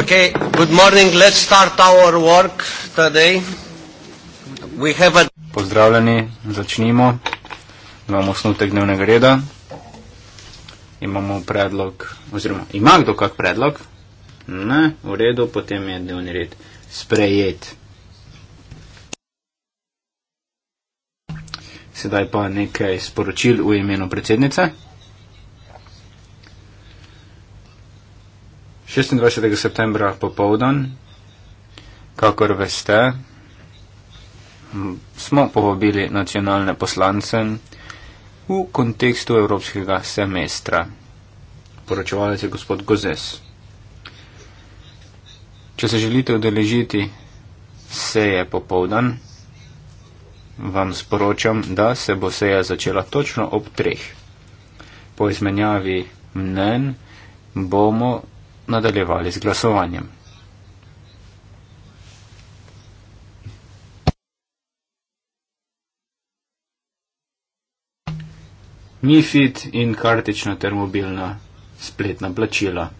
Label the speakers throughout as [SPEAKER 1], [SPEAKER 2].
[SPEAKER 1] Okay, good morning. Let's start our work today. We have a... Pozdravljeni,
[SPEAKER 2] začnimo. Imamo osnutek dnevnega reda. Imamo predlog, oziroma ima kdo kak predlog? Ne, v redu, potem je dnevni red sprejet. Sedaj pa nekaj sporočil v imenu predsednice. 26. septembra popovdan, kakor veste, smo povabili nacionalne poslance v kontekstu evropskega semestra. Poročevalec je gospod Gozes. Če se želite odeležiti seje popovdan, vam sporočam, da se bo seja začela točno ob treh. Po izmenjavi mnen bomo nadaljevali z glasovanjem. MIFID in kartična ter mobilna spletna plačila.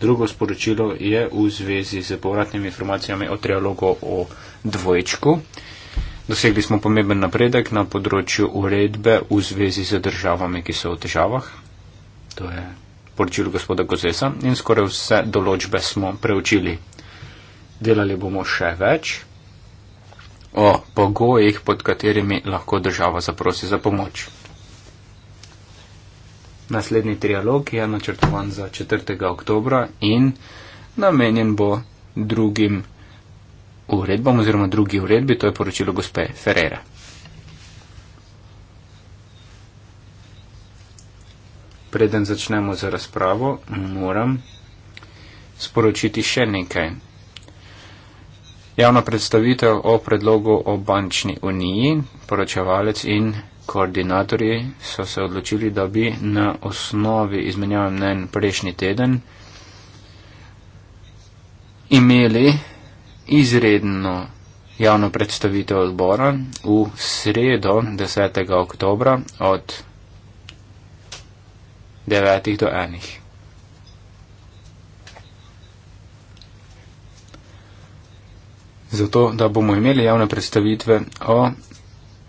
[SPEAKER 2] Drugo sporočilo je v zvezi z povratnimi informacijami o trialogu o dvojčku. Dosegli smo pomemben napredek na področju uredbe v zvezi z državami, ki so v težavah. To je poročilu gospoda Gozesa in skoraj vse določbe smo preučili. Delali bomo še več o pogojih, pod katerimi lahko država zaprosi za pomoč. Naslednji trialog je načrtovan za 4. oktober in namenjen bo drugim uredbam oziroma drugi uredbi, to je poročilo gospe Ferreira. preden začnemo z razpravo, moram sporočiti še nekaj. Javna predstavitev o predlogu o bančni uniji, poročevalec in koordinatorji so se odločili, da bi na osnovi izmenjave mnen prejšnji teden imeli izredno javno predstavitev odbora v sredo 10. oktobra od 9 do 1. Zato, da bomo imeli javne predstavitve o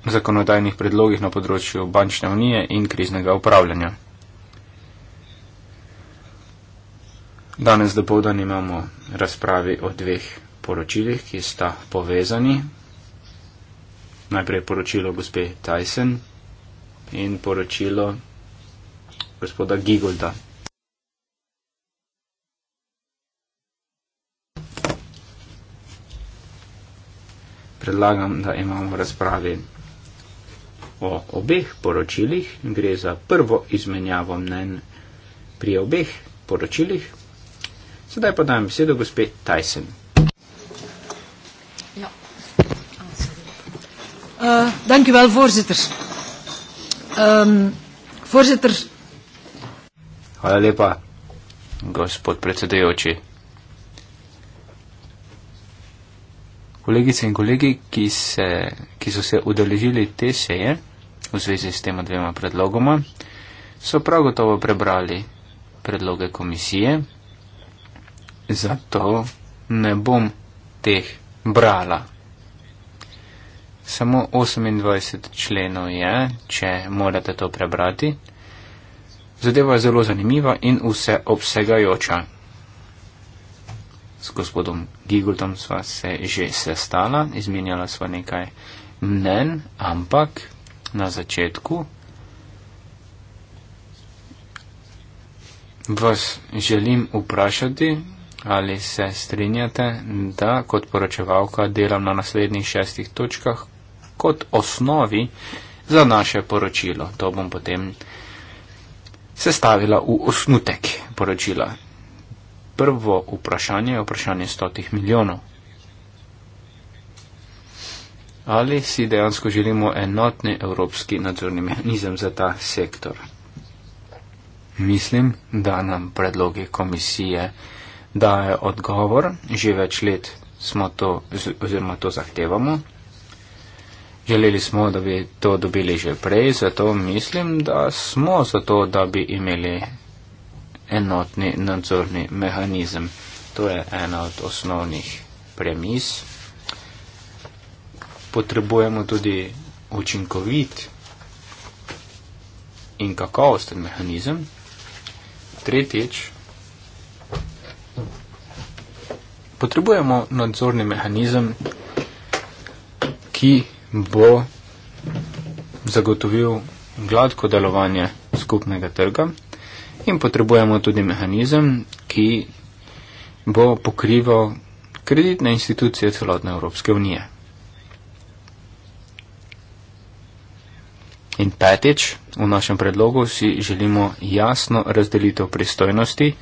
[SPEAKER 2] zakonodajnih predlogih na področju bančne unije in kriznega upravljanja. Danes do povdan imamo razpravi o dveh poročilih, ki sta povezani. Najprej poročilo gospe Tyson in poročilo gospoda Gigolda. Predlagam, da imamo razpravi o obeh poročilih. Gre za prvo izmenjavo mnen pri obeh poročilih. Sedaj pa dajem besedo gospe Tyson. Ja. Uh, eh, dankjewel, voorzitter. Um, voorzitter, Hvala lepa, gospod predsedujoči. Kolegice in kolegi, ki, se, ki so se udeležili te seje v zvezi s tema dvema predlogoma, so prav gotovo prebrali predloge komisije, zato ne bom teh brala. Samo 28 členov je, če morate to prebrati. Zadeva je zelo zanimiva in vseobsegajoča. S gospodom Gigultom sva se že sestala, izmenjala sva nekaj mnen, ampak na začetku vas želim vprašati, ali se strinjate, da kot poročevalka delam na naslednjih šestih točkah kot osnovi za naše poročilo. To bom potem sestavila v osnutek poročila. Prvo vprašanje je vprašanje stotih milijonov. Ali si dejansko želimo enotni evropski nadzorni mehanizem za ta sektor? Mislim, da nam predloge komisije dajo odgovor. Že več let smo to, oziroma to zahtevamo, Želeli smo, da bi to dobili že prej, zato mislim, da smo zato, da bi imeli enotni nadzorni mehanizem. To je ena od osnovnih premis. Potrebujemo tudi učinkovit in kakovosten mehanizem. Tretjič, potrebujemo nadzorni mehanizem, ki bo zagotovil gladko delovanje skupnega trga in potrebujemo tudi mehanizem, ki bo pokrival kreditne institucije celotne Evropske unije. In petič, v našem predlogu si želimo jasno razdelitev pristojnosti,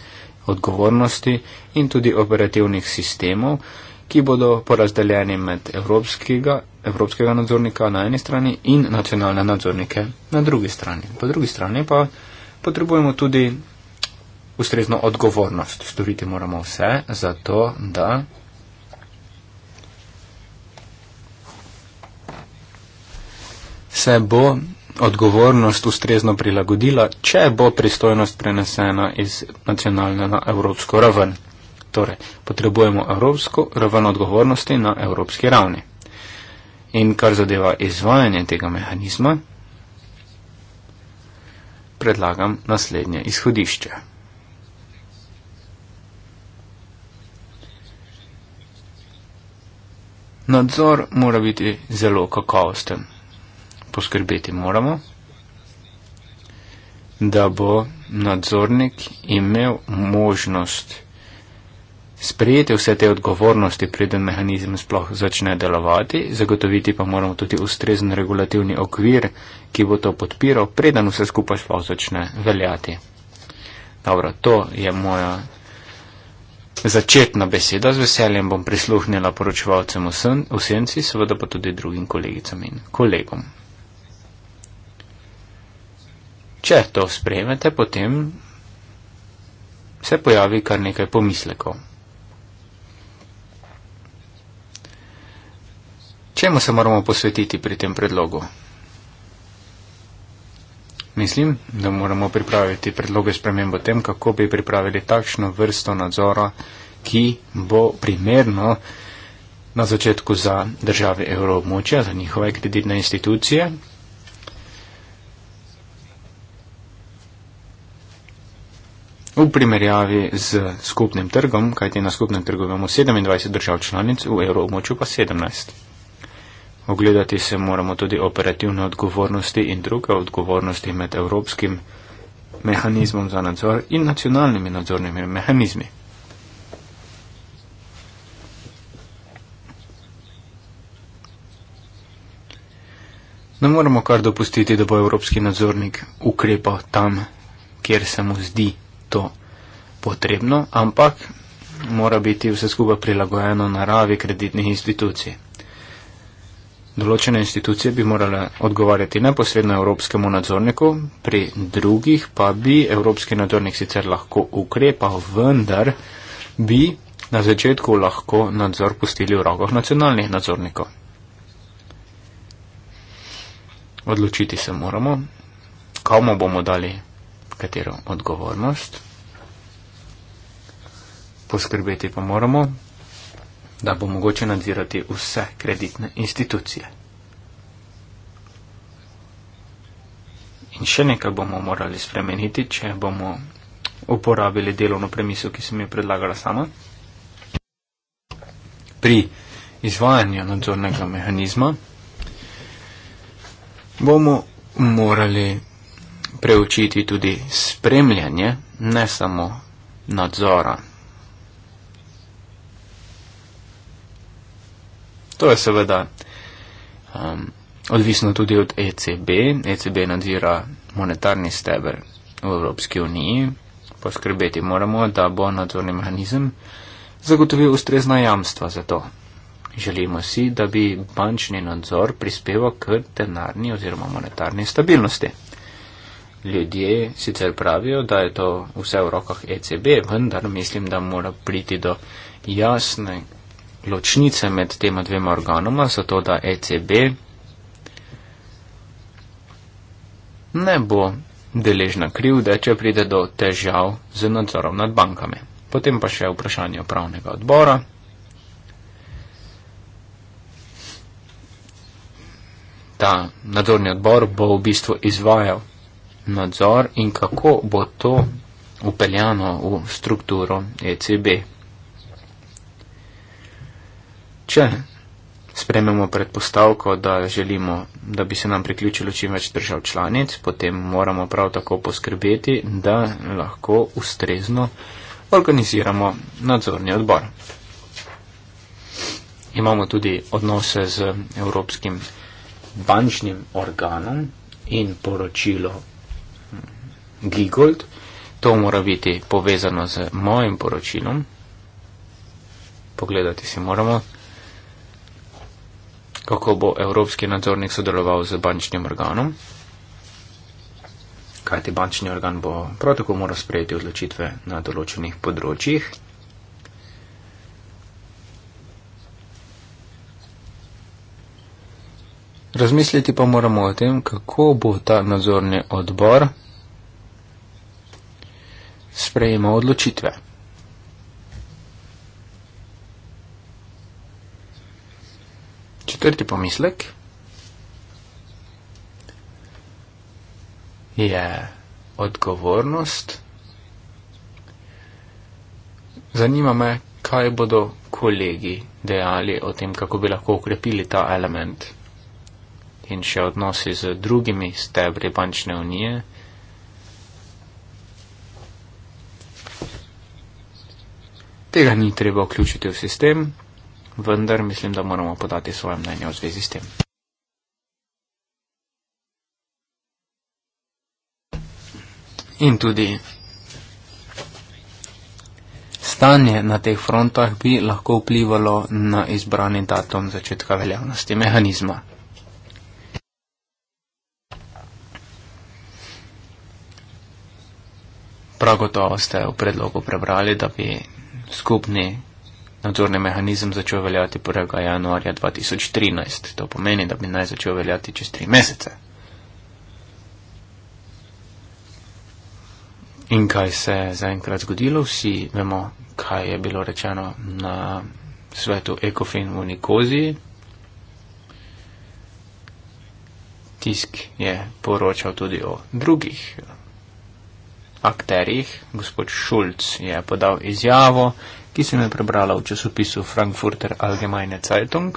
[SPEAKER 2] odgovornosti in tudi operativnih sistemov, ki bodo porazdeljeni med evropskega, evropskega nadzornika na eni strani in nacionalne nadzornike na drugi strani. Po drugi strani pa potrebujemo tudi ustrezno odgovornost. Storiti moramo vse za to, da se bo odgovornost ustrezno prilagodila, če bo pristojnost prenesena iz nacionalne na evropsko raven. Torej, potrebujemo evropsko raven odgovornosti na evropski ravni. In kar zadeva izvajanje tega mehanizma, predlagam naslednje izhodišče. Nadzor mora biti zelo kakovosten. Poskrbeti moramo, da bo nadzornik imel možnost sprejeti vse te odgovornosti, preden mehanizem sploh začne delovati, zagotoviti pa moramo tudi ustrezen regulativni okvir, ki bo to podpiral, preden vse skupaj sploh začne veljati. Dobro, to je moja začetna beseda. Z veseljem bom prisluhnila poročevalcem v senci, seveda pa tudi drugim kolegicam in kolegom. Če to sprejmete, potem se pojavi kar nekaj pomislekov. Čemu se moramo posvetiti pri tem predlogu? Mislim, da moramo pripraviti predloge spremem v tem, kako bi pripravili takšno vrsto nadzora, ki bo primerno na začetku za države evroobmočja, za njihove kreditne institucije. V primerjavi z skupnim trgom, kajti na skupnem trgu imamo 27 držav članic, v evroobmočju pa 17. Ogledati se moramo tudi operativne odgovornosti in druge odgovornosti med evropskim mehanizmom za nadzor in nacionalnimi nadzornimi mehanizmi. Ne moramo kar dopustiti, da bo evropski nadzornik ukrepal tam, kjer se mu zdi to potrebno, ampak mora biti vse skupaj prilagojeno naravi kreditnih institucij. Določene institucije bi morale odgovarjati neposredno evropskemu nadzorniku, pri drugih pa bi evropski nadzornik sicer lahko ukrepal, vendar bi na začetku lahko nadzor pustili v rokah nacionalnih nadzornikov. Odločiti se moramo, komu bomo dali katero odgovornost. Poskrbeti pa moramo, da bo mogoče nadzirati vse kreditne institucije. In še nekaj bomo morali spremeniti, če bomo uporabili delovno premiso, ki sem jo predlagala sama. Pri izvajanju nadzornega mehanizma bomo morali preučiti tudi spremljanje, ne samo nadzora To je seveda um, odvisno tudi od ECB. ECB nadzira monetarni steber v Evropski uniji. Poskrbeti moramo, da bo nadzorni mehanizem zagotovil ustrezna jamstva za to. Želimo si, da bi bančni nadzor prispeval k denarni oziroma monetarni stabilnosti. Ljudje sicer pravijo, da je to vse v rokah ECB, vendar mislim, da mora priti do jasne ločnice med tema dvema organoma, zato da ECB ne bo deležna krivde, če pride do težav z nadzorom nad bankami. Potem pa še vprašanje upravnega odbora. Ta nadzorni odbor bo v bistvu izvajal nadzor in kako bo to upeljano v strukturo ECB. Če sprememo predpostavko, da želimo, da bi se nam priključilo čim več držav članic, potem moramo prav tako poskrbeti, da lahko ustrezno organiziramo nadzorni odbor. Imamo tudi odnose z Evropskim bančnim organom in poročilo Gigold. To mora biti povezano z mojim poročilom. Pogledati si moramo, kako bo evropski nadzornik sodeloval z bančnim organom, kajti bančni organ bo prav tako moral sprejeti odločitve na določenih področjih. Razmisliti pa moramo o tem, kako bo ta nadzorni odbor sprejemal odločitve. Četrti pomislek je odgovornost. Zanima me, kaj bodo kolegi dejali o tem, kako bi lahko ukrepili ta element in še odnosi z drugimi stebri bančne unije. Tega ni treba vključiti v sistem vendar mislim, da moramo podati svoje mnenje v zvezi s tem. In tudi stanje na teh frontah bi lahko vplivalo na izbrani datum začetka veljavnosti mehanizma. Prav gotovo ste v predlogu prebrali, da bi skupni nadzorni mehanizem začel veljati 1. januarja 2013. To pomeni, da bi naj začel veljati čez tri mesece. In kaj se je zaenkrat zgodilo? Vsi vemo, kaj je bilo rečeno na svetu Ecofin v Nikoziji. Tisk je poročal tudi o drugih akterjih. Gospod Šulc je podal izjavo, ki sem jo prebrala v časopisu Frankfurter Allgemeine Zeitung.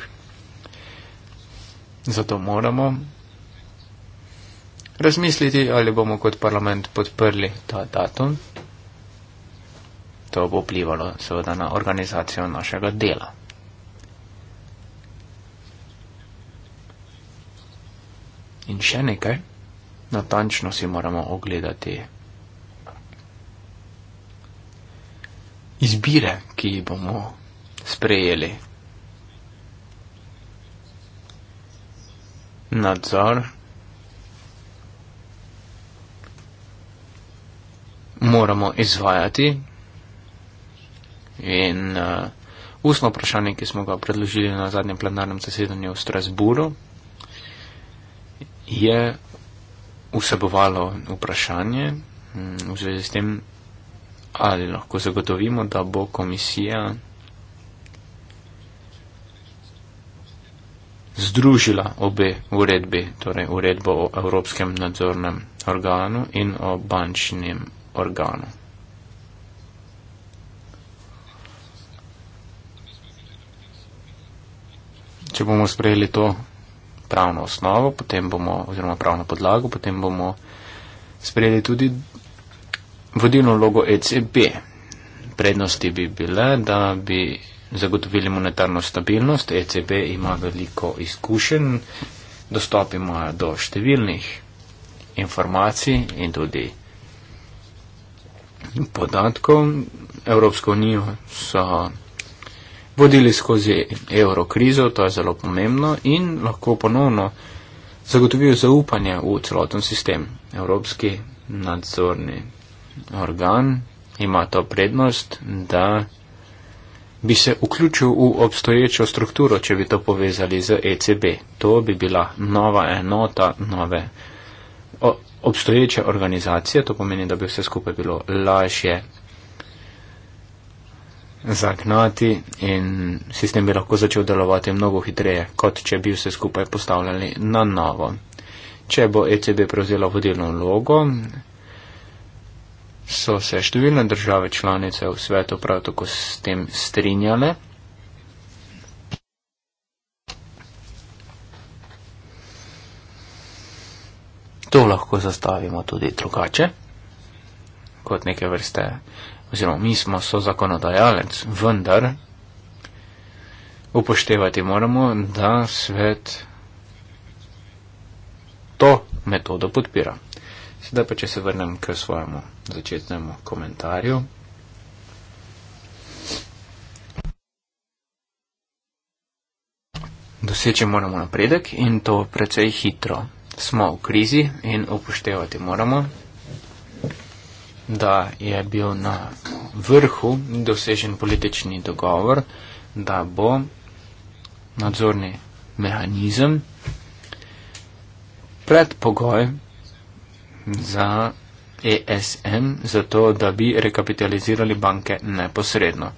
[SPEAKER 2] Zato moramo razmisliti, ali bomo kot parlament podprli ta datum. To bo vplivalo seveda na organizacijo našega dela. In še nekaj, natančno si moramo ogledati izbire, ki jih bomo sprejeli. Nadzor moramo izvajati in uh, ustno vprašanje, ki smo ga predložili na zadnjem plenarnem zasedanju v Strasburu, je vsebovalo vprašanje m, hm, v zvezi s tem, ali lahko zagotovimo, da bo komisija združila obe uredbi, torej uredbo o Evropskem nadzornem organu in o bančnem organu. Če bomo sprejeli to pravno osnovo, potem bomo, oziroma pravno podlago, potem bomo sprejeli tudi vodilno vlogo ECB. Prednosti bi bile, da bi zagotovili monetarno stabilnost. ECB ima veliko izkušenj, dostop ima do številnih informacij in tudi podatkov. Evropsko unijo so vodili skozi evrokrizo, to je zelo pomembno in lahko ponovno zagotovijo zaupanje v celoten sistem. Evropski nadzorni organ ima to prednost, da bi se vključil v obstoječo strukturo, če bi to povezali z ECB. To bi bila nova enota, nove obstoječe organizacije, to pomeni, da bi vse skupaj bilo lažje zagnati in sistem bi lahko začel delovati mnogo hitreje, kot če bi vse skupaj postavljali na novo. Če bo ECB prevzela vodilno vlogo, so se številne države članice v svetu prav tako s tem strinjale. To lahko zastavimo tudi drugače, kot neke vrste, oziroma mi smo so zakonodajalec, vendar upoštevati moramo, da svet to metodo podpira. Sedaj pa, če se vrnem k svojemu začetnemu komentarju. Doseči moramo napredek in to precej hitro. Smo v krizi in upoštevati moramo, da je bil na vrhu dosežen politični dogovor, da bo nadzorni mehanizem predpogoj za ESM, zato da bi rekapitalizirali banke neposredno.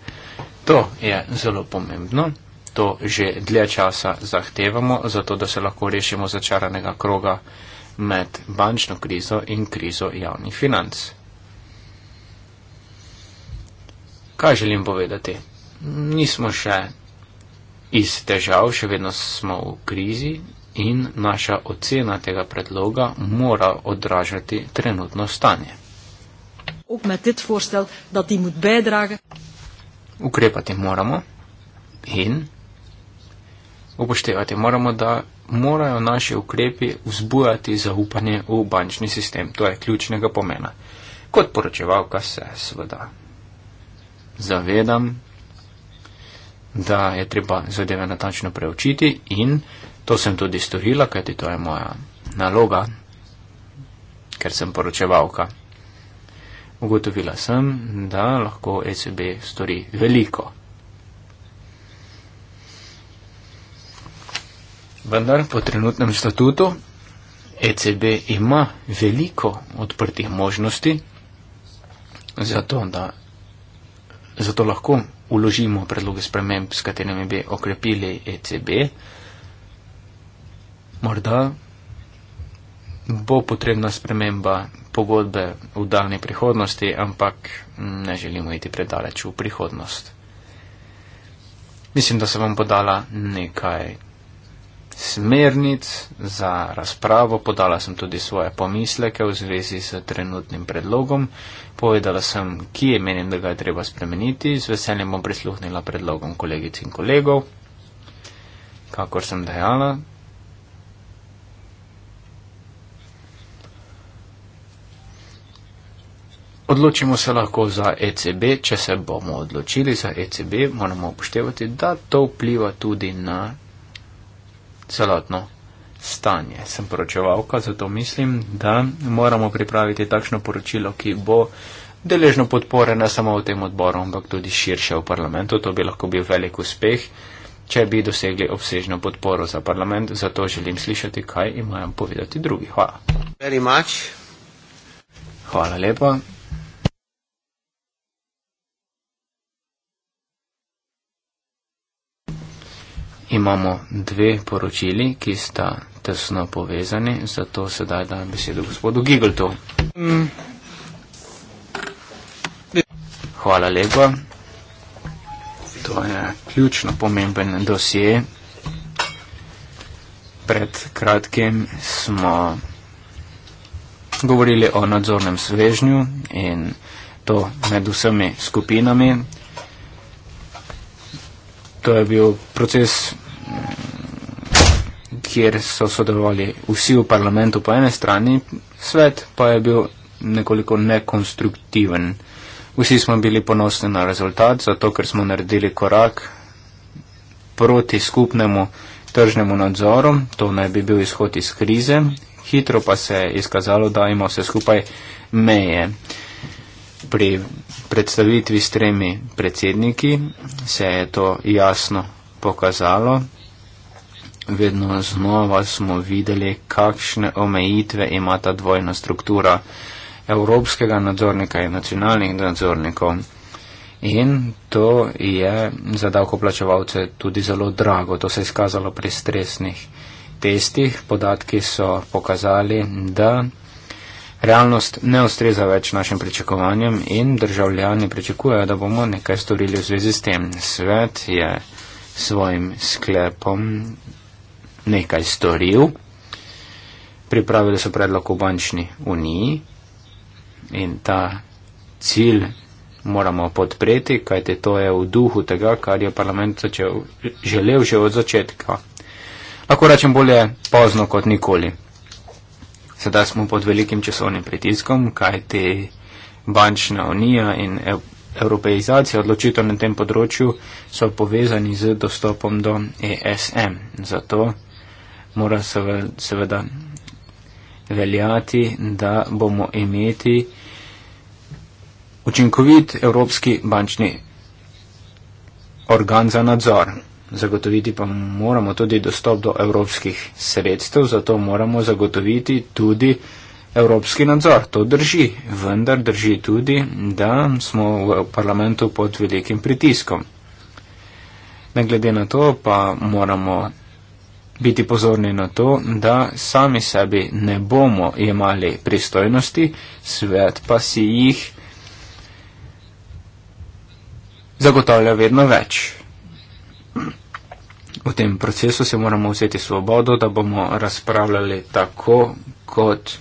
[SPEAKER 2] To je zelo pomembno, to že dlje časa zahtevamo, zato da se lahko rešimo začaranega kroga med bančno krizo in krizo javnih financ. Kaj želim povedati? Nismo še iz težav, še vedno smo v krizi, in naša ocena tega predloga mora odražati trenutno stanje. Ukrepati moramo in upoštevati moramo, da morajo naši ukrepi vzbujati zaupanje v bančni sistem. To je ključnega pomena. Kot poročevalka se seveda zavedam, da je treba zadeve natančno preučiti in To sem tudi storila, kajti to je moja naloga, ker sem poročevalka. Ugotovila sem, da lahko ECB stori veliko. Vendar po trenutnem statutu ECB ima veliko odprtih možnosti, zato, da, zato lahko uložimo predloge sprememb, s katerimi bi okrepili ECB morda bo potrebna sprememba pogodbe v daljni prihodnosti, ampak ne želimo iti predaleč v prihodnost. Mislim, da sem vam podala nekaj smernic za razpravo, podala sem tudi svoje pomisleke v zvezi s trenutnim predlogom, povedala sem, kje menim, da ga je treba spremeniti, z veseljem bom prisluhnila predlogom kolegic in kolegov, kakor sem dejala, Odločimo se lahko za ECB. Če se bomo odločili za ECB, moramo upoštevati, da to vpliva tudi na celotno stanje. Sem poročevalka, zato mislim, da moramo pripraviti takšno poročilo, ki bo deležno podpore ne samo v tem odboru, ampak tudi širše v parlamentu. To bi lahko bil velik uspeh, če bi dosegli obsežno podporo za parlament. Zato želim slišati, kaj imajo povedati drugi. Hvala. Hvala lepa. imamo dve poročili, ki sta tesno povezani, zato sedaj dajem besedo gospodu Gigltu. Hvala lepa. To je ključno pomemben dosje. Pred kratkim smo govorili o nadzornem svežnju in to med vsemi skupinami to je bil proces, mm, kjer so sodelovali vsi v parlamentu po ene strani, svet pa je bil nekoliko nekonstruktiven. Vsi smo bili ponosni na rezultat, zato ker smo naredili korak proti skupnemu tržnemu nadzoru, to naj bi bil izhod iz krize, hitro pa se je izkazalo, da ima vse skupaj meje. Uh, pri predstavitvi s tremi predsedniki se je to jasno pokazalo. Vedno znova smo videli, kakšne omejitve ima ta dvojna struktura evropskega nadzornika in nacionalnih nadzornikov. In to je za davkoplačevalce tudi zelo drago. To se je izkazalo pri stresnih testih. Podatki so pokazali, da Realnost ne ustreza več našim pričakovanjem in državljani pričakujejo, da bomo nekaj storili v zvezi s tem. Svet je svojim sklepom nekaj storil. Pripravili so predlog v bančni uniji in ta cilj moramo podpreti, kajte to je v duhu tega, kar je parlament začel, želel že od začetka. Lahko rečem bolje pozno kot nikoli. Sedaj smo pod velikim časovnim pritiskom, kaj ti bančna unija in evropeizacija odločitev na tem področju so povezani z dostopom do ESM. Zato mora seveda veljati, da bomo imeti učinkovit evropski bančni organ za nadzor zagotoviti pa moramo tudi dostop do evropskih sredstev, zato moramo zagotoviti tudi evropski nadzor. To drži, vendar drži tudi, da smo v parlamentu pod velikim pritiskom. Ne glede na to pa moramo biti pozorni na to, da sami sebi ne bomo imali pristojnosti, svet pa si jih zagotavlja vedno več. V tem procesu se moramo vzeti svobodo, da bomo razpravljali tako, kot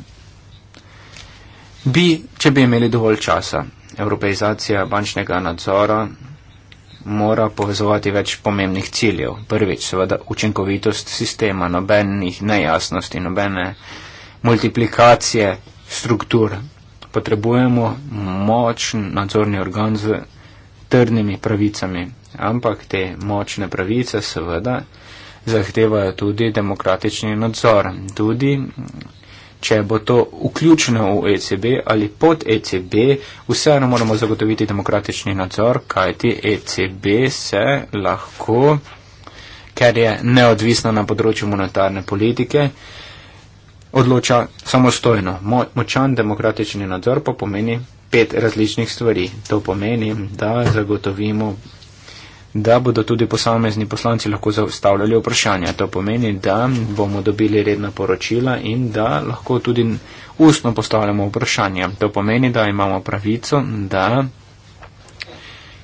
[SPEAKER 2] bi, če bi imeli dovolj časa. Evropeizacija bančnega nadzora mora povezovati več pomembnih ciljev. Prvič, seveda, učinkovitost sistema, nobenih nejasnosti, nobene multiplikacije struktur. Potrebujemo močen nadzorni organ z trdnimi pravicami ampak te močne pravice seveda zahtevajo tudi demokratični nadzor. Tudi, če bo to vključeno v ECB ali pod ECB, vseeno moramo zagotoviti demokratični nadzor, kajti ECB se lahko, ker je neodvisna na področju monetarne politike, odloča samostojno. Mo močan demokratični nadzor pa pomeni pet različnih stvari. To pomeni, da zagotovimo da bodo tudi posamezni poslanci lahko zastavljali vprašanja. To pomeni, da bomo dobili redna poročila in da lahko tudi ustno postavljamo vprašanja. To pomeni, da imamo pravico, da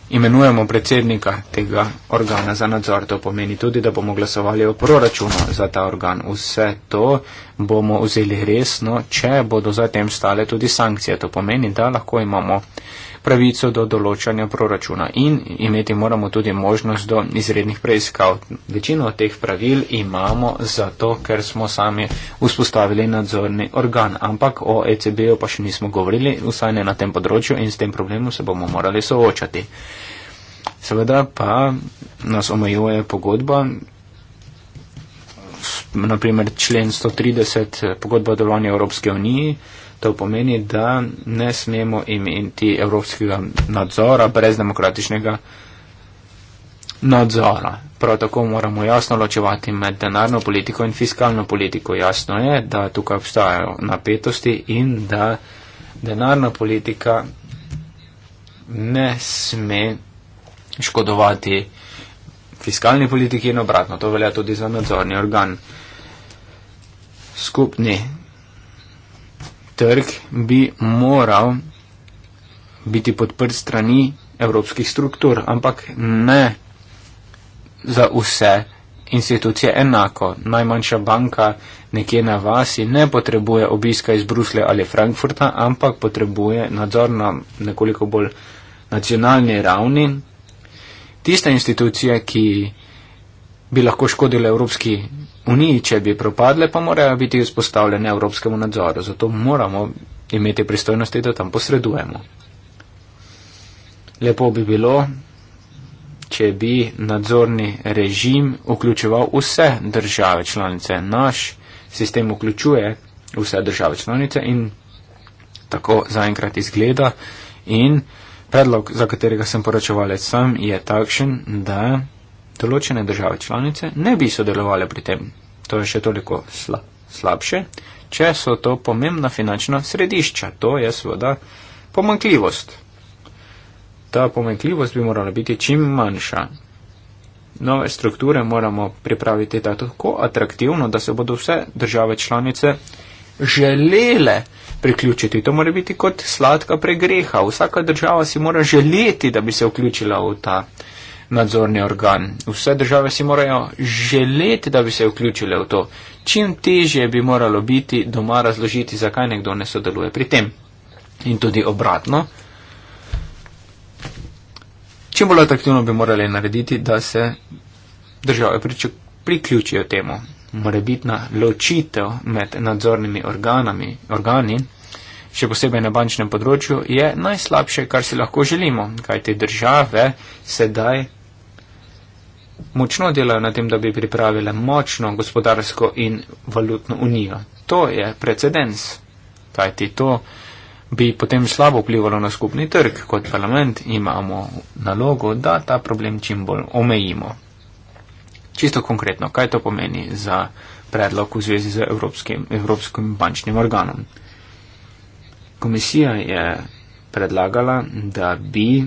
[SPEAKER 2] imenujemo predsednika tega organa za nadzor. To pomeni tudi, da bomo glasovali o proračunu za ta organ. Vse to bomo vzeli resno, če bodo zatem stale tudi sankcije. To pomeni, da lahko imamo pravico do določanja proračuna in imeti moramo tudi možnost do izrednih preiskav. Večino teh pravil imamo zato, ker smo sami vzpostavili nadzorni organ, ampak o ECB-u pa še nismo govorili, vsaj ne na tem področju in s tem problemom se bomo morali soočati. Seveda pa nas omejuje pogodba, naprimer člen 130 pogodba o delovanju Evropske unije, To pomeni, da ne smemo imeti evropskega nadzora brez demokratičnega nadzora. Prav tako moramo jasno ločevati med denarno politiko in fiskalno politiko. Jasno je, da tukaj obstajajo napetosti in da denarna politika ne sme škodovati fiskalni politiki in obratno. To velja tudi za nadzorni organ. Skupni trg bi moral biti podprt strani evropskih struktur, ampak ne za vse institucije enako. Najmanjša banka nekje na vasi ne potrebuje obiska iz Bruslja ali Frankfurta, ampak potrebuje nadzor na nekoliko bolj nacionalni ravni. Tiste institucije, ki bi lahko škodile evropski uniji, če bi propadle, pa morajo biti izpostavljene evropskemu nadzoru. Zato moramo imeti pristojnosti, da tam posredujemo. Lepo bi bilo, če bi nadzorni režim vključeval vse države članice. Naš sistem vključuje vse države članice in tako zaenkrat izgleda. In predlog, za katerega sem poročevalec sam, je takšen, da določene države članice ne bi sodelovali pri tem. To je še toliko sla, slabše, če so to pomembna finančna središča. To je seveda pomankljivost. Ta pomankljivost bi morala biti čim manjša. Nove strukture moramo pripraviti tako atraktivno, da se bodo vse države članice želele priključiti. To mora biti kot sladka pregreha. Vsaka država si mora želeti, da bi se vključila v ta nadzorni organ. Vse države si morajo želeti, da bi se vključile v to. Čim težje bi moralo biti doma razložiti, zakaj nekdo ne sodeluje pri tem. In tudi obratno. Čim bolj atraktivno bi morali narediti, da se države priključijo temu. Morebitna ločitev med nadzornimi organami, organi, še posebej na bančnem področju, je najslabše, kar si lahko želimo, kaj te države sedaj močno delajo na tem, da bi pripravile močno gospodarsko in valutno unijo. To je precedens, kajti to bi potem slabo vplivalo na skupni trg. Kot parlament imamo nalogo, da ta problem čim bolj omejimo. Čisto konkretno, kaj to pomeni za predlog v zvezi z Evropskim, Evropskim bančnim organom? Komisija je predlagala, da bi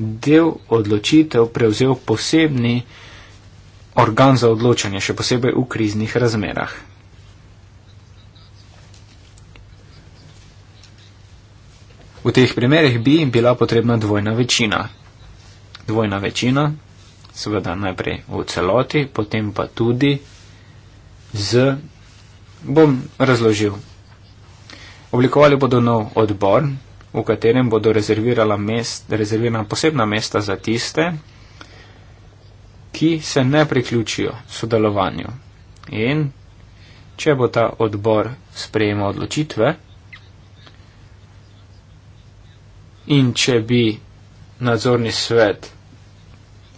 [SPEAKER 2] del odločitev prevzel posebni organ za odločanje, še posebej v kriznih razmerah. V teh primerih bi bila potrebna dvojna večina. Dvojna večina, seveda najprej v celoti, potem pa tudi z, bom razložil, oblikovali bodo nov odbor, v katerem bodo rezervirala mest, rezervirana posebna mesta za tiste, ki se ne priključijo sodelovanju. In če bo ta odbor sprejemal odločitve in če bi nadzorni svet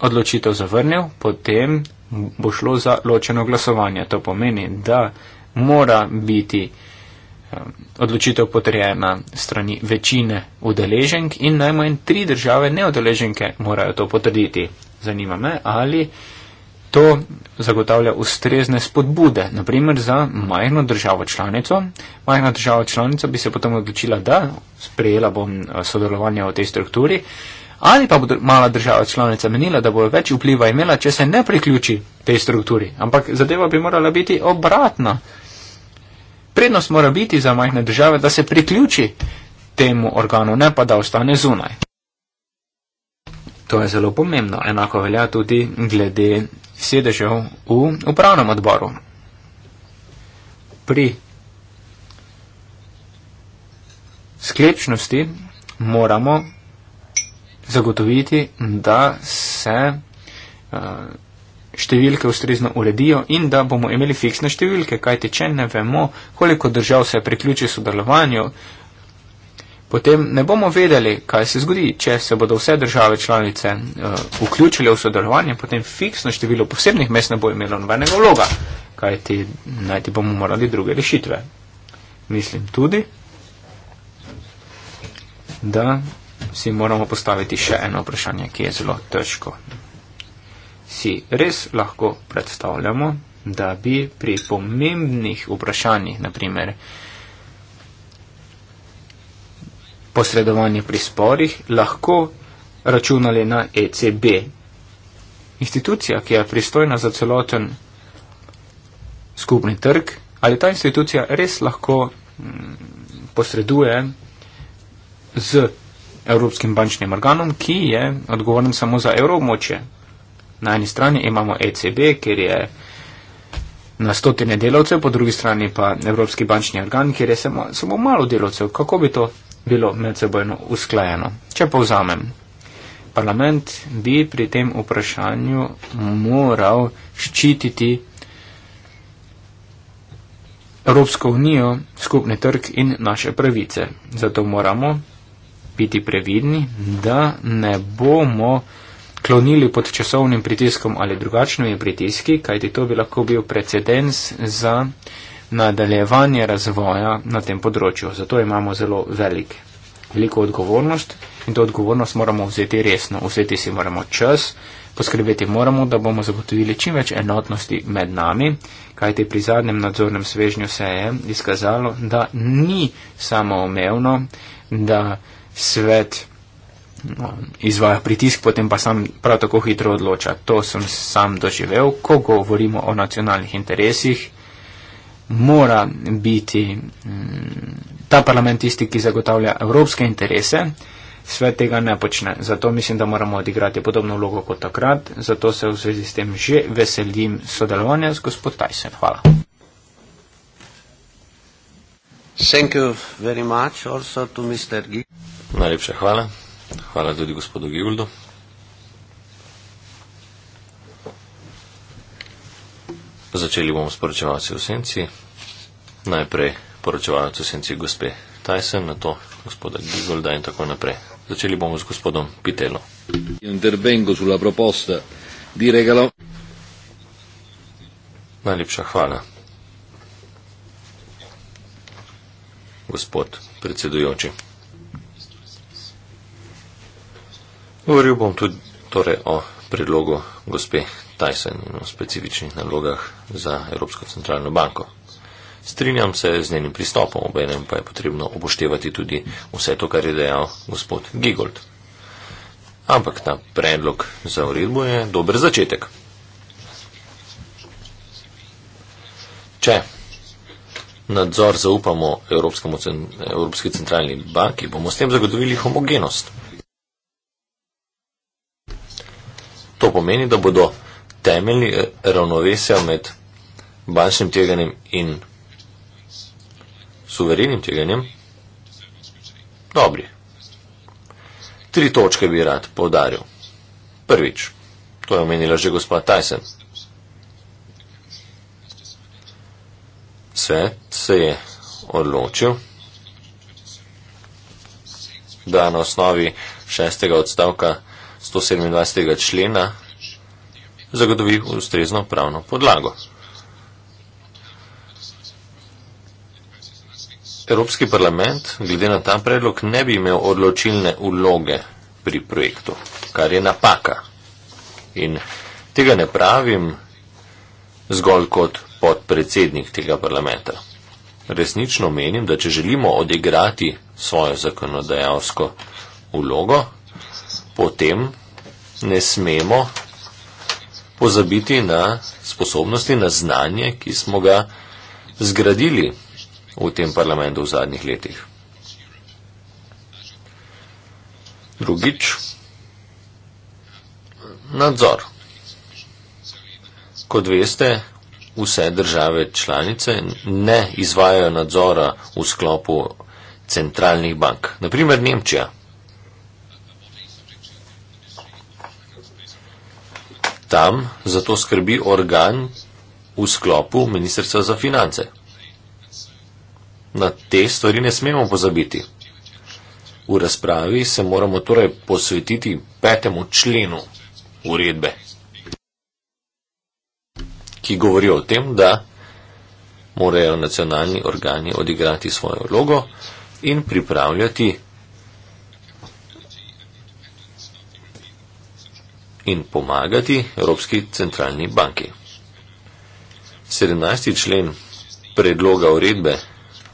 [SPEAKER 2] odločitev zavrnil, potem bo šlo za ločeno glasovanje. To pomeni, da mora biti odločitev potrjena strani večine udeleženk in najmanj tri države neodeleženke morajo to potrditi. Zanima me, ali to zagotavlja ustrezne spodbude, naprimer za majhno državo članico. Majhna država članica bi se potem odločila, da sprejela bom eh, sodelovanje v tej strukturi, ali pa bo mala država članica menila, da bo več vpliva imela, če se ne priključi tej strukturi. Ampak zadeva bi morala biti obratna prednost mora biti za majhne države, da se priključi temu organu, ne pa da ostane zunaj. To je zelo pomembno. Enako velja tudi glede sedežev v upravnem odboru. Pri sklepčnosti moramo zagotoviti, da se uh, številke ustrezno uredijo in da bomo imeli fiksne številke, kajti če ne vemo, koliko držav se priključi sodelovanju, potem ne bomo vedeli, kaj se zgodi. Če se bodo vse države članice uh, vključile v sodelovanje, potem fiksno število posebnih mest ne bo imelo nobenega vloga, kajti najti bomo morali druge rešitve. Mislim tudi, da si moramo postaviti še eno vprašanje, ki je zelo težko si res lahko predstavljamo, da bi pri pomembnih vprašanjih, naprimer posredovanje pri sporih, lahko računali na ECB. Institucija, ki je pristojna za celoten skupni trg, ali ta institucija res lahko mm, posreduje z Evropskim bančnim organom, ki je odgovoren samo za evromoče, Na eni strani imamo ECB, kjer je na stotine delavcev, po drugi strani pa Evropski bančni organ, kjer je samo, samo malo delavcev. Kako bi to bilo medsebojno usklajeno? Če povzamem, parlament bi pri tem vprašanju moral ščititi Evropsko unijo, skupni trg in naše pravice. Zato moramo biti previdni, da ne bomo klonili pod časovnim pritiskom ali drugačnimi pritiski, kajti to bi lahko bil precedens za nadaljevanje razvoja na tem področju. Zato imamo zelo velik, veliko odgovornost in to odgovornost moramo vzeti resno. Vzeti si moramo čas, poskrbeti moramo, da bomo zagotovili čim več enotnosti med nami, kajti pri zadnjem nadzornem svežnju se je izkazalo, da ni samoumevno, da svet No, izvaja pritisk, potem pa sam prav tako hitro odloča. To sem sam doživel, ko govorimo o nacionalnih interesih, mora biti mm, ta parlament tisti, ki zagotavlja evropske interese, svet tega ne počne. Zato mislim, da moramo odigrati podobno vlogo kot takrat, zato se v zvezi s tem že veselim sodelovanja z gospod Tyson. Hvala.
[SPEAKER 1] Najlepša hvala. Hvala tudi gospodu Gibldu. Začeli bomo s poročevalci v senci. Najprej poročevalci v senci gospe Tyson, na to gospoda Gibolda in tako naprej. Začeli bomo s gospodom Pitelo. Najlepša hvala. Gospod predsedujoči. Govoril bom tudi torej, o predlogu gospe Tyson in o specifičnih nalogah za Evropsko centralno banko. Strinjam se z njenim pristopom, obenem pa je potrebno upoštevati tudi vse to, kar je dejal gospod Gigold. Ampak ta predlog za uredbo je dober začetek. Če nadzor zaupamo Evropski centralni banki, bomo s tem zagotovili homogenost To pomeni, da bodo temeljni eh, ravnovesja med bančnim tveganjem in suverenim tveganjem dobri. Tri točke bi rad povdaril. Prvič, to je omenila že gospa Tyson. Svet se je odločil, da na osnovi šestega odstavka 127. člena zagotovi ustrezno pravno podlago. Evropski parlament glede na ta predlog ne bi imel odločilne uloge pri projektu, kar je napaka. In tega ne pravim zgolj kot podpredsednik tega parlamenta. Resnično menim, da če želimo odigrati svojo zakonodajalsko ulogo, potem ne smemo pozabiti na sposobnosti, na znanje, ki smo ga zgradili v tem parlamentu v zadnjih letih. Drugič, nadzor. Kot veste, vse države članice ne izvajajo nadzora v sklopu centralnih bank. Naprimer Nemčija. Tam za to skrbi organ v sklopu Ministrstva za finance. Na te stvari ne smemo pozabiti. V razpravi se moramo torej posvetiti petemu členu uredbe, ki govori o tem, da morajo nacionalni organi odigrati svojo vlogo in pripravljati in pomagati Evropski centralni banki. 17. člen predloga uredbe,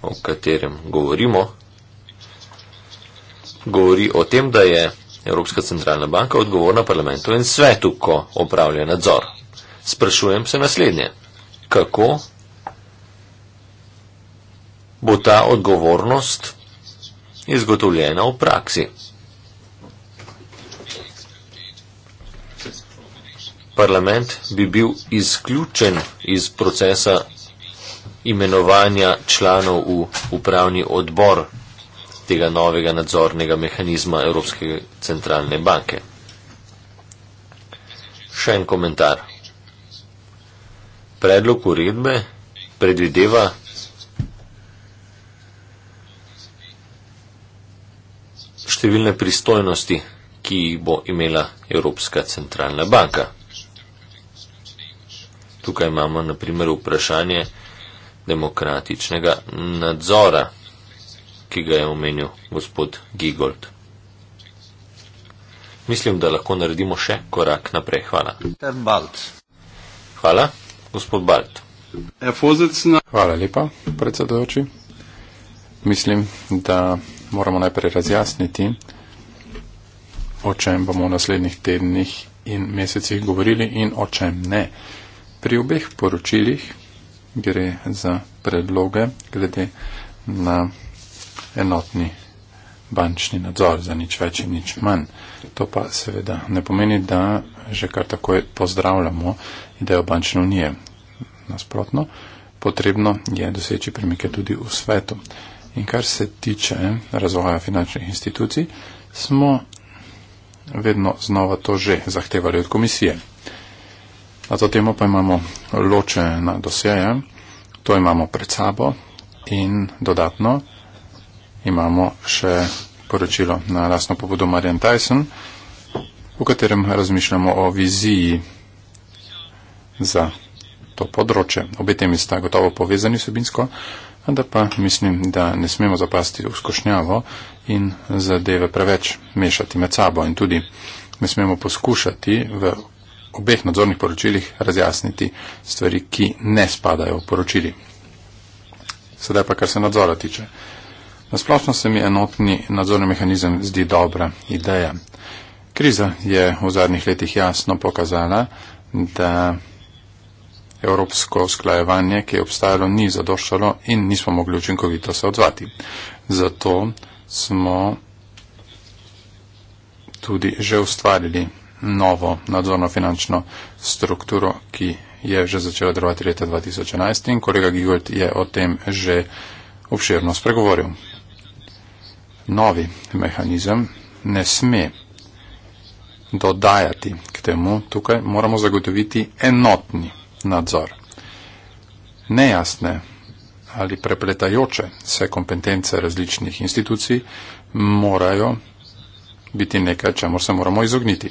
[SPEAKER 1] o katerem govorimo, govori o tem, da je Evropska centralna banka odgovorna parlamentu in svetu, ko opravlja nadzor. Sprašujem se naslednje, kako bo ta odgovornost izgotovljena v praksi? parlament bi bil izključen iz procesa imenovanja članov v upravni odbor tega novega nadzornega mehanizma Evropske centralne banke. Še en komentar. Predlog uredbe predvideva številne pristojnosti, ki jih bo imela Evropska centralna banka tukaj imamo naprimer vprašanje demokratičnega nadzora, ki ga je omenil gospod Gigold. Mislim, da lahko naredimo še korak naprej. Hvala. Hvala, gospod Balt.
[SPEAKER 3] Hvala lepa, predsedujoči. Mislim, da moramo najprej razjasniti, o čem bomo v naslednjih tednih in mesecih govorili in o čem ne. Uh, Pri obeh poročilih gre za predloge glede na enotni bančni nadzor za nič več in nič manj. To pa seveda ne pomeni, da že kar tako pozdravljamo idejo bančne unije. Nasprotno, potrebno je doseči premike tudi v svetu. In kar se tiče razvoja finančnih institucij, smo vedno znova to že zahtevali od komisije. A za temo pa imamo ločene dosjeje, to imamo pred sabo in dodatno imamo še poročilo na lasno pobudo Marian Tyson, v katerem razmišljamo o viziji za to področje. Obe temi sta gotovo povezani vsebinsko, da pa mislim, da ne smemo zapasti v skošnjavo in zadeve preveč mešati med sabo in tudi ne smemo poskušati v obeh nadzornih poročilih razjasniti stvari, ki ne spadajo v poročili. Sedaj pa, kar se nadzora tiče. Nasplošno se mi enotni nadzorni mehanizem zdi dobra ideja. Kriza je v zadnjih letih jasno pokazala, da evropsko sklajevanje, ki je obstajalo, ni zadoščalo in nismo mogli učinkovito se odzvati. Zato smo tudi že ustvarili novo nadzorno-finančno strukturo, ki je že začela delovati leta 2011 in kolega Gigolt je o tem že obširno spregovoril. Novi mehanizem ne sme dodajati k temu, tukaj moramo zagotoviti enotni nadzor. Nejasne ali prepletajoče se kompetence različnih institucij morajo biti nekaj, čemu se moramo izogniti.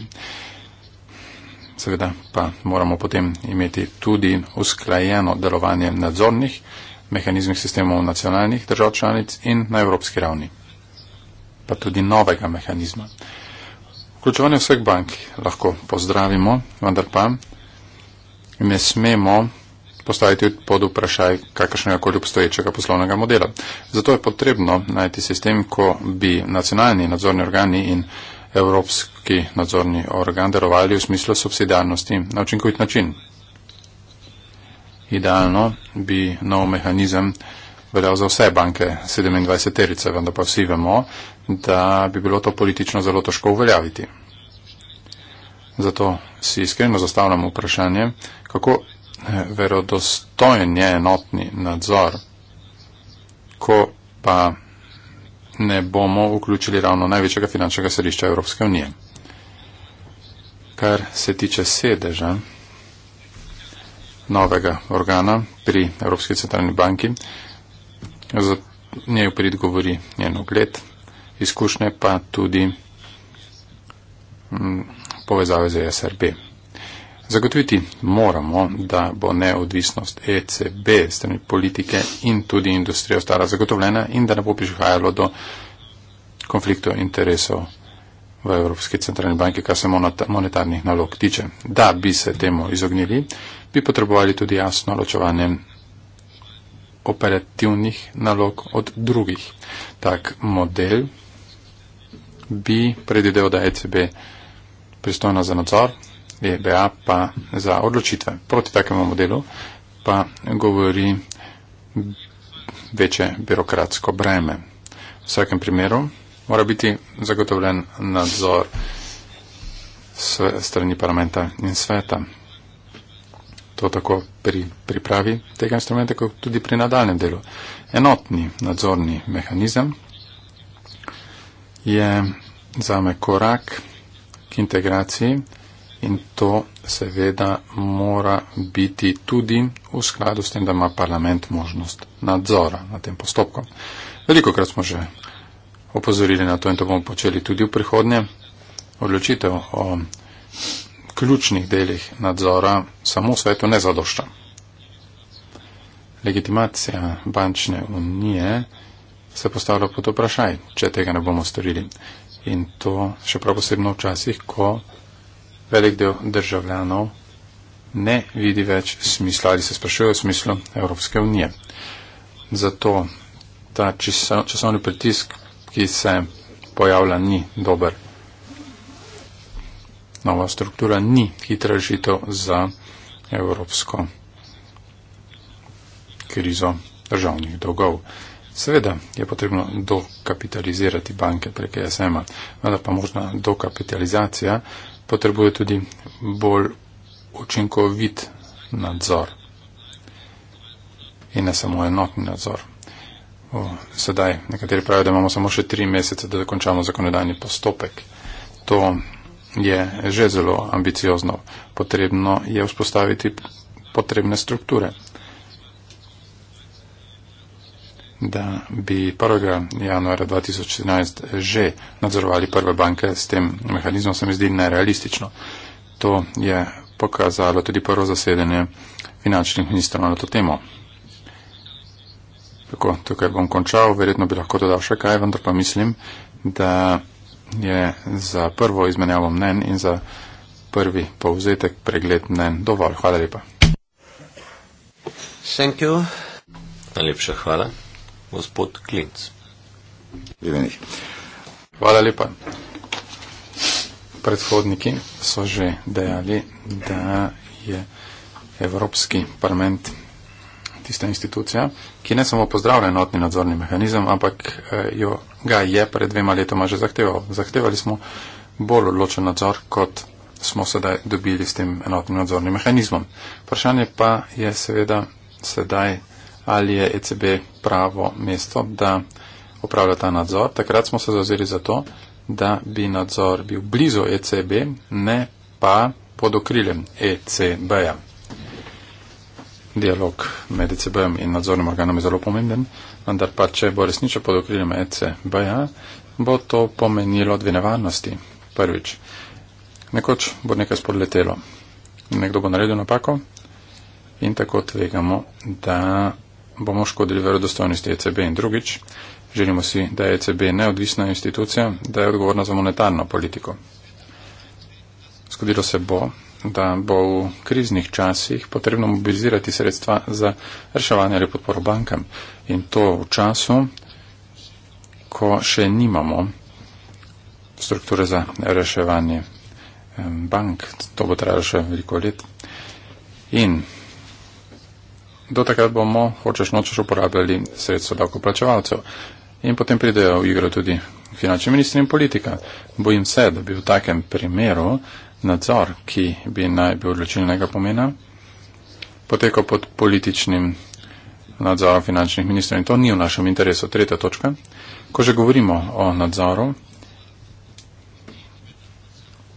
[SPEAKER 3] Seveda pa moramo potem imeti tudi usklajeno delovanje nadzornih mehanizmih sistemov nacionalnih držav članic in na evropski ravni, pa tudi novega mehanizma. Vključevanje vseh bank lahko pozdravimo, vendar pa ne smemo postaviti pod vprašaj kakršnega koli obstoječega poslovnega modela. Zato je potrebno najti sistem, ko bi nacionalni nadzorni organi in evropski nadzorni organ darovali v smislu subsidijarnosti na učinkovit način. Idealno bi nov mehanizem veljal za vse banke 27 terice, vendar pa vsi vemo, da bi bilo to politično zelo težko uveljaviti. Zato si iskreno zastavljamo vprašanje, kako verodostojen je enotni nadzor, ko pa ne bomo vključili ravno največjega finančnega središča Evropske unije. Kar se tiče sedeža novega organa pri Evropski centralni banki, za njej prid govori njen ogled, izkušnje pa tudi m, mm, povezave z ESRB. Zagotoviti moramo, da bo neodvisnost ECB strani politike in tudi industrija ostala zagotovljena in da ne bo prihajalo do konfliktov interesov v Evropski centralni banki, kar se monetarnih nalog tiče. Da bi se temu izognili, bi potrebovali tudi jasno ločevanje operativnih nalog od drugih. Tak model bi predidev, da ECB pristojna za nadzor EBA pa za odločitve proti takemu modelu pa govori večje birokratsko breme. V vsakem primeru mora biti zagotovljen nadzor sve, strani parlamenta in sveta. To tako pri pripravi tega instrumenta, kot tudi pri nadaljem delu. Enotni nadzorni mehanizem je zame korak k integraciji in to seveda mora biti tudi v skladu s tem, da ima parlament možnost nadzora nad tem postopkom. Veliko krat smo že opozorili na to in to bomo počeli tudi v prihodnje. Odločitev o ključnih delih nadzora samo v svetu ne zadošča. Legitimacija bančne unije se postavlja pod vprašaj, če tega ne bomo storili. In to še prav posebno včasih, ko velik del državljanov ne vidi več smisla ali se sprašuje o smislu Evropske unije. Zato ta časovni pritisk, ki se pojavlja, ni dober. Nova struktura ni hitra žito za evropsko krizo državnih dolgov. Seveda je potrebno dokapitalizirati banke preko e SM-a, vendar pa možna dokapitalizacija potrebuje tudi bolj učinkovit nadzor in ne samo enotni nadzor. O, sedaj nekateri pravijo, da imamo samo še tri mesece, da dokončamo zakonodajni postopek. To je že zelo ambiciozno. Potrebno je vzpostaviti potrebne strukture. da bi 1. januara 2014 že nadzorovali prve banke s tem mehanizmom, se mi zdi nerealistično. To je pokazalo tudi prvo zasedanje finančnih ministrov na to temo. Tako, tukaj bom končal, verjetno bi lahko dodal še kaj, vendar pa mislim, da je za prvo izmenjavo mnen in za prvi povzetek pregled mnen dovolj. Hvala lepa. Thank you. Najlepša hvala gospod Klinc. Hvala lepa. Predhodniki so že dejali, da je Evropski parlament tista institucija, ki ne samo pozdravlja enotni nadzorni mehanizem, ampak eh, jo ga je pred dvema letoma že zahteval. Zahtevali smo bolj odločen nadzor, kot smo sedaj dobili s tem enotnim nadzornim mehanizmom. Vprašanje pa je seveda sedaj ali je ECB pravo mesto, da opravlja ta nadzor. Takrat smo se zauzeli za to, da bi nadzor bil blizu ECB, ne pa pod okriljem ECB-ja. Dialog med ECB-jem in nadzornim organom je zelo pomemben, vendar pa če bo resnično pod okriljem ECB-ja, bo to pomenilo dve nevarnosti. Prvič, nekoč bo nekaj spodletelo. Nekdo bo naredil napako in tako tvegamo, da bomo škodili verodostojnosti ECB in drugič. Želimo si, da je ECB neodvisna institucija, da je odgovorna za monetarno politiko. Skodilo se bo, da bo v kriznih časih potrebno mobilizirati sredstva za reševanje ali podporo bankam. In to v času, ko še nimamo strukture za reševanje bank. To bo trajalo še veliko let. In do takrat bomo, hočeš nočeš, uporabljali sredstvo davkoplačevalcev. In potem pridejo v igro tudi finančni ministri in politika. Bojim se, da bi v takem primeru nadzor, ki bi naj bil odločilnega pomena, potekal pod političnim nadzorom finančnih ministrov in to ni v našem interesu. Tretja točka. Ko že govorimo o nadzoru,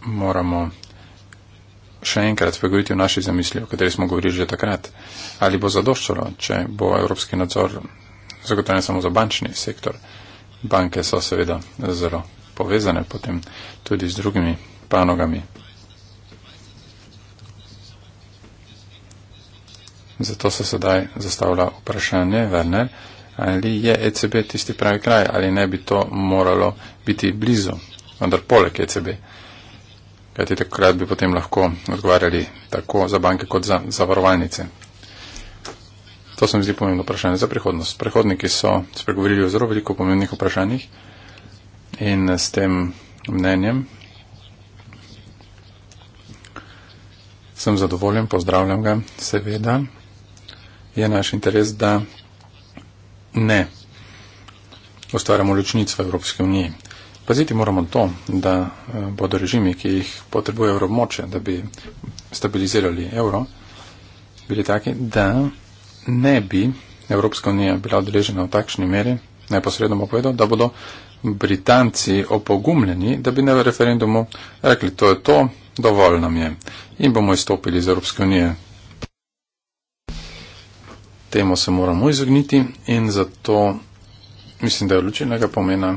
[SPEAKER 3] moramo še enkrat spregovoriti o naši zamisli, o kateri smo govorili že takrat. Ali bo zadoščalo, če bo evropski nadzor zagotovljen samo za bančni sektor? Banke so seveda zelo povezane potem tudi z drugimi panogami. Zato se sedaj zastavlja vprašanje, Werner, ali je ECB tisti pravi kraj, ali ne bi to moralo biti blizu, vendar poleg ECB kajti takrat bi potem lahko odgovarjali tako za banke kot za zavarovalnice. To se mi zdi pomembno vprašanje za prihodnost. Prehodniki so spregovorili o zelo veliko pomembnih vprašanjih in s tem mnenjem sem zadovoljen, pozdravljam ga, seveda je naš interes, da ne ustvarjamo ločnic v Evropski uniji. Paziti moramo to, da eh, bodo režimi, ki jih potrebuje evromoče, da bi stabilizirali evro, bili taki, da ne bi Evropska unija bila odrežena v takšni meri, neposredno bo povedal, da bodo Britanci opogumljeni, da bi na referendumu rekli, to je to, dovolj nam je in bomo izstopili iz Evropske unije. Temu se moramo izogniti in zato mislim, da je odločilnega pomena.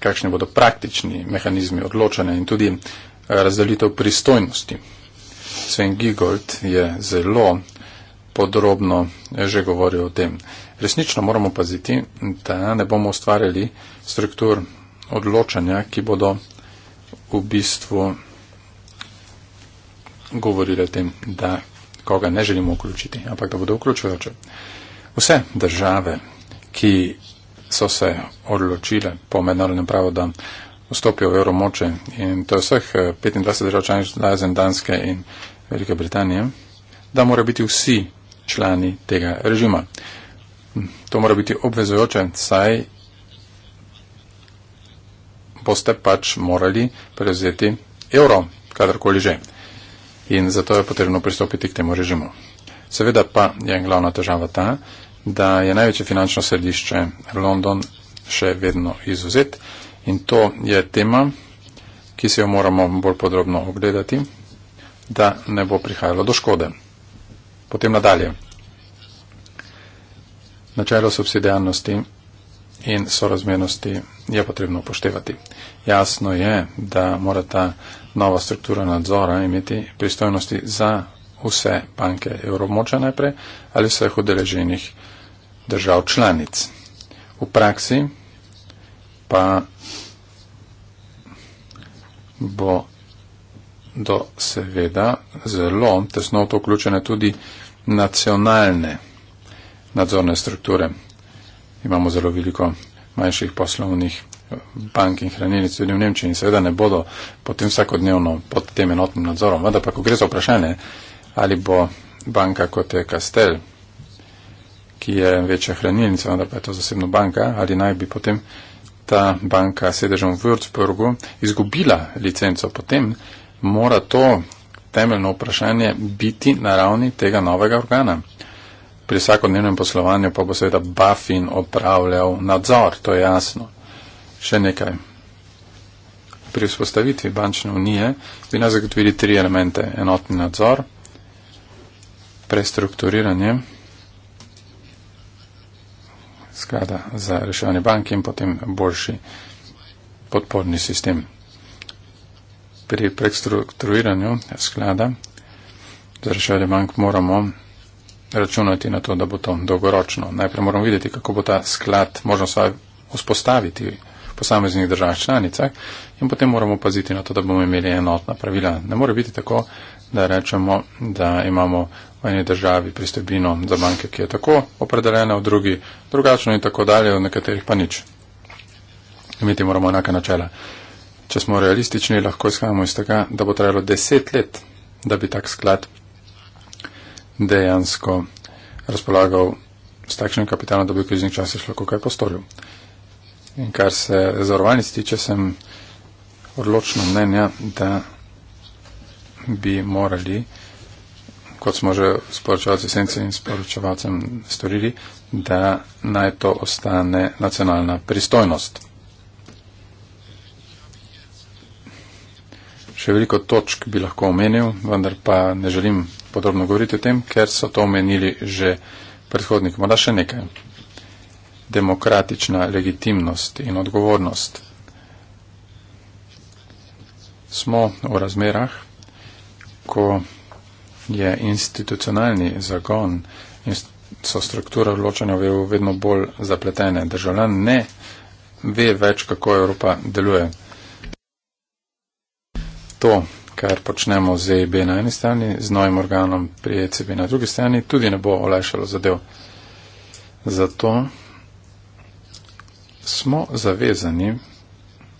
[SPEAKER 3] kakšni bodo praktični mehanizmi odločanja in tudi eh, razdelitev pristojnosti. Sven Gigold je zelo podrobno eh, že govoril o tem. Resnično moramo paziti, da ne bomo ustvarjali struktur odločanja, ki bodo v bistvu govorile o tem, da koga ne želimo vključiti, ampak da bodo vključujoče. Vse države, ki so se odločile po mednarodnem pravu, da vstopijo v evromoče. In to je vseh 25 eh, držav članic razen Danske in Velike Britanije, da morajo biti vsi člani tega režima. Hm, to mora biti obvezujoče, saj boste pač morali prevzeti evro, kadarkoli že. In zato je potrebno pristopiti k temu režimu. Seveda pa je glavna težava ta, da je največje finančno središče London še vedno izuzet in to je tema, ki se jo moramo bolj podrobno ogledati, da ne bo prihajalo do škode. Potem nadalje. Načelo subsidijarnosti in sorazmernosti je potrebno upoštevati. Jasno je, da mora ta nova struktura nadzora imeti pristojnosti za vse banke evromoča najprej ali vseh udeleženih držav članic. V praksi pa bo do seveda zelo tesno to vključene tudi nacionalne nadzorne strukture. Imamo zelo veliko manjših poslovnih bank in hranilnic tudi v Nemčiji in seveda ne bodo potem vsakodnevno pod tem enotnim nadzorom. Vendar pa, ko gre za vprašanje, ali bo banka kot je Kastel ki je večja hranilnica, vendar pa je to zasebna banka, ali naj bi potem ta banka sedežem v Würzburgu izgubila licenco, potem mora to temeljno vprašanje biti na ravni tega novega organa. Pri vsakodnevnem poslovanju pa bo seveda Bafin opravljal nadzor, to je jasno. Še nekaj. Pri vzpostavitvi bančne unije bi nas zagotovili tri elemente. Enotni nadzor, prestrukturiranje, sklada za reševanje banke in potem boljši podporni sistem. Pri prekstrukturiranju sklada za reševanje bank moramo računati na to, da bo to dolgoročno. Najprej moramo videti, kako bo ta sklad možno svoj vzpostaviti v posameznih državah članicah in potem moramo paziti na to, da bomo imeli enotna pravila. Ne more biti tako, da rečemo, da imamo v eni državi pristojbino za banke, ki je tako opredeljena, v drugi drugačno in tako dalje, v nekaterih pa nič. Imeti moramo enake načela. Če smo realistični, lahko izhajamo iz tega, da bo trajalo deset let, da bi tak sklad dejansko razpolagal s takšnim kapitalom, da bi v kriznih časih lahko kaj postoril. In kar se zavarovanic tiče, sem odločno mnenja, da bi morali, kot smo že sporočevalci sence in sporočevalcem storili, da naj to ostane nacionalna pristojnost. Še veliko točk bi lahko omenil, vendar pa ne želim podrobno govoriti o tem, ker so to omenili že predhodniki. Morda še nekaj. Demokratična legitimnost in odgovornost. Smo v razmerah, ko je institucionalni zagon in so strukture odločanja v EU vedno bolj zapletene. Državljan ne ve več, kako Evropa deluje. To, kar počnemo z EIB na eni strani, z novim organom pri ECB na drugi strani, tudi ne bo olajšalo zadev. Zato smo zavezani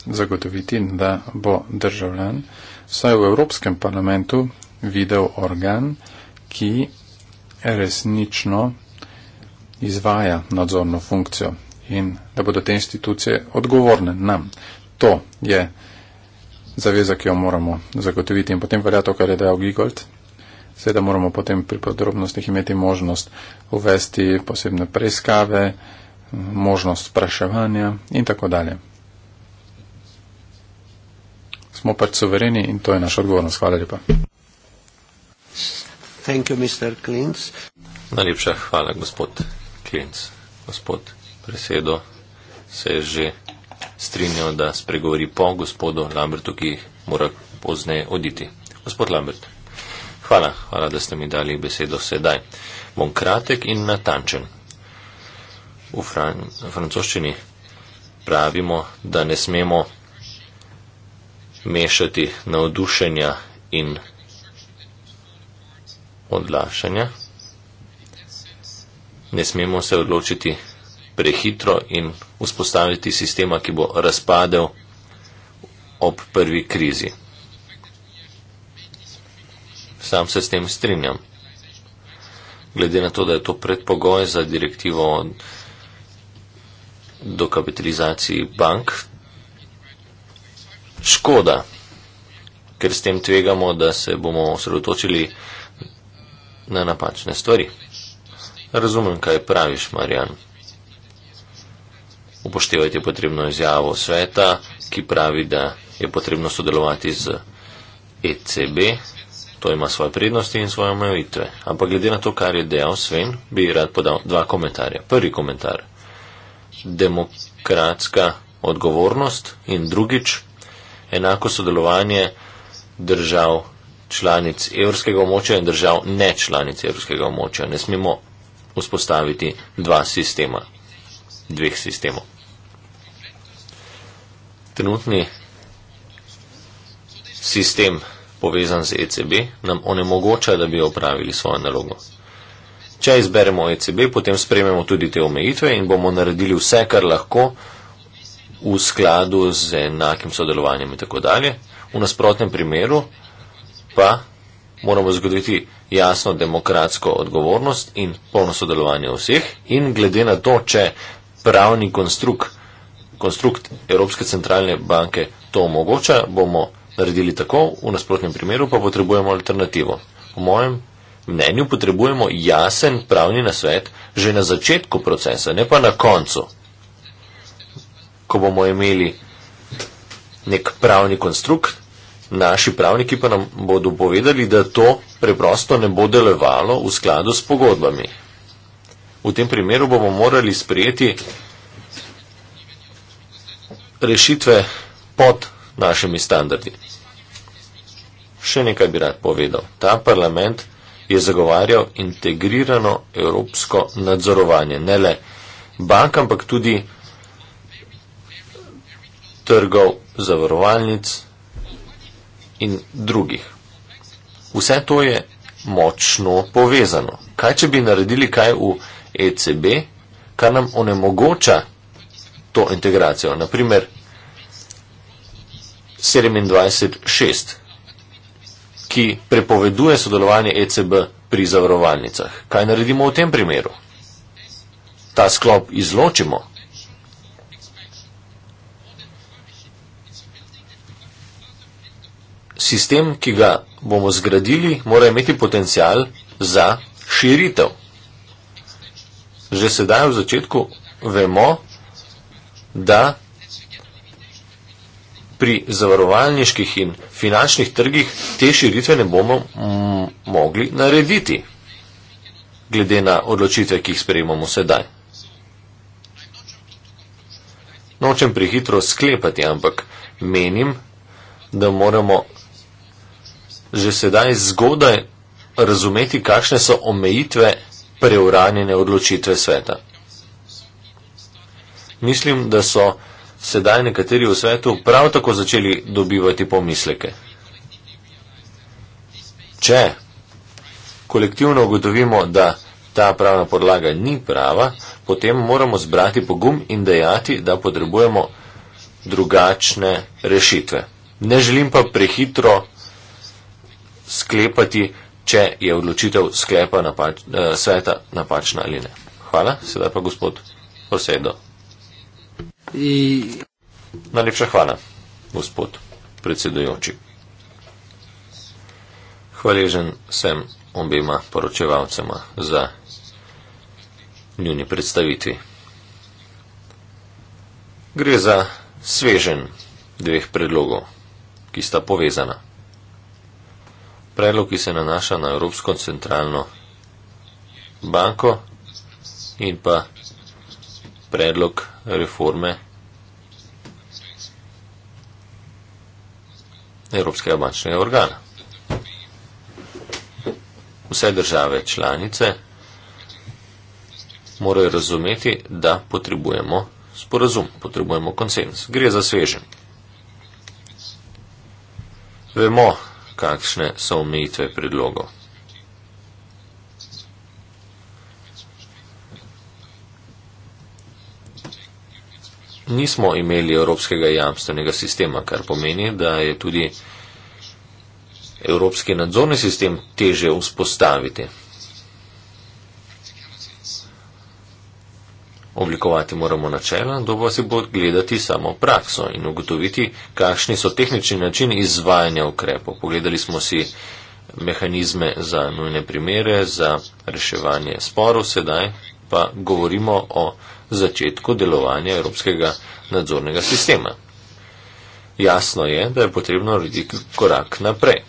[SPEAKER 3] zagotoviti, da bo državljan vsaj v Evropskem parlamentu videl organ, ki resnično izvaja nadzorno funkcijo in da bodo te institucije odgovorne nam. To je zaveza, ki jo moramo zagotoviti in potem velja to, kar je dejal Gigold. Seveda moramo potem pri podrobnostih imeti možnost uvesti posebne preiskave, možnost spraševanja in tako dalje smo pač suvereni in to je naša odgovornost. Hvala lepa.
[SPEAKER 1] You, Najlepša hvala, gospod Klinc. Gospod Presedo se je že strinjal, da spregovori po gospodu Lambertu, ki mora pozneje oditi. Gospod Lambert, hvala, hvala, da ste mi dali besedo sedaj. Bom kratek in natančen. V fran francoščini pravimo, da ne smemo mešati navdušenja in odlašanja. Ne smemo se odločiti prehitro in vzpostaviti sistema, ki bo razpadel ob prvi krizi. Sam se s tem strinjam. Glede na to, da je to predpogoj za direktivo o dokapitalizaciji bank, škoda, ker s tem tvegamo, da se bomo osredotočili na napačne stvari. Razumem, kaj praviš, Marjan. Upoštevajte potrebno izjavo sveta, ki pravi, da je potrebno sodelovati z ECB. To ima svoje prednosti in svoje omejitve. Ampak glede na to, kar je dejal Sven, bi rad podal dva komentarja. Prvi komentar. Demokratska odgovornost in drugič enako sodelovanje držav članic evropskega območja in držav nečlanic evropskega območja. Ne smemo vzpostaviti dva sistema, dveh sistemov. Trenutni sistem povezan z ECB nam onemogoča, da bi opravili svojo nalogo. Če izberemo ECB, potem sprememo tudi te omejitve in bomo naredili vse, kar lahko, v skladu z enakim sodelovanjem in tako dalje. V nasprotnem primeru pa moramo zgoditi jasno demokratsko odgovornost in polno sodelovanje vseh in glede na to, če pravni konstrukt, konstrukt Evropske centralne banke to omogoča, bomo naredili tako, v nasprotnem primeru pa potrebujemo alternativo. Po mojem mnenju potrebujemo jasen pravni nasvet že na začetku procesa, ne pa na koncu ko bomo imeli nek pravni konstrukt, naši pravniki pa nam bodo povedali, da to preprosto ne bo delovalo v skladu s pogodbami. V tem primeru bomo morali sprejeti rešitve pod našimi standardi. Še nekaj bi rad povedal. Ta parlament je zagovarjal integrirano evropsko nadzorovanje, ne le bank, ampak tudi trgov, zavarovalnic in drugih. Vse to je močno povezano. Kaj, če bi naredili kaj v ECB, kar nam onemogoča to integracijo? Naprimer 27.6, ki prepoveduje sodelovanje ECB pri zavarovalnicah. Kaj naredimo v tem primeru? Ta sklop izločimo. sistem, ki ga bomo zgradili, mora imeti potencial za širitev. Že sedaj v začetku vemo, da pri zavarovalniških in finančnih trgih te širitve ne bomo mogli narediti, glede na odločitve, ki jih sprejemamo sedaj. Nočem prehitro sklepati, ampak menim, da moramo že sedaj zgodaj razumeti, kakšne so omejitve preuranjene odločitve sveta. Mislim, da so sedaj nekateri v svetu prav tako začeli dobivati pomisleke. Če kolektivno ugotovimo, da ta pravna podlaga ni prava, potem moramo zbrati pogum in dejati, da potrebujemo drugačne rešitve. Ne želim pa prehitro sklepati, če je odločitev sklepa napač, eh, sveta napačna ali ne. Hvala, sedaj pa gospod Posedo. I... Najlepša hvala, gospod predsedujoči. Hvaležen sem obima poročevalcema za njuni predstavitvi. Gre za svežen dveh predlogov, ki sta povezana predlog, ki se nanaša na Evropsko centralno banko in pa predlog reforme Evropskega bančnega organa. Vse države članice morajo razumeti, da potrebujemo sporazum, potrebujemo konsens. Gre za svežen. Vemo, kakšne so omejitve predlogov. Nismo imeli evropskega jamstvenega sistema, kar pomeni, da je tudi evropski nadzorni sistem teže vzpostaviti. Oblikovati moramo načela, dobro si bo gledati samo prakso in ugotoviti, kakšni so tehnični načini izvajanja ukrepov. Pogledali smo si mehanizme za nujne primere, za reševanje sporov, sedaj pa govorimo o začetku delovanja Evropskega nadzornega sistema. Jasno je, da je potrebno narediti korak naprej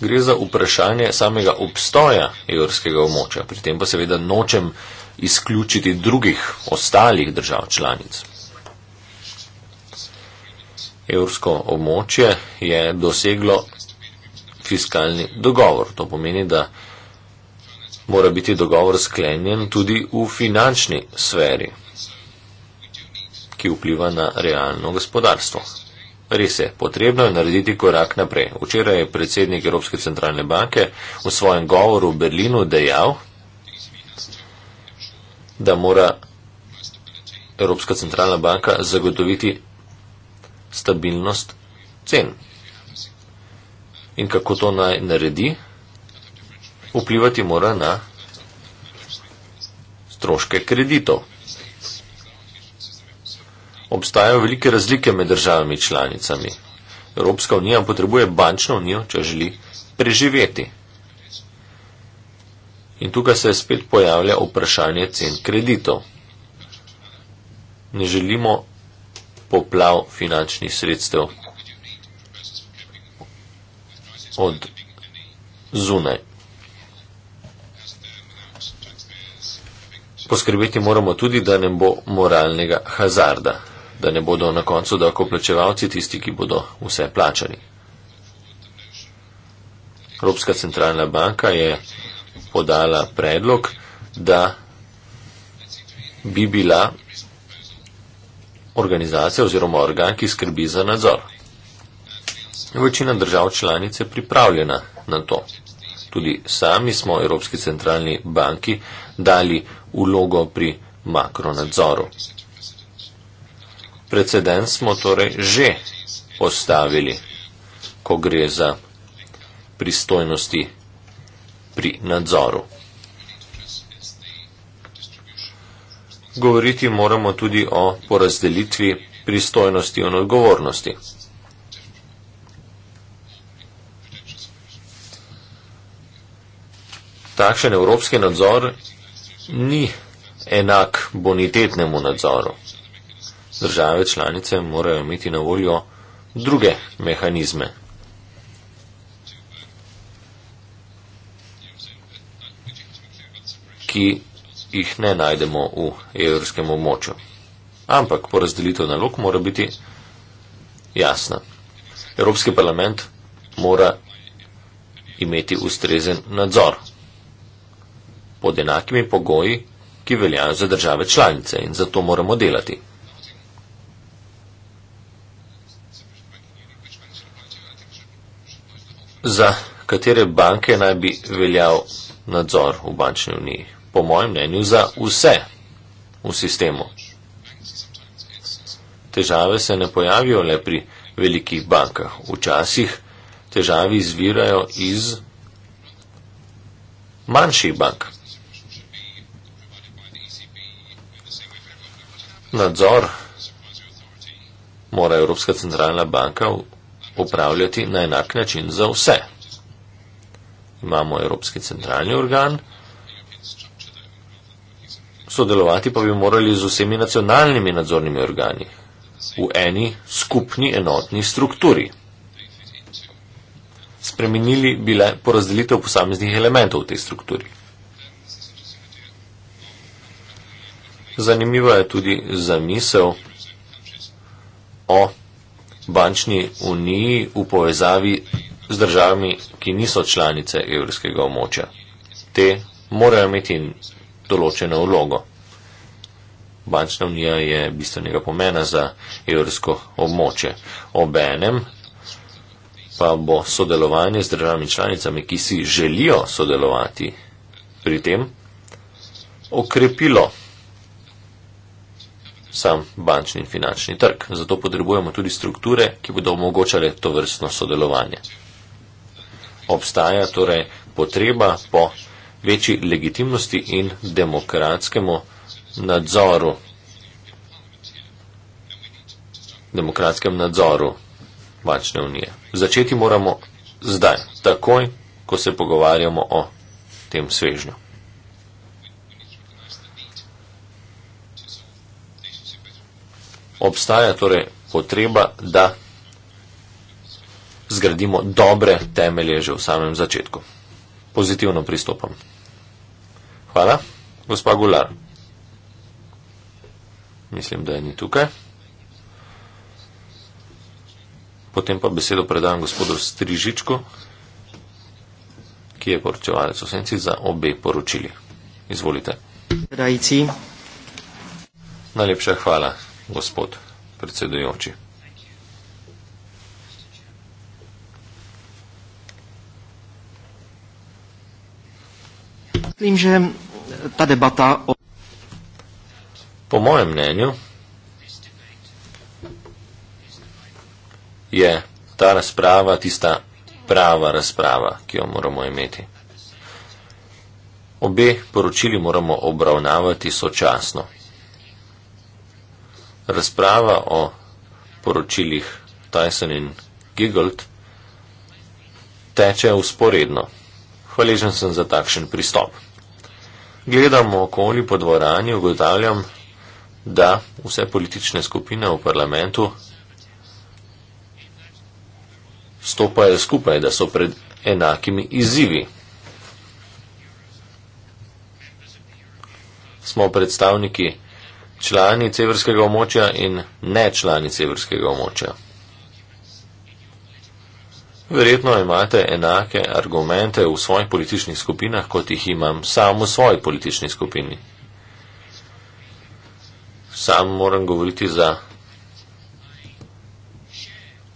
[SPEAKER 1] gre za vprašanje samega obstoja evrskega območja. Pri tem pa seveda nočem izključiti drugih ostalih držav članic. Evrsko območje je doseglo fiskalni dogovor. To pomeni, da mora biti dogovor sklenjen tudi v finančni sferi, ki vpliva na realno gospodarstvo. Res je, potrebno je narediti korak naprej. Včeraj je predsednik Evropske centralne banke v svojem govoru v Berlinu dejal, da mora Evropska centralna banka zagotoviti stabilnost cen. In kako to naj naredi? Vplivati mora na stroške kreditov obstajajo velike razlike med državami članicami. Evropska unija potrebuje bančno unijo, če želi preživeti. In tukaj se spet pojavlja vprašanje cen kreditov. Ne želimo poplav finančnih sredstev od zunaj. Poskrbeti moramo tudi, da ne bo moralnega hazarda da ne bodo na koncu davkoplačevalci tisti, ki bodo vse plačali. Evropska centralna banka je podala predlog, da bi bila organizacija oziroma organ, ki skrbi za nadzor. Večina držav članice je pripravljena na to. Tudi sami smo Evropski centralni banki dali ulogo pri makronadzoru preceden smo torej že postavili, ko gre za pristojnosti pri nadzoru. Govoriti moramo tudi o porazdelitvi pristojnosti in odgovornosti. Takšen evropski nadzor ni enak bonitetnemu nadzoru države članice morajo imeti na voljo druge mehanizme. ki jih ne najdemo v evropskem območju. Ampak porazdelitev nalog mora biti jasna. Evropski parlament mora imeti ustrezen nadzor pod enakimi pogoji, ki veljajo za države članice in zato moramo delati. za katere banke naj bi veljal nadzor v bančni uniji? Po mojem mnenju, za vse v sistemu. Težave se ne pojavijo le pri velikih bankah. Včasih težave izvirajo iz manjših bank. Nadzor mora Evropska centralna banka upravljati na enak način za vse. Imamo Evropski centralni organ, sodelovati pa bi morali z vsemi nacionalnimi nadzornimi organi v eni skupni enotni strukturi. Spremenili bi le porazdelitev posameznih elementov v tej strukturi. Zanimiva je tudi zamisel o bančni uniji v povezavi z državami, ki niso članice evropskega območja. Te morajo imeti določeno vlogo. Bančna unija je bistvenega pomena za evropsko območje. Obenem pa bo sodelovanje z državami članicami, ki si želijo sodelovati pri tem, okrepilo sam bančni in finančni trg. Zato potrebujemo tudi strukture, ki bodo omogočale to vrstno sodelovanje. Obstaja torej potreba po večji legitimnosti in demokratskemu nadzoru. Demokratskem nadzoru bančne unije. Začeti moramo zdaj, takoj, ko se pogovarjamo o tem svežnju. obstaja torej potreba, da zgradimo dobre temelje že v samem začetku. Pozitivno pristopam. Hvala, gospa Gular. Mislim, da je ni tukaj. Potem pa besedo predam gospodu Strižičku, ki je poročevalec v senci za obe poročili. Izvolite. Rajci. Najlepša hvala gospod predsedujoči.
[SPEAKER 2] Mislim, že ta debata. O...
[SPEAKER 1] Po mojem mnenju je ta razprava tista prava razprava, ki jo moramo imeti. Obe poročili moramo obravnavati sočasno razprava o poročilih Tyson in Giggold teče usporedno. Hvaležen sem za takšen pristop. Gledam okoli po dvorani, ugotavljam, da vse politične skupine v parlamentu stopajo skupaj, da so pred enakimi izzivi. Smo predstavniki člani cevrskega območja in ne člani cevrskega območja. Verjetno imate enake argumente v svojih političnih skupinah, kot jih imam sam v svoji politični skupini. Sam moram govoriti za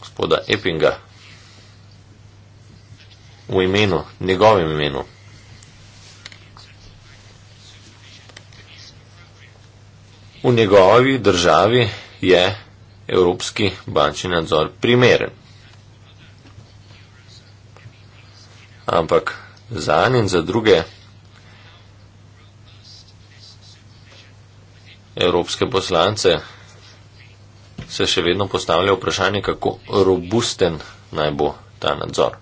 [SPEAKER 1] gospoda Epinga v imenu, njegovem imenu. v njegovi državi je evropski bančni nadzor primeren. Ampak za en in za druge evropske poslance se še vedno postavlja vprašanje, kako robusten naj bo ta nadzor.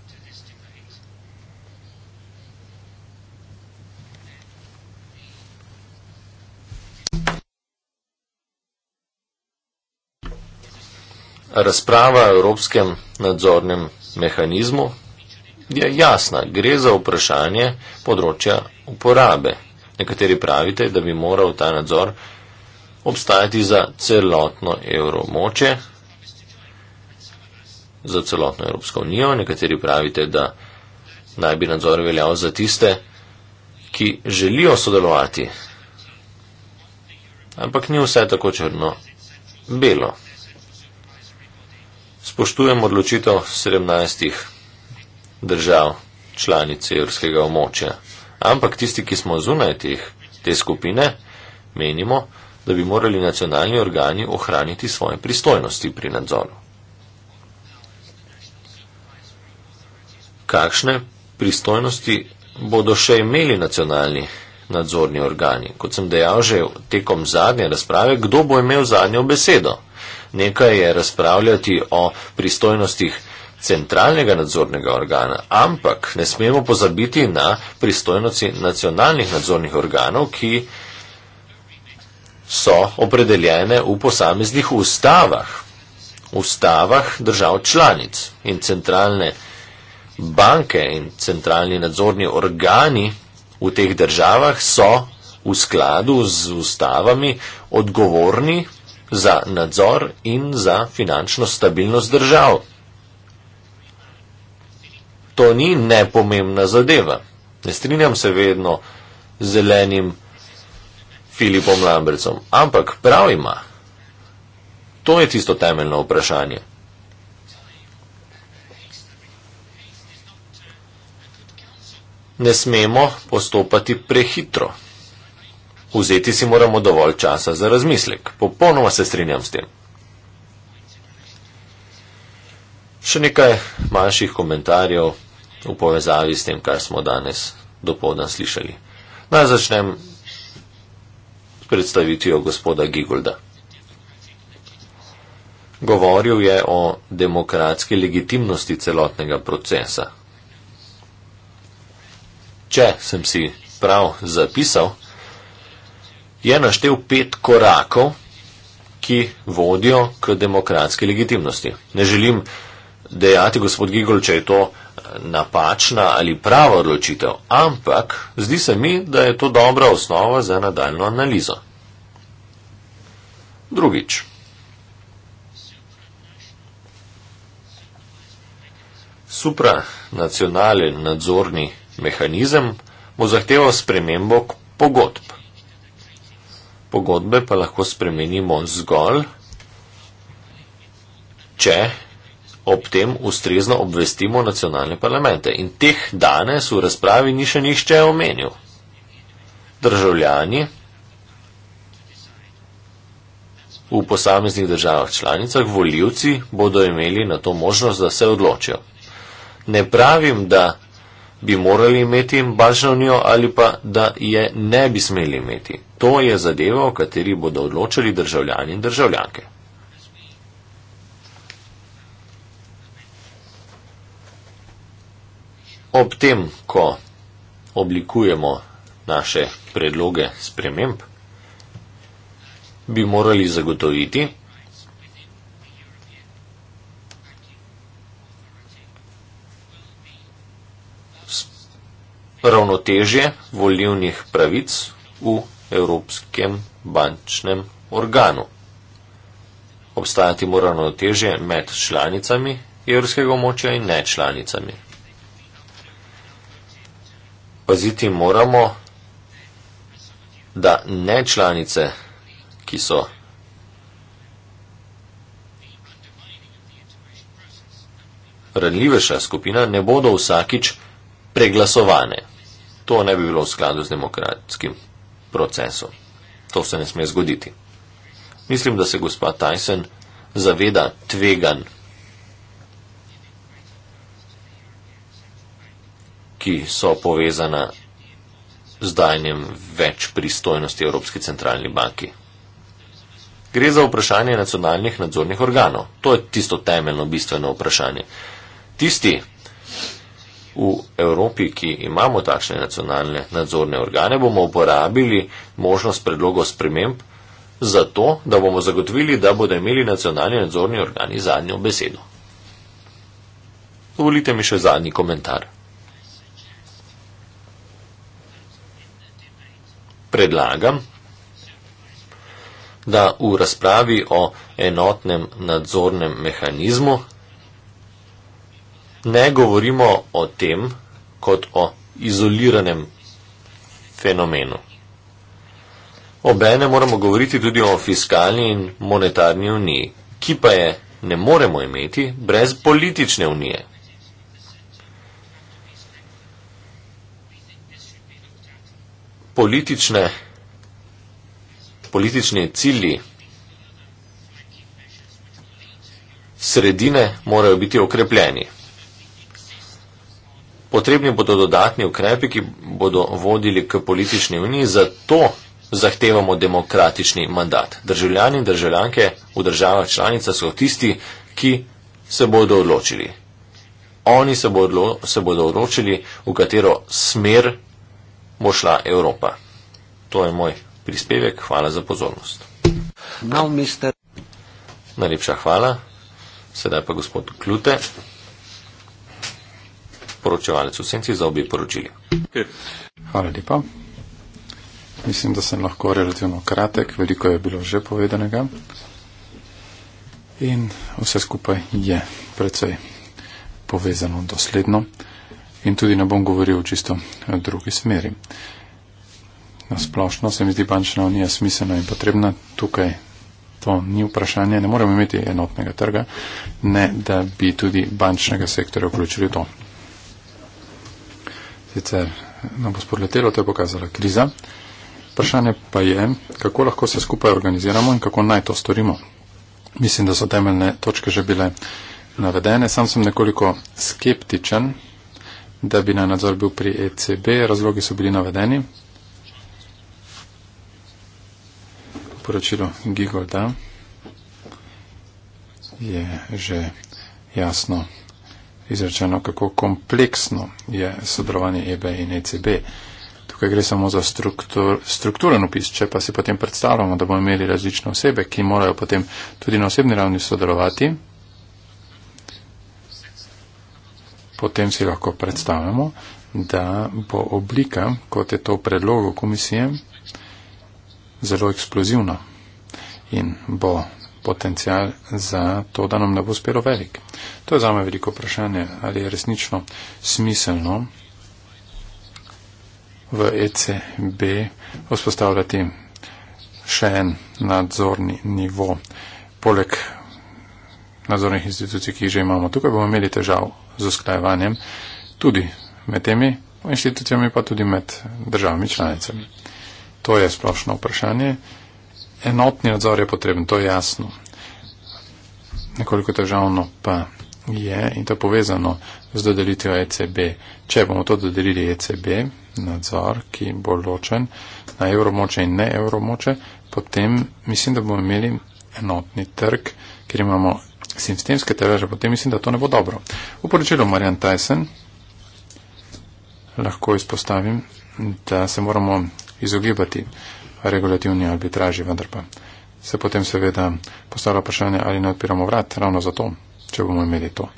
[SPEAKER 1] razprava o evropskem nadzornem mehanizmu je jasna. Gre za vprašanje področja uporabe. Nekateri pravite, da bi moral ta nadzor obstajati za celotno evromoče, za celotno Evropsko unijo. Nekateri pravite, da naj bi nadzor veljal za tiste, ki želijo sodelovati. Ampak ni vse tako črno-belo spoštujem odločitev 17 držav članic evropskega območja. Ampak tisti, ki smo zunaj teh, te skupine, menimo, da bi morali nacionalni organi ohraniti svoje pristojnosti pri nadzoru. Kakšne pristojnosti bodo še imeli nacionalni nadzorni organi? Kot sem dejal že tekom zadnje razprave, kdo bo imel zadnjo besedo? nekaj je razpravljati o pristojnostih centralnega nadzornega organa, ampak ne smemo pozabiti na pristojnosti nacionalnih nadzornih organov, ki so opredeljene v posameznih ustavah, ustavah držav članic in centralne banke in centralni nadzorni organi v teh državah so v skladu z ustavami odgovorni za nadzor in za finančno stabilnost držav. To ni nepomembna zadeva. Ne strinjam se vedno z zelenim Filipom Lambrecom, ampak prav ima. To je tisto temeljno vprašanje. Ne smemo postopati prehitro. Vzeti si moramo dovolj časa za razmislek. Popolnoma se strinjam s tem. Še nekaj manjših komentarjev v povezavi s tem, kar smo danes dopoldan slišali. Naj začnem s predstavitvijo gospoda Gigolda. Govoril je o demokratski legitimnosti celotnega procesa. Če sem si prav zapisal, je naštel pet korakov, ki vodijo k demokratski legitimnosti. Ne želim dejati, gospod Gigol, če je to eh, napačna ali prava odločitev, ampak zdi se mi, da je to dobra osnova za nadaljno analizo. Drugič. Supranacionalen nadzorni mehanizem bo zahteval spremembo pogodb. Pogodbe pa lahko spremenimo zgolj, če ob tem ustrezno obvestimo nacionalne parlamente. In teh danes v razpravi ni še nihče omenil. Državljani v posameznih državah članicah, voljivci bodo imeli na to možnost, da se odločijo. Ne pravim, da bi morali imeti bančno unijo ali pa da je ne bi smeli imeti. To je zadeva, o kateri bodo odločili državljani in državljanke. Ob tem, ko oblikujemo naše predloge sprememb, bi morali zagotoviti, ravnotežje volivnih pravic v Evropskem bančnem organu. Obstajati mora ravnotežje med članicami evropskega območja in nečlanicami. Paziti moramo, da nečlanice, ki so ranljivejša skupina, ne bodo vsakič preglasovane. To ne bi bilo v skladu z demokratskim procesom. To se ne sme zgoditi. Mislim, da se gospa Tyson zaveda tvegan, ki so povezana z dajanjem več pristojnosti Evropski centralni banki. Gre za vprašanje nacionalnih nadzornih organov. To je tisto temeljno bistveno vprašanje. Tisti, v Evropi, ki imamo takšne nacionalne nadzorne organe, bomo uporabili možnost predlogov sprememb za to, da bomo zagotovili, da bodo imeli nacionalni nadzorni organi zadnjo besedo. Dovolite mi še zadnji komentar. Predlagam, da v razpravi o enotnem nadzornem mehanizmu ne govorimo o tem kot o izoliranem fenomenu. Obene moramo govoriti tudi o fiskalni in monetarni uniji, ki pa je ne moremo imeti brez politične unije. Politične, politične cilji sredine morajo biti okrepljeni. Potrebni bodo dodatni ukrepi, ki bodo vodili k politični uniji, zato zahtevamo demokratični mandat. Državljani in državljanke v državah članica so tisti, ki se bodo odločili. Oni se, bodo, se bodo odločili, v katero smer bo šla Evropa. To je moj prispevek. Hvala za pozornost. No, Najlepša hvala. Sedaj pa gospod Klute poročevalec v senci za obi poročili.
[SPEAKER 3] Hvala lepa. Mislim, da sem lahko relativno kratek, veliko je bilo že povedanega in vse skupaj je precej povezano dosledno in tudi ne bom govoril čisto o drugi smeri. Na splošno se mi zdi bančna unija smiselna in potrebna. Tukaj to ni vprašanje, ne moremo imeti enotnega trga, ne da bi tudi bančnega sektorja vključili v to sicer nam bo spodletelo, to je pokazala kriza. Vprašanje pa je, kako lahko se skupaj organiziramo in kako naj to storimo. Mislim, da so temeljne točke že bile navedene. Sam sem nekoliko skeptičen, da bi naj nadzor bil pri ECB. Razlogi so bili navedeni. Poročilo Gigolda je že jasno izrečeno, kako kompleksno je sodelovanje EB in ECB. Tukaj gre samo za struktur, strukturen opis, če pa si potem predstavljamo, da bomo imeli različne osebe, ki morajo potem tudi na osebni ravni sodelovati, potem si lahko predstavljamo, da bo oblika, kot je to v predlogu komisije, zelo eksplozivna in bo potencial za to, da nam ne bo uspelo velik. To je zame veliko vprašanje, ali je resnično smiselno v ECB vzpostavljati še en nadzorni nivo, poleg nadzornih institucij, ki jih že imamo. Tukaj bomo imeli težav z usklajevanjem tudi med temi inštitucijami, pa tudi med državami članicami. To je splošno vprašanje enotni nadzor je potreben, to je jasno. Nekoliko težavno pa je in to je povezano z dodelitvijo ECB. Če bomo to dodelili ECB, nadzor, ki bo ločen na evromoče in ne evromoče, potem mislim, da bomo imeli enotni trg, ker imamo sistemske težave, potem mislim, da to ne bo dobro. V poročilu Marjan Tyson lahko izpostavim, da se moramo izogibati regulativni arbitraži, vendar pa se potem seveda postavlja vprašanje, ali ne odpiramo vrat ravno zato, če bomo imeli to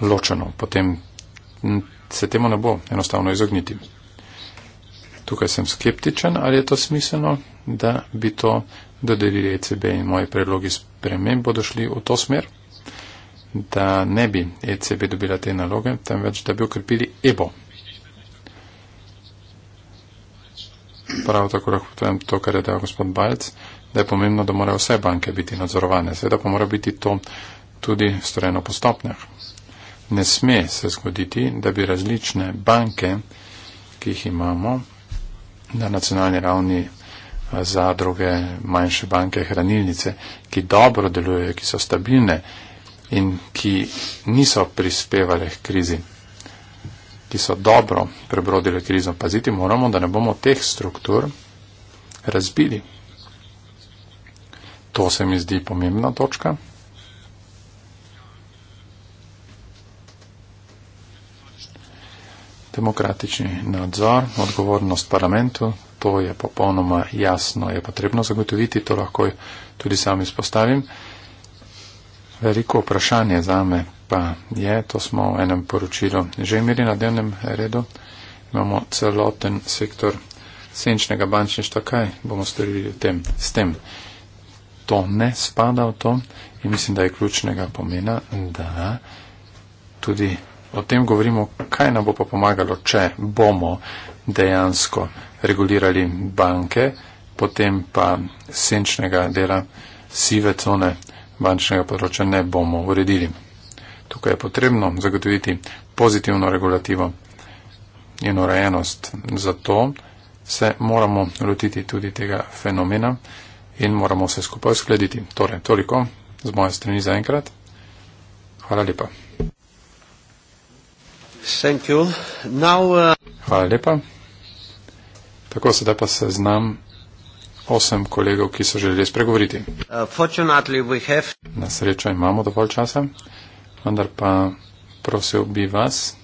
[SPEAKER 3] ločeno. Potem se temu ne bo enostavno izogniti. Tukaj sem skeptičen, ali je to smiselno, da bi to dodelili ECB in moji predlogi sprememb bodo šli v to smer, da ne bi ECB dobila te naloge, temveč da bi okrepili EBO, prav tako lahko povem to, kar je dejal gospod Balc, da je pomembno, da morajo vse banke biti nadzorovane. Seveda pa mora biti to tudi storjeno po stopnjah. Ne sme se zgoditi, da bi različne banke, ki jih imamo na nacionalni ravni za druge manjše banke, hranilnice, ki dobro delujejo, ki so stabilne in ki niso prispevale k krizi, ki so dobro prebrodile krizo, paziti moramo, da ne bomo teh struktur razbili. To se mi zdi pomembna točka. Demokratični nadzor, odgovornost parlamentu, to je popolnoma jasno, je potrebno zagotoviti, to lahko tudi sam izpostavim. Veliko vprašanje za me, pa je, to smo v enem poročilu že imeli na dnevnem redu, imamo celoten sektor senčnega bančništva, kaj bomo storili tem, s tem. To ne spada v to in mislim, da je ključnega pomena, da tudi o tem govorimo, kaj nam bo pa pomagalo, če bomo dejansko regulirali banke, potem pa senčnega dela sive cone bančnega področja ne bomo uredili. Tukaj je potrebno zagotoviti pozitivno regulativo in urejenost. Zato se moramo lotiti tudi tega fenomena in moramo se skupaj uskladiti. Torej, toliko z moje strani za enkrat. Hvala lepa. Now, uh... Hvala lepa. Tako sedaj pa se znam osem kolegov, ki so želeli spregovoriti.
[SPEAKER 1] Uh, have...
[SPEAKER 3] Na srečo imamo dovolj časa vendar pa prosil bi vas,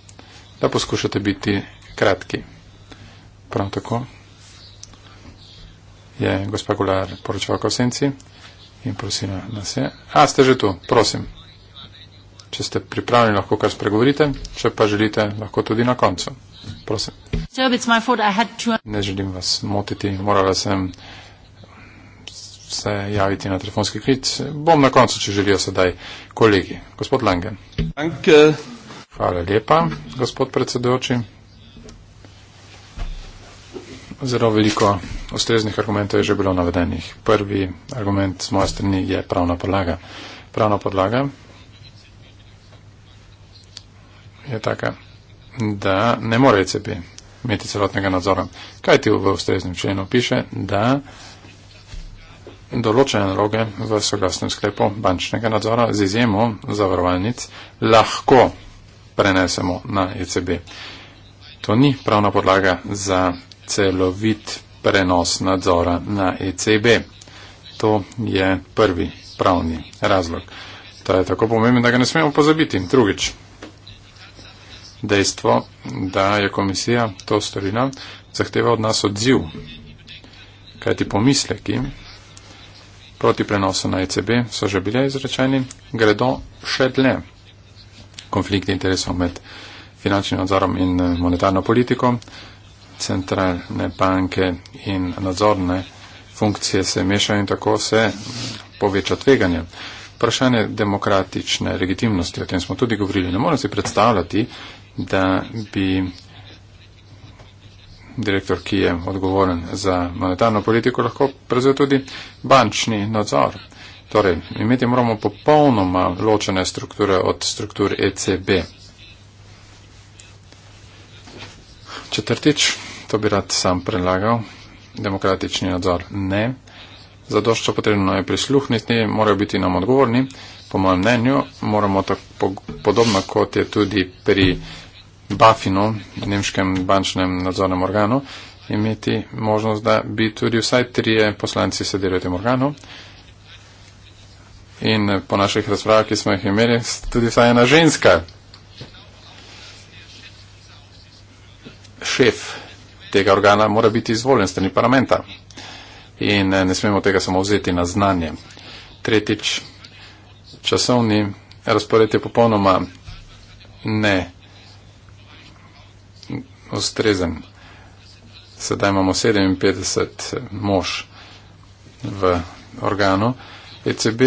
[SPEAKER 3] da poskušate biti kratki. Prav tako je gospa Gular poročevalka v senci in prosila nas je. A, ste že tu, prosim. Če ste pripravljeni, lahko kar spregovorite, če pa želite, lahko tudi na koncu. Prosim. So, ne želim vas motiti, morala sem se javiti na telefonski klic. Bom na koncu, če želijo sedaj kolegi. Gospod Langen. Danke. Hvala lepa, gospod predsedujoči. Zelo veliko ustreznih argumentov je že bilo navedenih. Prvi argument z moje strani je pravna podlaga. Pravna podlaga je taka, da ne more ECB imeti celotnega nadzora. Kaj ti v ustreznem členu piše, da določene naloge v soglasnem sklepu bančnega nadzora z izjemo zavarovalnic lahko prenesemo na ECB. To ni pravna podlaga za celovit prenos nadzora na ECB. To je prvi pravni razlog. To je tako pomembno, da ga ne smemo pozabiti. Drugič, dejstvo, da je komisija to storila, zahteva od nas odziv. Kajti pomisleki proti prenosu na ECB so že bile izrečeni, gredo še dlje. Konflikt interesov med finančnim nadzorom in eh, monetarno politiko, centralne banke in nadzorne funkcije se mešajo in tako se eh, poveča tveganje. Vprašanje demokratične legitimnosti, o tem smo tudi govorili, ne morem si predstavljati, da bi direktor, ki je odgovoren za monetarno politiko, lahko prevzel tudi bančni nadzor. Torej, imeti moramo popolnoma ločene strukture od struktur ECB. Četrtič, to bi rad sam predlagal, demokratični nadzor ne. Zadošča potrebno je prisluhniti, morajo biti nam odgovorni. Po mojem mnenju moramo tako podobno, kot je tudi pri Bafinu, nemškem bančnem nadzornem organu, imeti možnost, da bi tudi vsaj trije poslanci sedeli v tem organu. In po naših razpravah, ki smo jih imeli, tudi vsaj ena ženska, šef tega organa, mora biti izvoljen strani parlamenta. In eh, ne smemo tega samo vzeti na znanje. Tretjič, časovni razpored je popolnoma ne ustrezen. Sedaj imamo 57 mož v organu ECB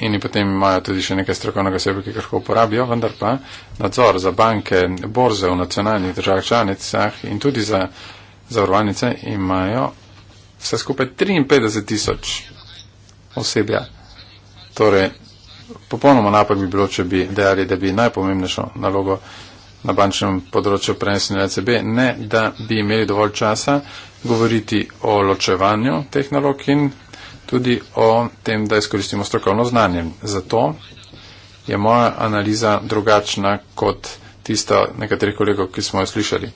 [SPEAKER 3] in potem imajo tudi še nekaj strokovnega sebe, ki ga lahko uporabijo, vendar pa nadzor za banke, borze v nacionalnih državah članicah in tudi za zavarovanice imajo vse skupaj 53 tisoč osebja. Torej, popolnoma napak bi bilo, če bi dejali, da bi najpomembnejšo nalogo na bančnem področju prenesenja ECB, ne da bi imeli dovolj časa govoriti o ločevanju teh nalog in tudi o tem, da izkoristimo strokovno znanje. Zato je moja analiza drugačna kot tista nekaterih kolegov, ki smo jo slišali.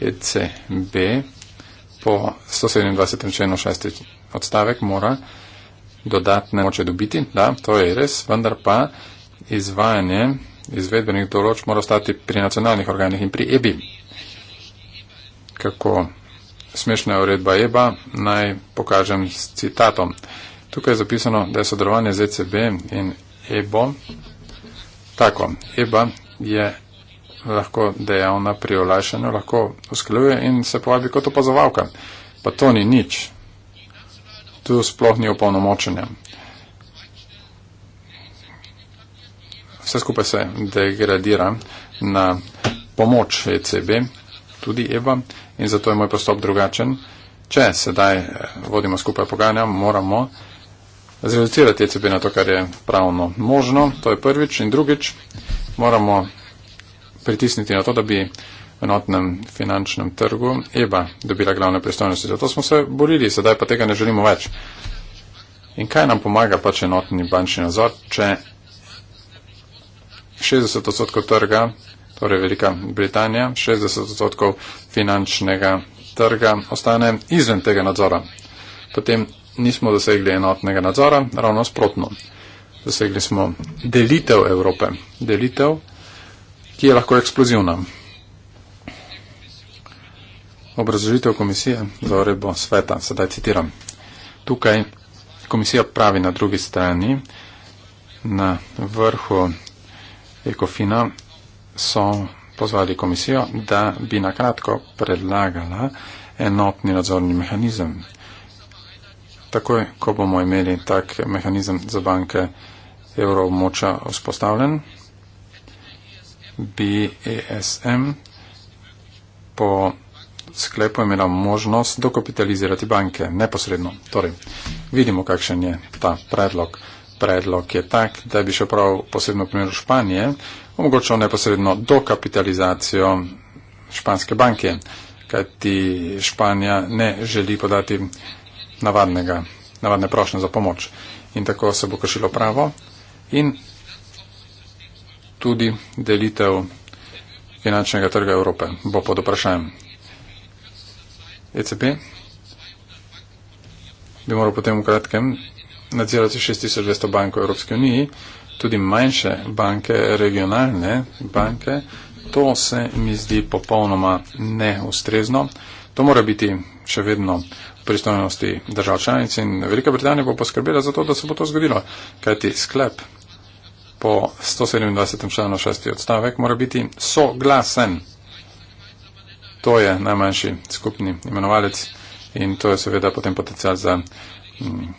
[SPEAKER 3] ECB po 127. členu 6. odstavek mora dodatne moče dobiti, da, to je res, vendar pa izvajanje izvedbenih določb mora ostati pri nacionalnih organih in pri EBI. Kako smešna je uredba EBA, naj pokažem s citatom. Tukaj je zapisano, da je sodelovanje z ECB in EBO tako. EBA je lahko dejavna pri olajšanju, lahko uskljuje in se povabi kot opazovalka. Pa to ni nič. Tu sploh ni opolnomočenja. vse skupaj se degradira na pomoč ECB, tudi EBA in zato je moj postop drugačen. Če sedaj eh, vodimo skupaj pogajanja, moramo zreducirati ECB na to, kar je pravno možno, to je prvič in drugič, moramo pritisniti na to, da bi v enotnem finančnem trgu EBA dobila glavne pristojnosti. Zato smo se borili, sedaj pa tega ne želimo več. In kaj nam pomaga pač enotni bančni nadzor, če 60 odstotkov trga, torej Velika Britanija, 60 odstotkov finančnega trga ostane izven tega nadzora. Potem nismo dosegli enotnega nadzora, ravno sprotno. Dosegli smo delitev Evrope, delitev, ki je lahko eksplozivna. Obrazložitev komisije za uredbo sveta, sedaj citiram. Tukaj komisija pravi na drugi strani, na vrhu ECOFIN-a so pozvali komisijo, da bi nakratko predlagala enotni nadzorni mehanizem. Takoj, ko bomo imeli tak mehanizem za banke evroobmoča vzpostavljen, bi ESM po sklepu imela možnost dokapitalizirati banke neposredno. Torej, vidimo, kakšen je ta predlog predlog je tak, da bi še prav posebno primer Španije omogočal neposredno dokapitalizacijo španske banke, kajti Španija ne želi podati navadnega, navadne prošnje za pomoč. In tako se bo kršilo pravo in tudi delitev finančnega trga Evrope bo pod vprašanjem. ECB bi moral potem v kratkem nadzirati 6200 bank v Evropski uniji, tudi manjše banke, regionalne banke. To se mi zdi popolnoma neustrezno. To mora biti še vedno v pristojnosti držav članic in Velika Britanija bo poskrbela za to, da se bo to zgodilo. Kajti sklep po 127. členu 6. odstavek mora biti soglasen. To je najmanjši skupni imenovalec in to je seveda potem potencial za. Mm,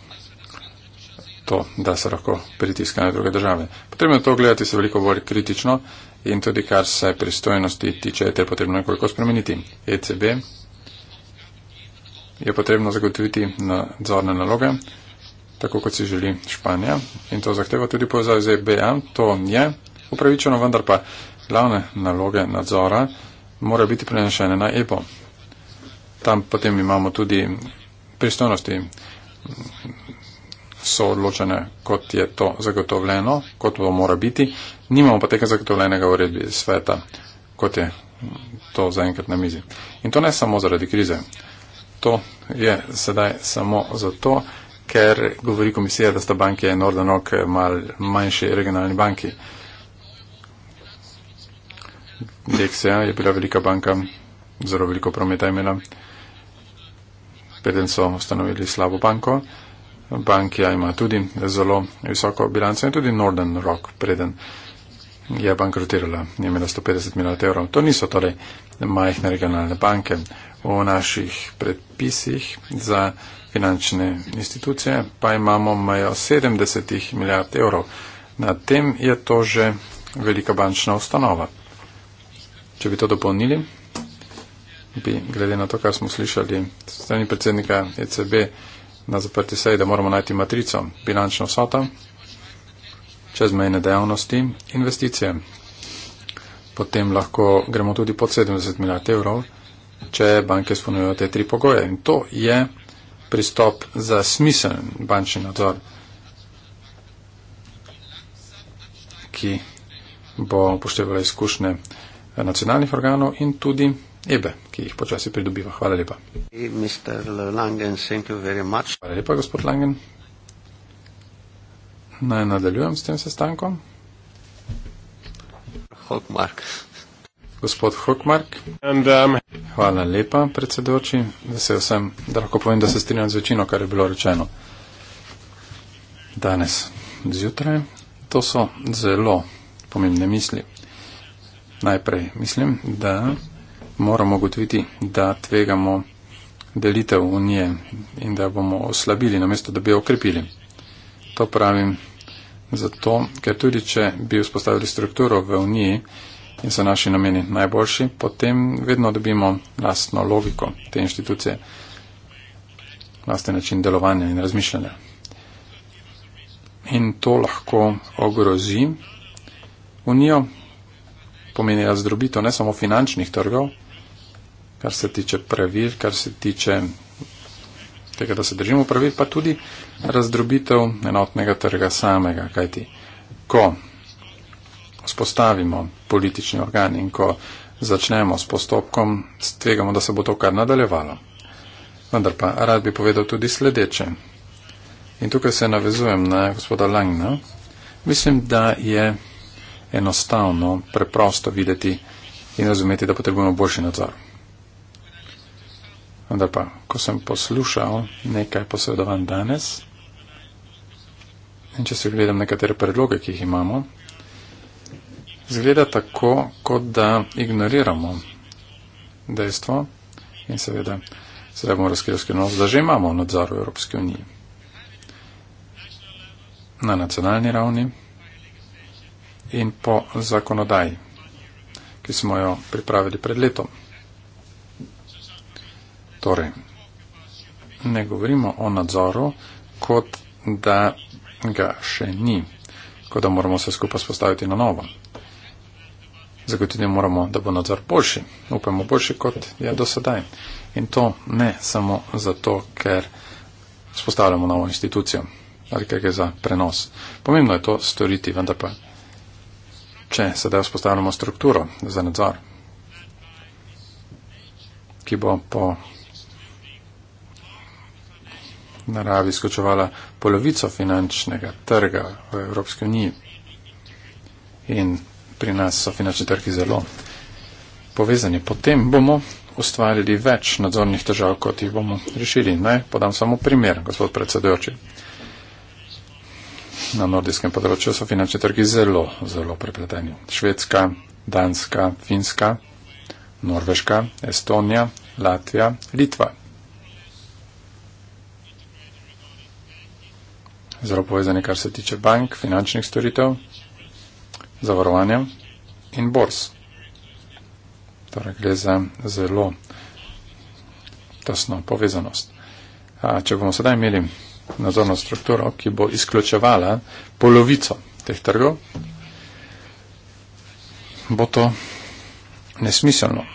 [SPEAKER 3] to, da se lahko pritiska na druge države. Potrebno je to gledati se veliko bolj kritično in tudi kar se pristojnosti tiče, te je potrebno nekoliko spremeniti. ECB je potrebno zagotoviti nadzorne naloge, tako kot si želi Španija in to zahteva tudi povezave z EBA. To je upravičeno, vendar pa glavne naloge nadzora morajo biti prenešene na EBO. Tam potem imamo tudi pristojnosti soodločene, kot je to zagotovljeno, kot to mora biti. Nimamo pa tega zagotovljenega uredbi sveta, kot je to zaenkrat na mizi. In to ne samo zaradi krize. To je sedaj samo zato, ker govori komisija, da sta banke Northern Rock mal manjši regionalni banki. Dexia je bila velika banka, zelo veliko prometa imela. Preden so ustanovili slabo banko, Bankija ima tudi zelo visoko bilanco in tudi Northern Rock, preden je bankrotirala, je imela 150 milijard evrov. To niso torej majhne regionalne banke. V naših predpisih za finančne institucije pa imamo majo 70 milijard evrov. Na tem je to že velika bančna ustanova. Če bi to dopolnili, bi glede na to, kar smo slišali strani predsednika ECB, na zaprti seji, da moramo najti matrico, bilančno vsoto, čezmejne dejavnosti, investicije. Potem lahko gremo tudi pod 70 milijard evrov, če banke spolnjujejo te tri pogoje. In to je pristop za smiseln bančni nadzor, ki bo upoštevala izkušnje nacionalnih organov in tudi Ebe, ki jih počasi pridobiva. Hvala lepa. Langen, Hvala lepa, gospod Langen. Naj nadaljujem s tem sestankom. Hockmark. Gospod Hockmark. Um... Hvala lepa, predsedoči. Vesel sem, da lahko povem, da se strinjam z večino, kar je bilo rečeno danes zjutraj. To so zelo pomembne misli. Najprej mislim, da moramo gotoviti, da tvegamo delitev unije in da bomo oslabili, namesto da bi jo okrepili. To pravim zato, ker tudi če bi vzpostavili strukturo v uniji in so naši nameni najboljši, potem vedno dobimo lastno logiko te inštitucije, lasten način delovanja in razmišljanja. In to lahko ogrozi unijo, pomeni razdrobitev ne samo finančnih trgov, kar se tiče pravil, kar se tiče tega, da se držimo pravil, pa tudi razdrobitev enotnega trga samega. Kajti, ko spostavimo politični organ in ko začnemo s postopkom, stvegamo, da se bo to kar nadaljevalo. Vendar pa rad bi povedal tudi sledeče. In tukaj se navezujem na gospoda Langna. Mislim, da je enostavno, preprosto videti in razumeti, da potrebujemo boljši nadzor. Vendar pa, ko sem poslušal nekaj posredovan danes in če si gledam nekatere predloge, ki jih imamo, zgleda tako, kot da ignoriramo dejstvo in seveda se bomo razkrili nos, da že imamo nadzor v Evropski uniji. Na nacionalni ravni in po zakonodaji, ki smo jo pripravili pred letom. Torej, ne govorimo o nadzoru, kot da ga še ni, kot da moramo vse skupaj spostaviti na novo. Zagotovili moramo, da bo nadzor boljši, upajmo boljši, kot je do sedaj. In to ne samo zato, ker spostavljamo novo institucijo ali kaj je za prenos. Pomembno je to storiti, vendar pa, če sedaj spostavljamo strukturo za nadzor, ki bo po naravi skočevala polovico finančnega trga v Evropski uniji. In pri nas so finančni trgi zelo povezani. Potem bomo ustvarili več nadzornih težav, kot jih bomo rešili. Ne? Podam samo primer, gospod predsedujoči. Na nordijskem področju so finančni trgi zelo, zelo prepleteni. Švedska, Danska, Finska, Norveška, Estonija, Latvija, Litva. zelo povezani, kar se tiče bank, finančnih storitev, zavarovanja in bors. Torej gre za zelo tesno povezanost. A, če bomo sedaj imeli nadzorno strukturo, ki bo izključevala polovico teh trgov, bo to nesmiselno.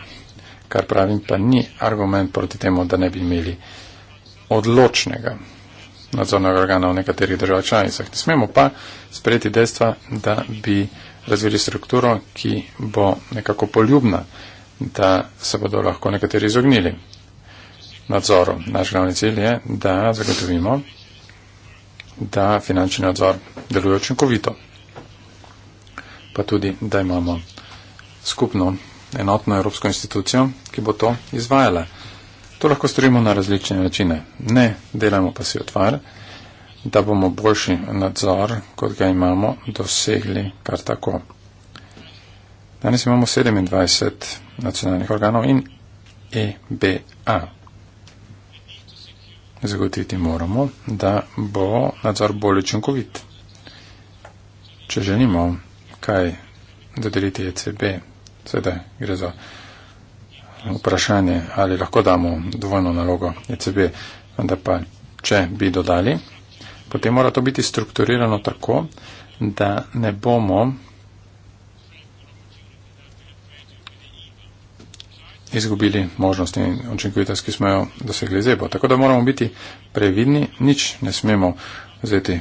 [SPEAKER 3] Kar pravim, pa ni argument proti temu, da ne bi imeli odločnega nadzornega organa v nekaterih državah članicah. Ne smemo pa sprejeti dejstva, da bi razvili strukturo, ki bo nekako poljubna, da se bodo lahko nekateri izognili nadzoru. Naš glavni cilj je, da zagotovimo, da finančni nadzor deluje učinkovito, pa tudi, da imamo skupno enotno evropsko institucijo, ki bo to izvajala. To lahko storimo na različne načine. Ne delamo pa si otvar, da bomo boljši nadzor, kot ga imamo, dosegli kar tako. Danes imamo 27 nacionalnih organov in EBA. Zagotoviti moramo, da bo nadzor bolj učinkovit. Če želimo kaj dodeliti ECB, seveda gre za vprašanje, ali lahko damo dvojno nalogo ECB, da pa če bi dodali, potem mora to biti strukturirano tako, da ne bomo izgubili možnosti in učinkovitost, ki smo jo dosegli zebo. Tako da moramo biti previdni, nič ne smemo vzeti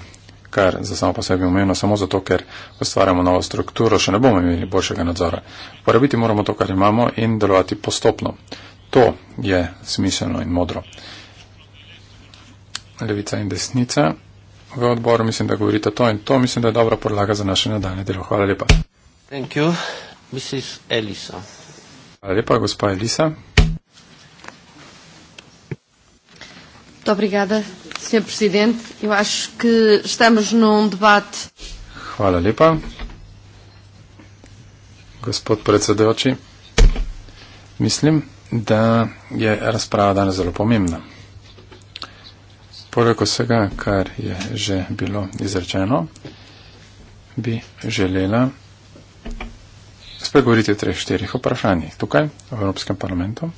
[SPEAKER 3] kar za samo po sebi umevno, samo zato, ker ustvarjamo novo strukturo, še ne bomo imeli boljšega nadzora. Porabiti moramo to, kar imamo in delovati postopno. To je smiselno in modro. Levica in desnica v odboru, mislim, da govorite to in to, mislim, da je dobra podlaga za naše nadaljne delo. Hvala lepa. Thank you. Mrs. Elisa. Hvala lepa, gospa Elisa.
[SPEAKER 1] Obrigada. Sr. Presidente, eu acho que estamos
[SPEAKER 3] num debate. Hvala lepa. Gospod predsedujoči, mislim, da je razprava danes zelo pomembna. Poleg vsega, kar je že bilo izrečeno, bi želela spregovoriti o treh, štirih vprašanjih tukaj v Evropskem parlamentu.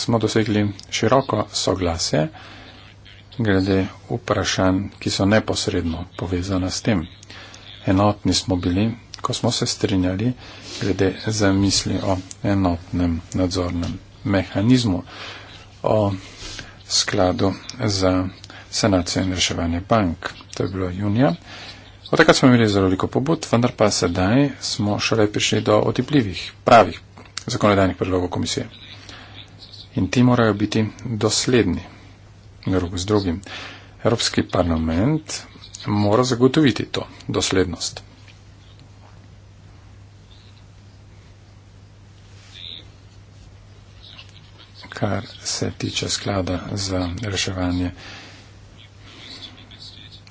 [SPEAKER 3] smo dosegli široko soglasje glede vprašanj, ki so neposredno povezana s tem. Enotni smo bili, ko smo se strinjali glede zamisli o enotnem nadzornem mehanizmu, o skladu za sanacijo in reševanje bank. To je bilo junija. Od takrat smo imeli zelo veliko pobud, vendar pa sedaj smo šele prišli do otipljivih, pravih zakonodajnih predlogov komisije. In ti morajo biti dosledni drug z drugim. Evropski parlament mora zagotoviti to doslednost. Kar se tiče sklada za reševanje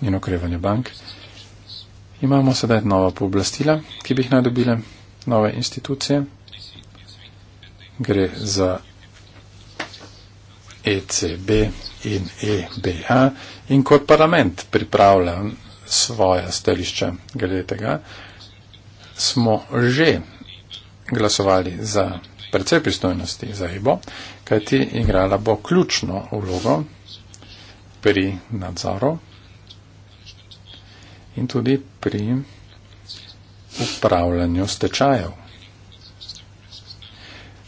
[SPEAKER 3] in okrevanje bank, imamo sedaj nova pooblastila, ki bi jih naj dobile nove institucije. Gre za ECB in EBA in kot parlament pripravlja svoje stališče glede tega, smo že glasovali za predvsej pristojnosti za EBO, kajti igrala bo ključno vlogo pri nadzoru in tudi pri upravljanju stečajev.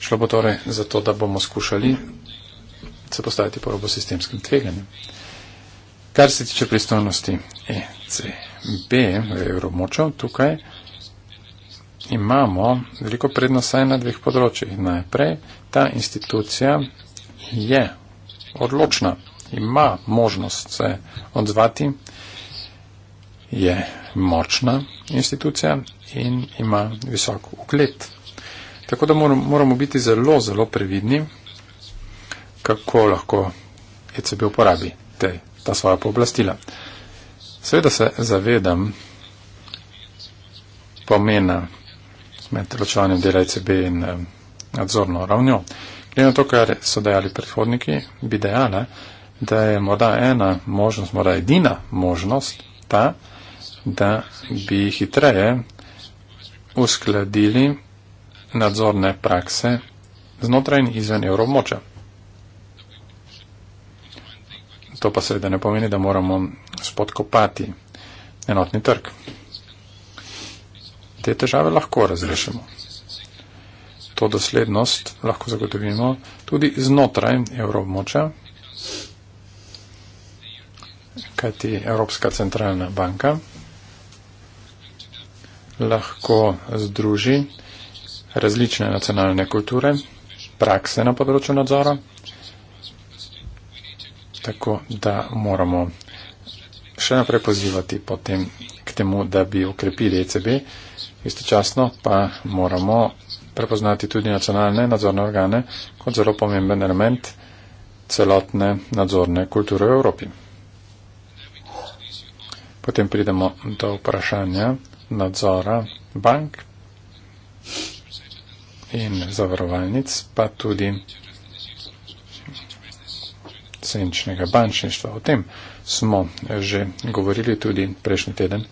[SPEAKER 3] Šlo bo torej za to, da bomo skušali se postaviti po robo sistemskim tveganjem. Kar se tiče pristojnosti ECB v evromočo, tukaj imamo veliko prednost saj na dveh področjih. Najprej, ta institucija je odločna, ima možnost se odzvati, je močna institucija in ima visok ugled. Tako da moramo biti zelo, zelo previdni kako lahko ECB uporabi te, ta svoja pooblastila. Seveda se zavedam pomena med ločevanjem dela ECB in eh, nadzorno ravnjo. Glede na to, kar so dejali predhodniki, bi dejala, da je morda ena možnost, morda edina možnost ta, da bi hitreje uskladili nadzorne prakse znotraj in izven evromoča. To pa seveda ne pomeni, da moramo spodkopati enotni trg. Te težave lahko razrešimo. To doslednost lahko zagotovimo tudi znotraj evromoča, kajti Evropska centralna banka lahko združi različne nacionalne kulture, prakse na področju nadzora tako da moramo še naprej pozivati potem k temu, da bi ukrepili ECB, istočasno pa moramo prepoznati tudi nacionalne nadzorne organe kot zelo pomemben element celotne nadzorne kulture v Evropi. Potem pridemo do vprašanja nadzora bank in zavarovalnic, pa tudi senčnega bančništva. O tem smo že govorili tudi prejšnji teden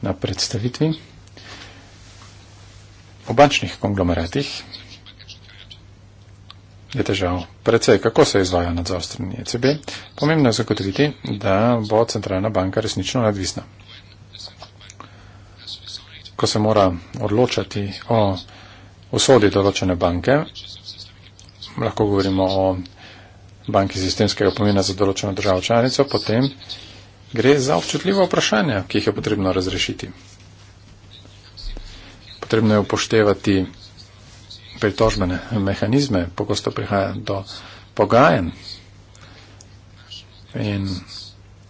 [SPEAKER 3] na predstavitvi. O bančnih konglomeratih je težav predvsej, kako se izvaja nadzor strani ECB. Pomembno je zagotoviti, da bo centralna banka resnično nadvisna. Ko se mora odločati o usodi določene banke, lahko govorimo o banki sistemskega pomena za določeno državo članico, potem gre za občutljivo vprašanje, ki jih je potrebno razrešiti. Potrebno je upoštevati pritožbene mehanizme, pogosto prihaja do pogajen in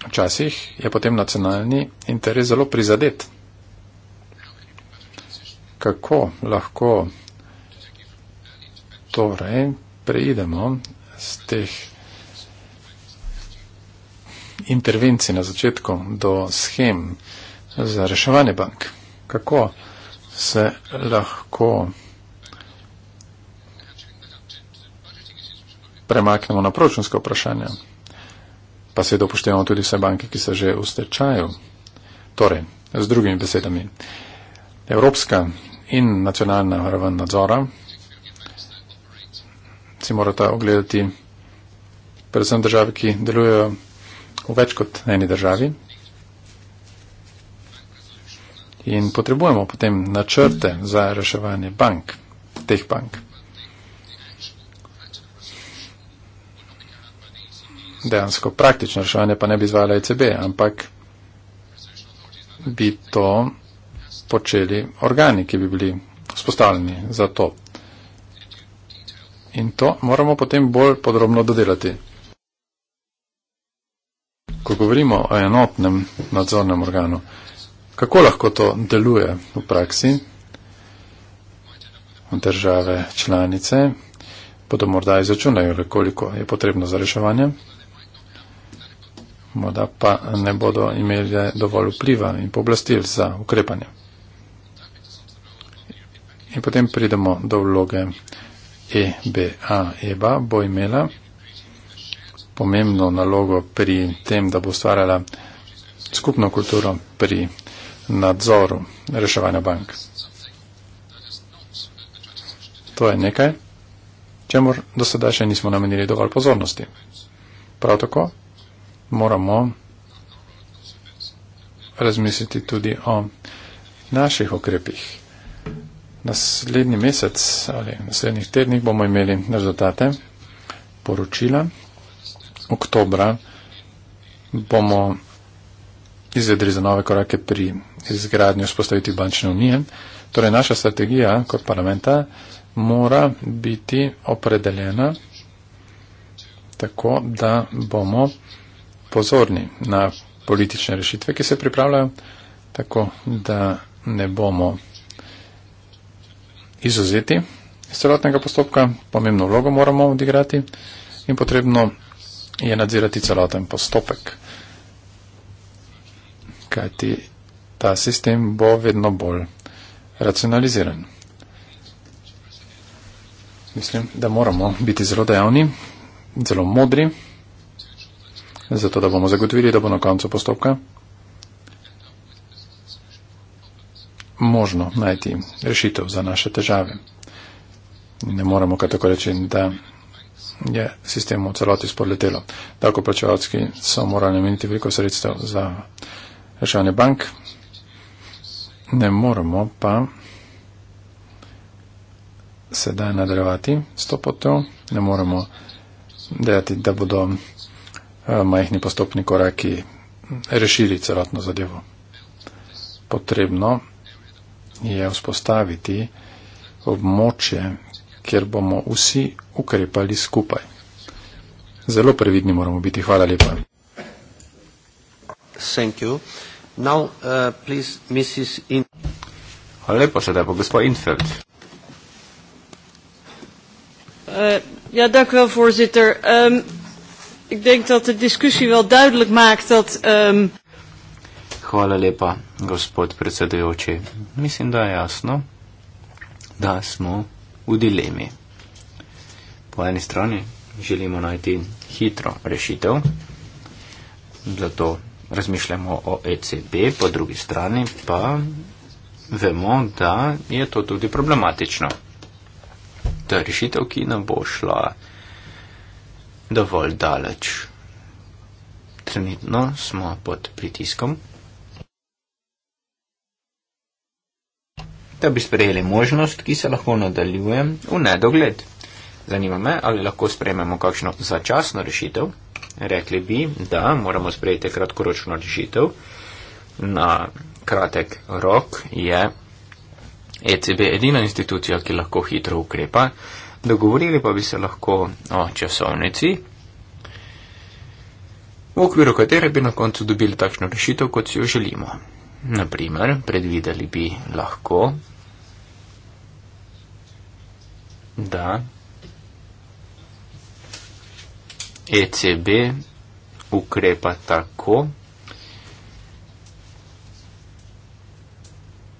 [SPEAKER 3] včasih je potem nacionalni interes zelo prizadet. Kako lahko torej preidemo teh intervencij na začetku do schem za reševanje bank. Kako se lahko premaknemo na proračunske vprašanja, pa se dopuštevamo tudi vse banke, ki so že v stečaju. Torej, z drugimi besedami, Evropska in nacionalna raven nadzora si morata ogledati predvsem države, ki delujejo v več kot eni državi. In potrebujemo potem načrte za reševanje bank, teh bank. Dejansko praktično reševanje pa ne bi izvajala ECB, ampak bi to počeli organi, ki bi bili spostavljeni za to in to moramo potem bolj podrobno dodelati. Ko govorimo o enotnem nadzornem organu, kako lahko to deluje v praksi? Države članice bodo morda izračunali, koliko je potrebno za reševanje, morda pa ne bodo imeli dovolj vpliva in pooblastil za ukrepanje. In potem pridemo do vloge EBA, EBA bo imela pomembno nalogo pri tem, da bo ustvarjala skupno kulturo pri nadzoru reševanja bank. To je nekaj, čemur do sedaj še nismo namenili dovolj pozornosti. Prav tako moramo razmisliti tudi o naših okrepih. Naslednji mesec ali naslednjih tednih bomo imeli rezultate poročila. Oktobra bomo izvedli za nove korake pri izgradnju spostaviti bančne unije. Torej naša strategija kot parlamenta mora biti opredeljena tako, da bomo pozorni na politične rešitve, ki se pripravljajo, tako da ne bomo izuzeti iz celotnega postopka, pomembno vlogo moramo odigrati in potrebno je nadzirati celoten postopek. Kajti ta sistem bo vedno bolj racionaliziran. Mislim, da moramo biti zelo dejavni, zelo modri, zato da bomo zagotovili, da bo na koncu postopka možno najti rešitev za naše težave. Ne moramo kar tako reči, da je sistem v celoti spodletelo. Tako plačevalski so morali nameniti veliko sredstev za reševanje bank. Ne moramo pa sedaj nadaljevati s to potjo, ne moramo dejati, da bodo eh, majhni postopni koraki rešili celotno zadevo. Potrebno je vzpostaviti območje, kjer bomo vsi ukrepali skupaj. Zelo previdni moramo biti. Hvala lepa.
[SPEAKER 1] Now, uh, please, In... Hvala lepa, sedaj pa gospod Infeld.
[SPEAKER 3] Uh, ja, dank u wel, voorzitter. Um, ik denk dat de discussie wel duidelijk maakt dat. Um
[SPEAKER 2] Hvala lepa, gospod predsedujoči. Mislim, da je jasno, da smo v dilemi. Po eni strani želimo najti hitro rešitev, zato razmišljamo o ECB, po drugi strani pa vemo, da je to tudi problematično. To je rešitev, ki nam bo šla dovolj daleč. Trenutno smo pod pritiskom da bi sprejeli možnost, ki se lahko nadaljuje v nedogled. Zanima me, ali lahko sprejmemo kakšno začasno rešitev. Rekli bi, da moramo sprejeti kratkoročno rešitev. Na kratek rok je ECB edina institucija, ki lahko hitro ukrepa. Dogovorili pa bi se lahko o časovnici, v okviru katere bi na koncu dobili takšno rešitev, kot si jo želimo. Naprimer, predvideli bi lahko Da. ECB ukrepa tako,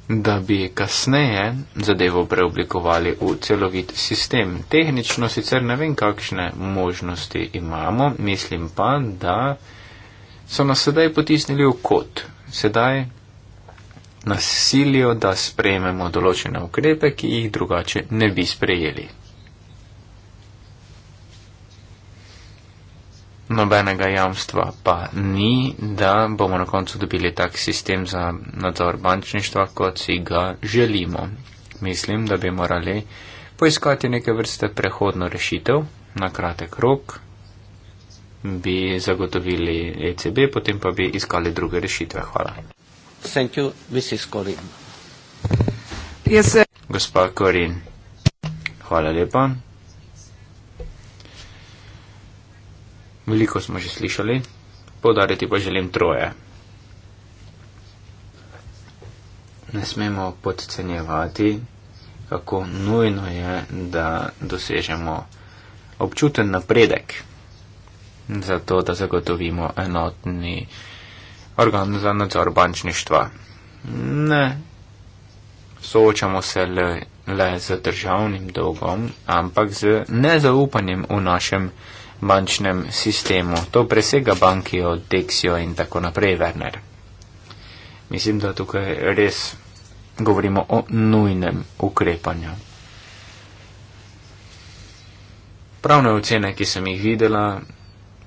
[SPEAKER 2] da bi kasneje zadevo preoblikovali v celovit sistem. Tehnično sicer ne vem, kakšne možnosti imamo, mislim pa, da so nas sedaj potisnili v kot. Sedaj nas silijo, da sprejmemo določene ukrepe, ki jih drugače ne bi sprejeli. Nobenega jamstva pa ni, da bomo na koncu dobili tak sistem za nadzor bančništva, kot si ga želimo. Mislim, da bi morali poiskati neke vrste prehodno rešitev na kratek rok, bi zagotovili ECB, potem pa bi iskali druge rešitve. Hvala. Thank you, Mrs. Corin. Yes, sir. Gospa Corin, hvala lepa. Veliko smo že slišali, podariti pa želim troje. Ne smemo podcenjevati, kako nujno je, da dosežemo občuten napredek, zato da zagotovimo enotni napredek organ za nadzor bančništva. Ne. Soočamo se le, le z državnim dolgom, ampak z nezaupanjem v našem bančnem sistemu. To presega banki od Dexio in tako naprej, Werner. Mislim, da tukaj res govorimo o nujnem ukrepanju. Pravne ocene, ki sem jih videla,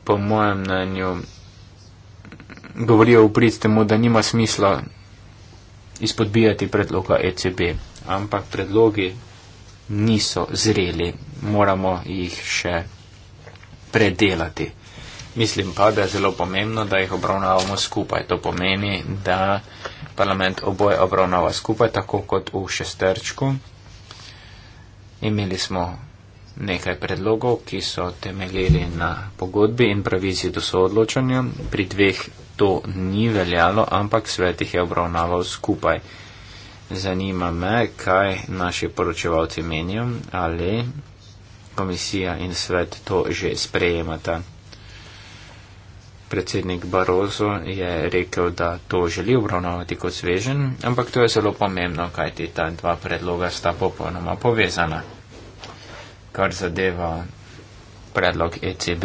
[SPEAKER 2] po mojem mnenju govorijo v prid temu, da nima smisla izpodbijati predloga ECB, ampak predlogi niso zreli, moramo jih še predelati. Mislim pa, da je zelo pomembno, da jih obravnavamo skupaj. To pomeni, da parlament oboje obravnava skupaj, tako kot v šestrčku. Imeli smo nekaj predlogov, ki so temeljili na pogodbi in pravici do soodločanja. Pri dveh to ni veljalo, ampak svet jih je obravnaval skupaj. Zanima me, kaj naši poročevalci menijo, ali komisija in svet to že sprejemata. Predsednik Barozo je rekel, da to želi obravnavati kot svežen, ampak to je zelo pomembno, kajti ta dva predloga sta popolnoma povezana. Kar zadeva predlog ECB,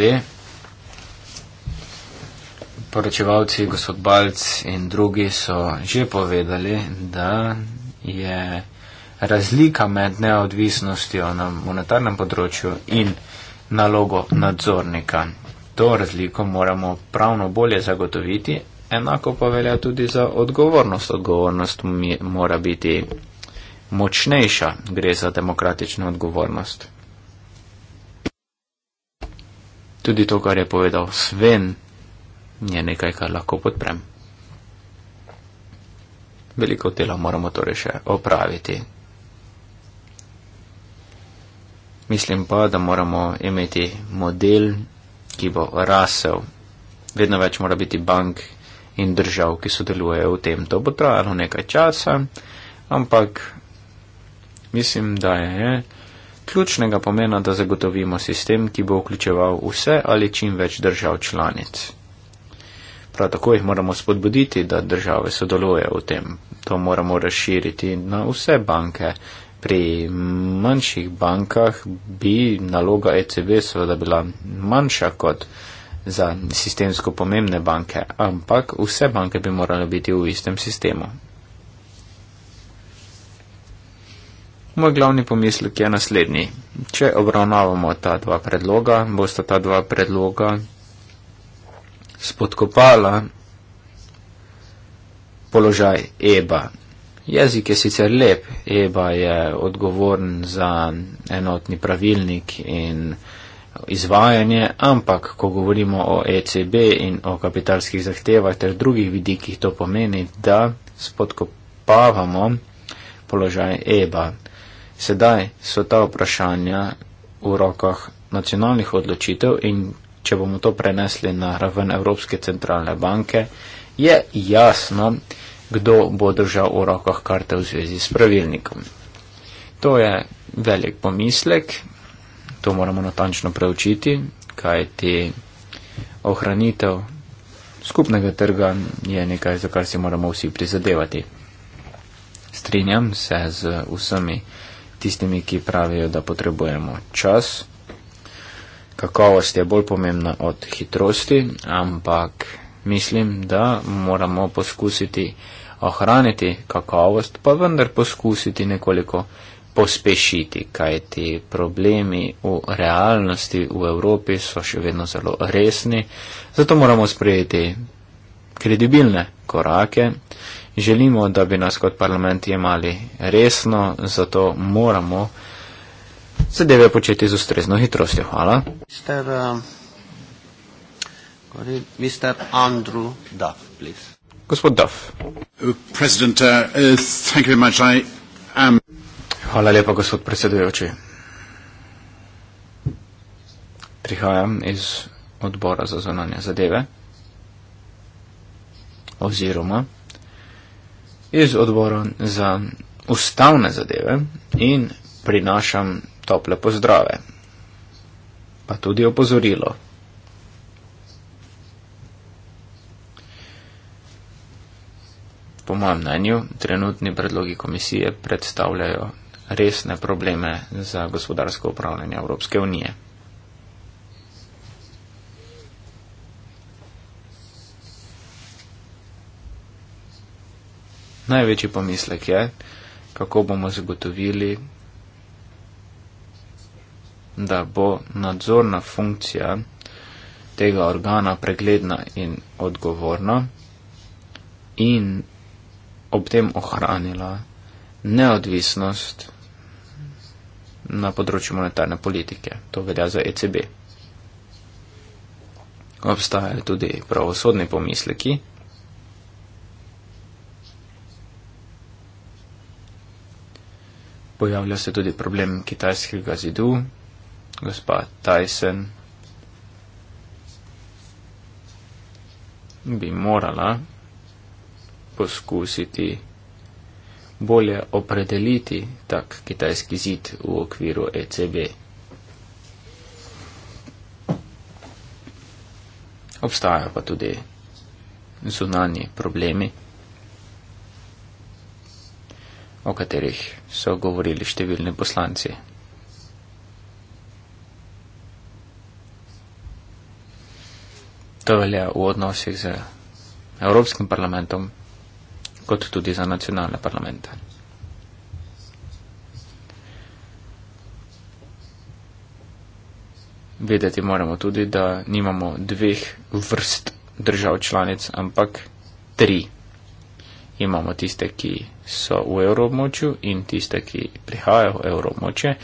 [SPEAKER 2] poročevalci, gospod Balc in drugi so že povedali, da je razlika med neodvisnostjo na monetarnem področju in nalogo nadzornika. To razliko moramo pravno bolje zagotoviti, enako pa velja tudi za odgovornost. Odgovornost mora biti močnejša, gre za demokratično odgovornost. Tudi to, kar je povedal Sven, je nekaj, kar lahko podprem. Veliko dela moramo torej še opraviti. Mislim pa, da moramo imeti model, ki bo rasel. Vedno več mora biti bank in držav, ki sodelujejo v tem. To bo trajalo nekaj časa, ampak mislim, da je ključnega pomena, da zagotovimo sistem, ki bo vključeval vse ali čim več držav članic. Prav tako jih moramo spodbuditi, da države sodelujejo v tem. To moramo razširiti na vse banke. Pri manjših bankah bi naloga ECB seveda bila manjša kot za sistemsko pomembne banke, ampak vse banke bi morale biti v istem sistemu. Moj glavni pomislek je naslednji. Če obravnavamo ta dva predloga, bosta ta dva predloga spodkopala položaj Eba. Jezik je sicer lep, Eba je odgovoren za enotni pravilnik in izvajanje, ampak ko govorimo o ECB in o kapitalskih zahtevah ter drugih vidikih, to pomeni, da spodkopavamo položaj Eba. Sedaj so ta vprašanja v rokah nacionalnih odločitev in če bomo to prenesli na raven Evropske centralne banke, je jasno, kdo bo držal v rokah karte v zvezi s pravilnikom. To je velik pomislek, to moramo natančno preučiti, kaj ti ohranitev skupnega trga je nekaj, za kar si moramo vsi prizadevati. Strinjam se z vsemi tistimi, ki pravijo, da potrebujemo čas kakovost je bolj pomembna od hitrosti, ampak mislim, da moramo poskusiti ohraniti kakovost, pa vendar poskusiti nekoliko pospešiti, kajti problemi v realnosti v Evropi so še vedno zelo resni, zato moramo sprejeti kredibilne korake. Želimo, da bi nas kot parlament jemali resno, zato moramo zadeve početi z ustrezno hitrostjo. Hvala.
[SPEAKER 1] Mr. Um, eh, Andrew Duff, please. Gospod Duff. Uh, President, uh, uh,
[SPEAKER 2] thank you very much. I am... Hvala lepa, gospod predsedujoči. Prihajam iz odbora za zonanje zadeve oziroma iz odbora za ustavne zadeve in prinašam tople pozdrave. Pa tudi opozorilo. Po mojem mnenju, trenutni predlogi komisije predstavljajo resne probleme za gospodarsko upravljanje Evropske unije. Največji pomislek je, kako bomo zagotovili da bo nadzorna funkcija tega organa pregledna in odgovorna in ob tem ohranila neodvisnost na področju monetarne politike. To velja za ECB. Obstajajo tudi pravosodni pomisleki. Pojavlja se tudi problem kitajskega zidu, gospa Tyson bi morala poskusiti bolje opredeliti tak kitajski zid v okviru ECB. Obstajajo pa tudi zunanji problemi, o katerih so govorili številni poslanci To velja v odnosih z Evropskim parlamentom, kot tudi za nacionalne parlamente. Vedeti moramo tudi, da nimamo dveh vrst držav članic, ampak tri. Imamo tiste, ki so v evroobmočju in tiste, ki prihajajo v evroobmočje.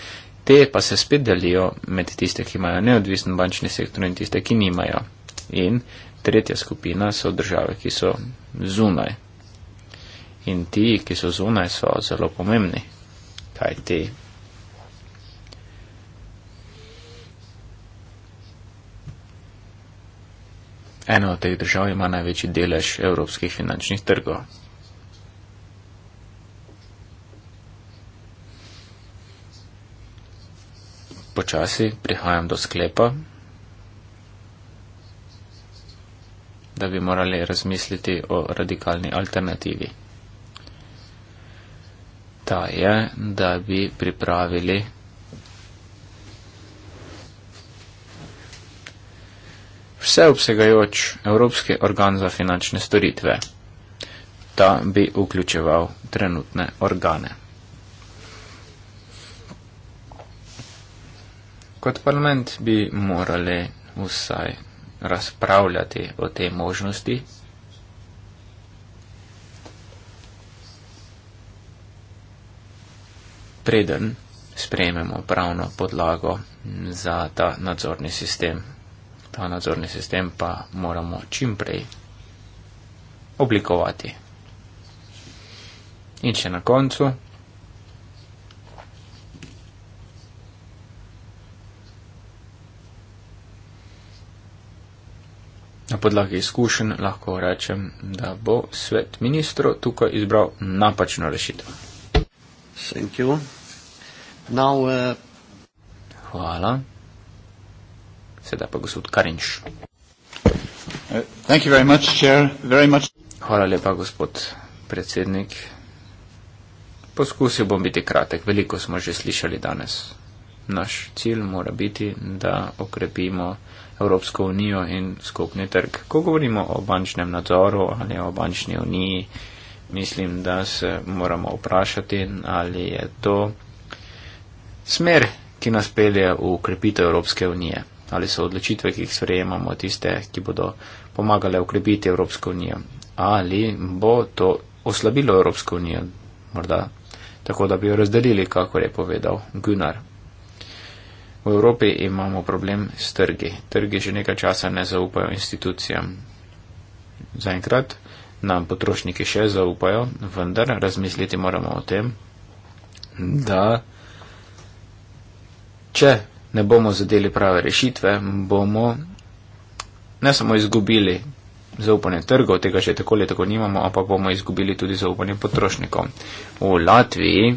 [SPEAKER 2] Te pa se spet delijo med tiste, ki imajo neodvisen bančni sektor in tiste, ki nimajo in tretja skupina so države, ki so zunaj. In ti, ki so zunaj, so zelo pomembni. Kaj ti? Eno od teh držav ima največji delež evropskih finančnih trgov. Počasi prihajam do sklepa, da bi morali razmisliti o radikalni alternativi. Ta je, da bi pripravili vseobsegajoč Evropski organ za finančne storitve. Ta bi vključeval trenutne organe. Kot parlament bi morali vsaj razpravljati o tej možnosti. Preden sprejmemo pravno podlago za ta nadzorni sistem. Ta nadzorni sistem pa moramo čim prej oblikovati. In še na koncu. Na podlagi izkušenj lahko rečem, da bo svet ministrov tukaj izbral napačno rešitev. Now, uh... Hvala. Sedaj pa gospod Karinš. Uh, thank you very much, chair. Very much. Hvala lepa, gospod predsednik. Poskusil bom biti kratek. Veliko smo že slišali danes. Naš cilj mora biti, da okrepimo Evropsko unijo in skupni trg. Ko govorimo o bančnem nadzoru ali o bančni uniji, mislim, da se moramo vprašati, ali je to smer, ki nas pelje v ukrepitev Evropske unije, ali so odločitve, ki jih sprejemamo, tiste, ki bodo pomagale ukrepiti Evropsko unijo, ali bo to oslabilo Evropsko unijo, morda tako, da bi jo razdelili, kako je povedal Gunnar. V Evropi imamo problem s trgi. Trgi že nekaj časa ne zaupajo institucijam. Zaenkrat nam potrošniki še zaupajo, vendar razmisliti moramo o tem, da če ne bomo zadeli prave rešitve, bomo ne samo izgubili zaupanje trgov, tega že tako ali tako nimamo, ampak bomo izgubili tudi zaupanje potrošnikov. V Latviji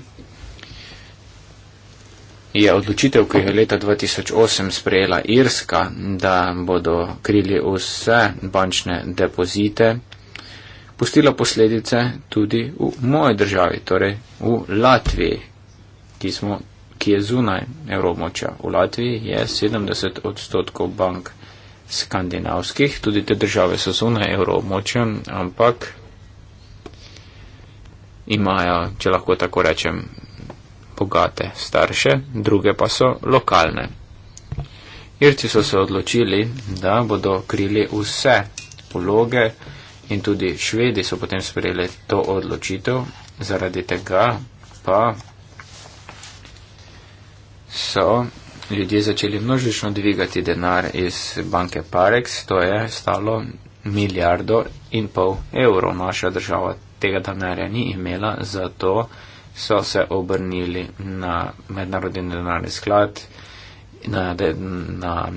[SPEAKER 2] je odločitev, ki jo je leta 2008 sprejela Irska, da bodo krili vse bančne depozite, pustila posledice tudi v moji državi, torej v Latviji, ki, smo, ki je zunaj evromoča. V Latviji je 70 odstotkov bank skandinavskih, tudi te države so zunaj evromoča, ampak imajo, če lahko tako rečem, bogate starše, druge pa so lokalne. Irci so se odločili, da bodo krili vse vloge in tudi švedi so potem sprejeli to odločitev, zaradi tega pa so ljudje začeli množično dvigati denar iz banke Parex, to je stalo milijardo in pol evrov. Naša država tega denarja ni imela, zato so se obrnili na mednarodni denarni sklad, na, de, na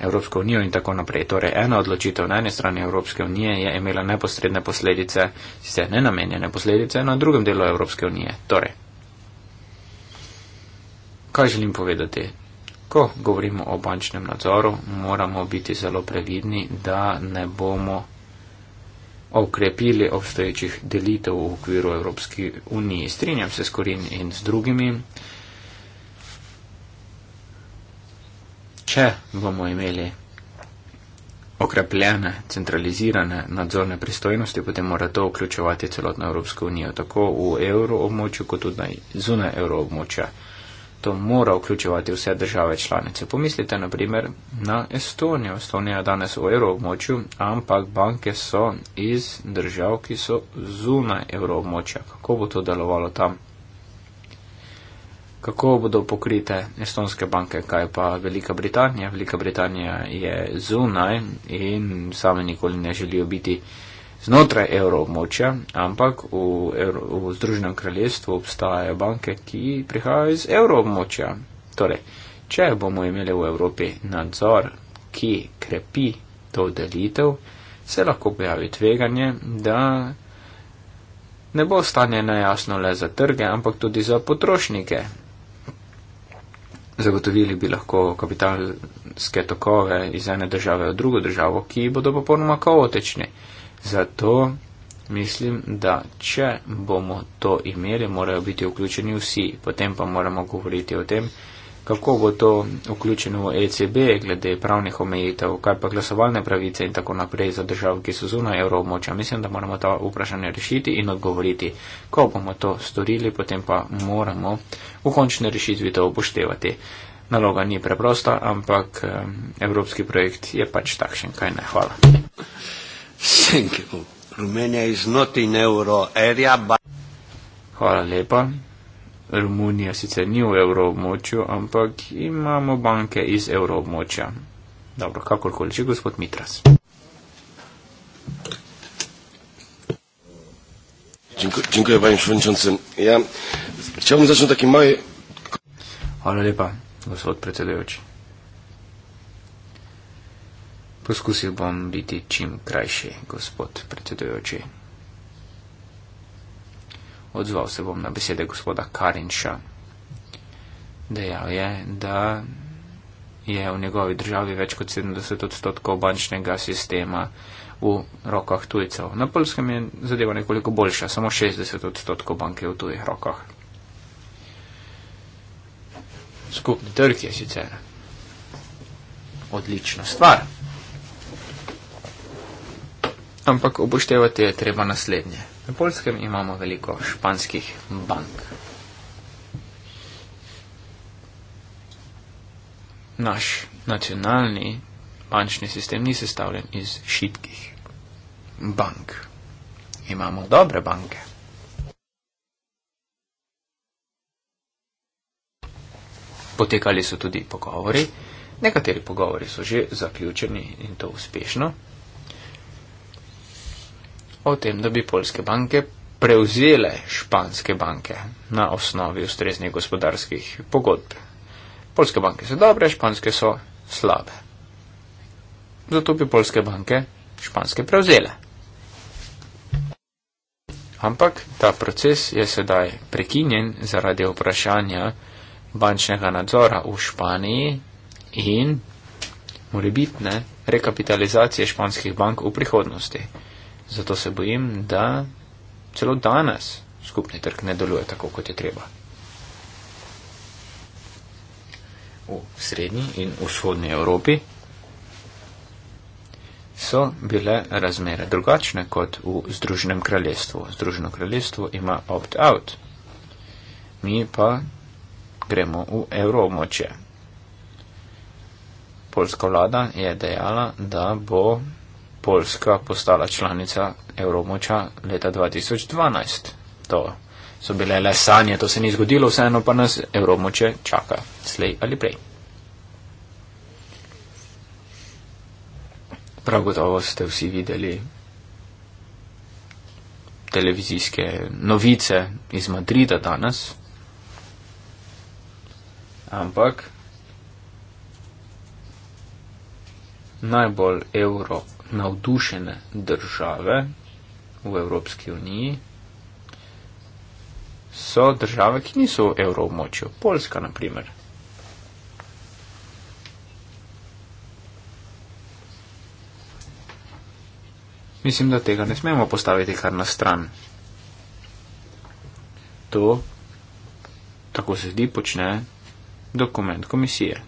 [SPEAKER 2] Evropsko unijo in tako naprej. Torej, ena odločitev na eni strani Evropske unije je imela neposredne posledice, sicer nenamenjene posledice, na drugem delu Evropske unije. Torej, kaj želim povedati? Ko govorimo o bančnem nadzoru, moramo biti zelo previdni, da ne bomo okrepili obstoječih delitev v okviru Evropske unije. Strinjam se s Korin in z drugimi. Če bomo imeli okrepljene, centralizirane nadzorne pristojnosti, potem mora to vključevati celotno Evropsko unijo, tako v evroobmočju, kot tudi zunaj evroobmočja to mora vključevati vse države članice. Pomislite na primer na Estonijo. Estonija je danes v evroobmočju, ampak banke so iz držav, ki so zunaj evroobmočja. Kako bo to delovalo tam? Kako bodo pokrite estonske banke, kaj pa Velika Britanija? Velika Britanija je zunaj in same nikoli ne želijo biti znotraj evroobmočja, ampak v, Evro, v Združenem kraljestvu obstajajo banke, ki prihajajo iz evroobmočja. Torej, če bomo imeli v Evropi nadzor, ki krepi to delitev, se lahko pojavi tveganje, da ne bo stanje najjasno le za trge, ampak tudi za potrošnike. Zagotovili bi lahko kapitalske tokove iz ene države v drugo državo, ki bodo popolnoma kaotični. Zato mislim, da če bomo to imeli, morajo biti vključeni vsi, potem pa moramo govoriti o tem, kako bo to vključeno v ECB glede pravnih omejitev, kaj pa glasovalne pravice in tako naprej za države, ki so zunaj evroobmočja. Mislim, da moramo ta vprašanja rešiti in odgovoriti. Ko bomo to storili, potem pa moramo v končni rešitvi to upoštevati. Naloga ni preprosta, ampak eh, evropski projekt je pač takšen, kaj ne. Hvala. Thank you. Romania is not in euro area, but... Hvala lepa. Romunija sicer ni v evroobmočju, ampak imamo banke iz evroobmočja. Dobro, kakorkoli, če gospod Mitras.
[SPEAKER 1] Dziękuję panie przewodniczący. Ja chciałbym zacząć takim małe.
[SPEAKER 2] Ale lepa, gospod przewodniczący. Poskusil bom biti čim krajši, gospod predsedujoči. Odzval se bom na besede gospoda Karinša. Dejal je, da je v njegovi državi več kot 70 odstotkov bančnega sistema v rokah tujcev. Na polskem je zadeva nekoliko boljša, samo 60 odstotkov banke v tujih rokah. Skupni trg je sicer odlična stvar ampak obuštevati je treba naslednje. Na polskem imamo veliko španskih bank. Naš nacionalni bančni sistem ni sestavljen iz šitkih bank. Imamo dobre banke. Potekali so tudi pogovori. Nekateri pogovori so že zaključeni in to uspešno o tem, da bi polske banke prevzele španske banke na osnovi ustreznih gospodarskih pogodb. Polske banke so dobre, španske so slabe. Zato bi polske banke španske prevzele. Ampak ta proces je sedaj prekinjen zaradi vprašanja bančnega nadzora v Španiji in morebitne rekapitalizacije španskih bank v prihodnosti. Zato se bojim, da celo danes skupni trg ne deluje tako, kot je treba. V srednji in vzhodni Evropi so bile razmere drugačne kot v Združenem kraljestvu. Združeno kraljestvo ima opt-out, mi pa gremo v evromoče. Polska vlada je dejala, da bo Poljska postala članica evromoča leta 2012. To so bile le sanje, to se ni zgodilo, vseeno pa nas evromoče čaka slej ali prej. Prav gotovo ste vsi videli televizijske novice iz Madrida danes, ampak najbolj Evropa navdušene države v Evropski uniji so države, ki niso v evroobmočju. Poljska, na primer. Mislim, da tega ne smemo postaviti kar na stran. To, tako se zdi, počne dokument komisije.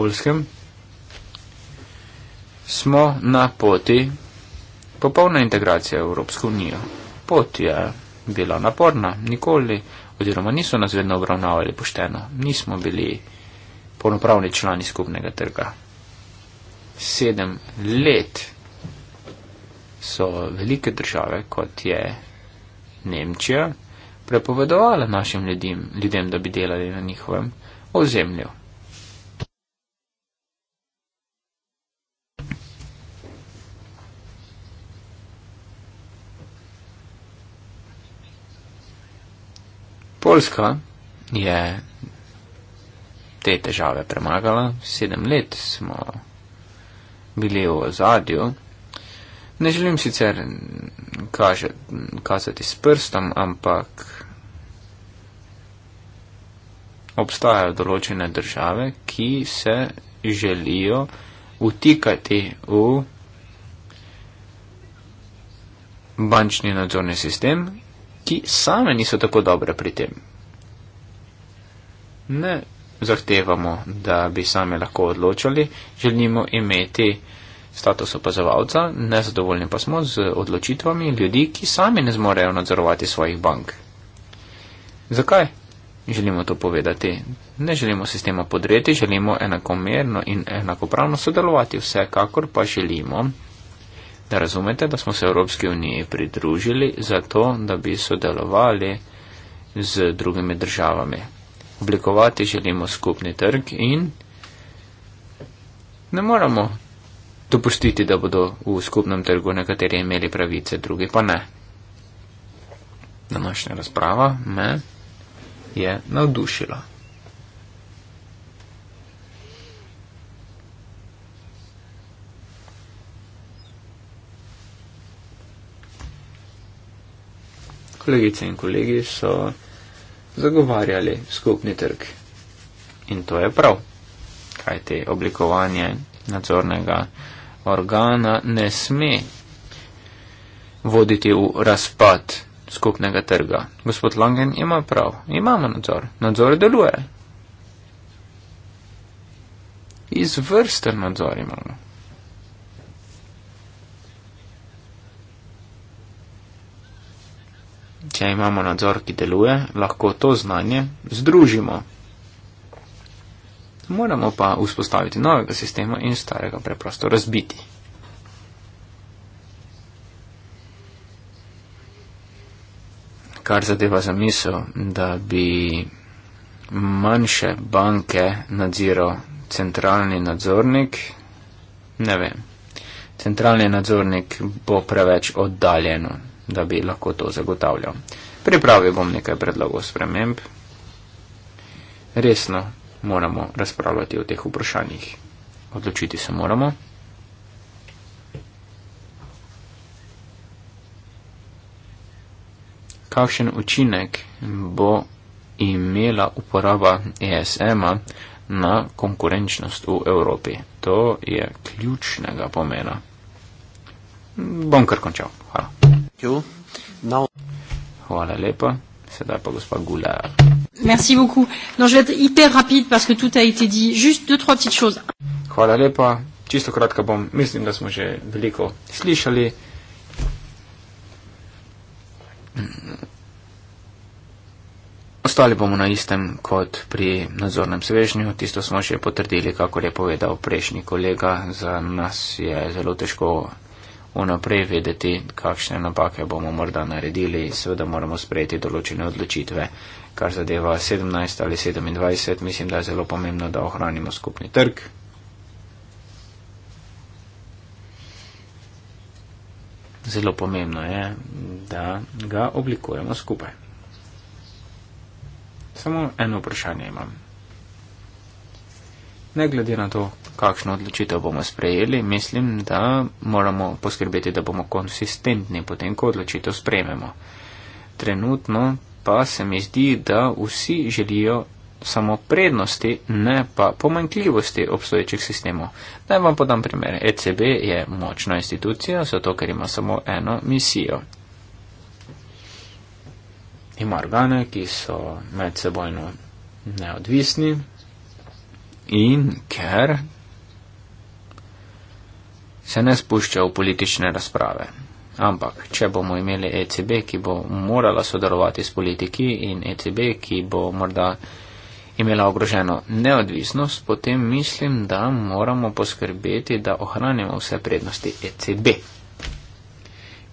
[SPEAKER 2] polskem, smo na poti popolne integracije v Evropsko unijo. Pot je bila naporna, nikoli, oziroma niso nas vedno obravnavali pošteno, nismo bili polnopravni člani skupnega trga. Sedem let so velike države, kot je Nemčija, prepovedovala našim ljudem, ljudem, da bi delali na njihovem ozemlju. Poljska je te težave premagala, sedem let smo bili v ozadju. Ne želim sicer kaže, kazati s prstom, ampak obstajajo določene države, ki se želijo utikati v bančni nadzorni sistem oblasti same niso tako dobre pri tem. Ne zahtevamo, da bi same lahko odločali, želimo imeti status opazovalca, nezadovoljni pa smo z odločitvami ljudi, ki sami ne zmorejo nadzorovati svojih bank. Zakaj želimo to povedati? Ne želimo sistema podreti, želimo enakomerno in enakopravno sodelovati, vsekakor pa želimo, da razumete, da smo se Evropski uniji pridružili zato, da bi sodelovali z drugimi državami. Oblikovati želimo skupni trg in ne moramo dopustiti, da bodo v skupnem trgu nekateri imeli pravice, drugi pa ne. Današnja razprava me je navdušila. kolegice in kolegi so zagovarjali skupni trg. In to je prav, kajte oblikovanje nadzornega organa ne sme voditi v razpad skupnega trga. Gospod Langen ima prav, imamo nadzor, nadzor deluje. Izvrsten nadzor imamo. če imamo nadzor, ki deluje, lahko to znanje združimo. Moramo pa vzpostaviti novega sistema in starega preprosto razbiti. Kar zadeva zamisel, da bi manjše banke nadziral centralni nadzornik, ne vem. Centralni nadzornik bo preveč oddaljen da bi lahko to zagotavljal. Pripravil bom nekaj predlogov sprememb. Resno moramo razpravljati o teh vprašanjih. Odločiti se moramo. Kakšen učinek bo imela uporaba ESM-a na konkurenčnost v Evropi? To je ključnega pomena. Bom kar končal. Hvala. Hvala lepa. Sedaj pa gospa Gular. Merci beaucoup. Non, je vais être hyper rapide parce que tout a été dit. Juste deux, trois petites choses. Hvala lepa. Čisto kratka bom. Mislim, da smo že veliko slišali. Ostali bomo na istem kot pri nadzornem svežnju. Tisto smo že potrdili, kako je povedal prejšnji kolega. Za nas je zelo težko vnaprej vedeti, kakšne napake bomo morda naredili. Seveda moramo sprejeti določene odločitve, kar zadeva 17 ali 27. Mislim, da je zelo pomembno, da ohranimo skupni trg. Zelo pomembno je, da ga oblikujemo skupaj. Samo eno vprašanje imam. Ne glede na to, kakšno odločitev bomo sprejeli, mislim, da moramo poskrbeti, da bomo konsistentni potem, ko odločitev sprejmemo. Trenutno pa se mi zdi, da vsi želijo samo prednosti, ne pa pomankljivosti obstoječih sistemov. Naj vam podam primer. ECB je močna institucija, zato ker ima samo eno misijo. Ima organe, ki so medsebojno neodvisni in ker se ne spušča v politične razprave. Ampak, če bomo imeli ECB, ki bo morala sodelovati s politiki in ECB, ki bo morda imela ogroženo neodvisnost, potem mislim, da moramo poskrbeti, da ohranimo vse prednosti ECB.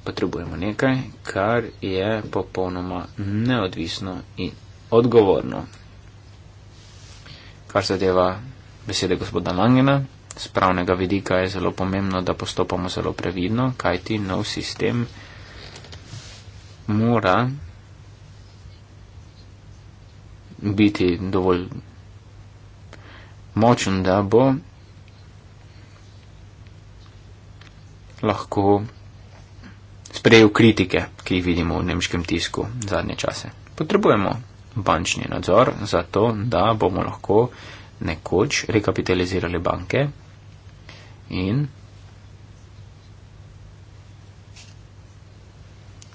[SPEAKER 2] Potrebujemo nekaj, kar je popolnoma neodvisno in odgovorno. Kar zadeva besede gospoda Langena z pravnega vidika je zelo pomembno, da postopamo zelo previdno, kajti nov sistem mora biti dovolj močen, da bo lahko sprejel kritike, ki jih vidimo v nemškem tisku zadnje čase. Potrebujemo bančni nadzor, zato da bomo lahko nekoč rekapitalizirali banke, in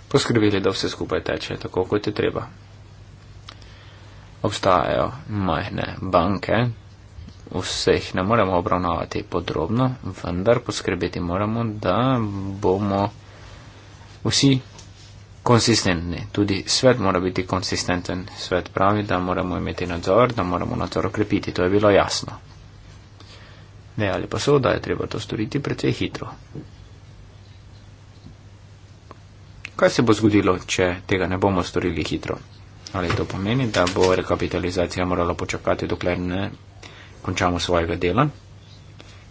[SPEAKER 2] poskrbeli, da vse skupaj teče tako, kot je treba. Obstajajo majhne banke, vseh ne moremo obravnavati podrobno, vendar poskrbeti moramo, da bomo vsi konsistentni. Tudi svet mora biti konsistenten. Svet pravi, da moramo imeti nadzor, da moramo nadzor okrepiti. To je bilo jasno. Ne, ali pa so, da je treba to storiti precej hitro. Kaj se bo zgodilo, če tega ne bomo storili hitro? Ali to pomeni, da bo rekapitalizacija morala počakati, dokler ne končamo svojega dela?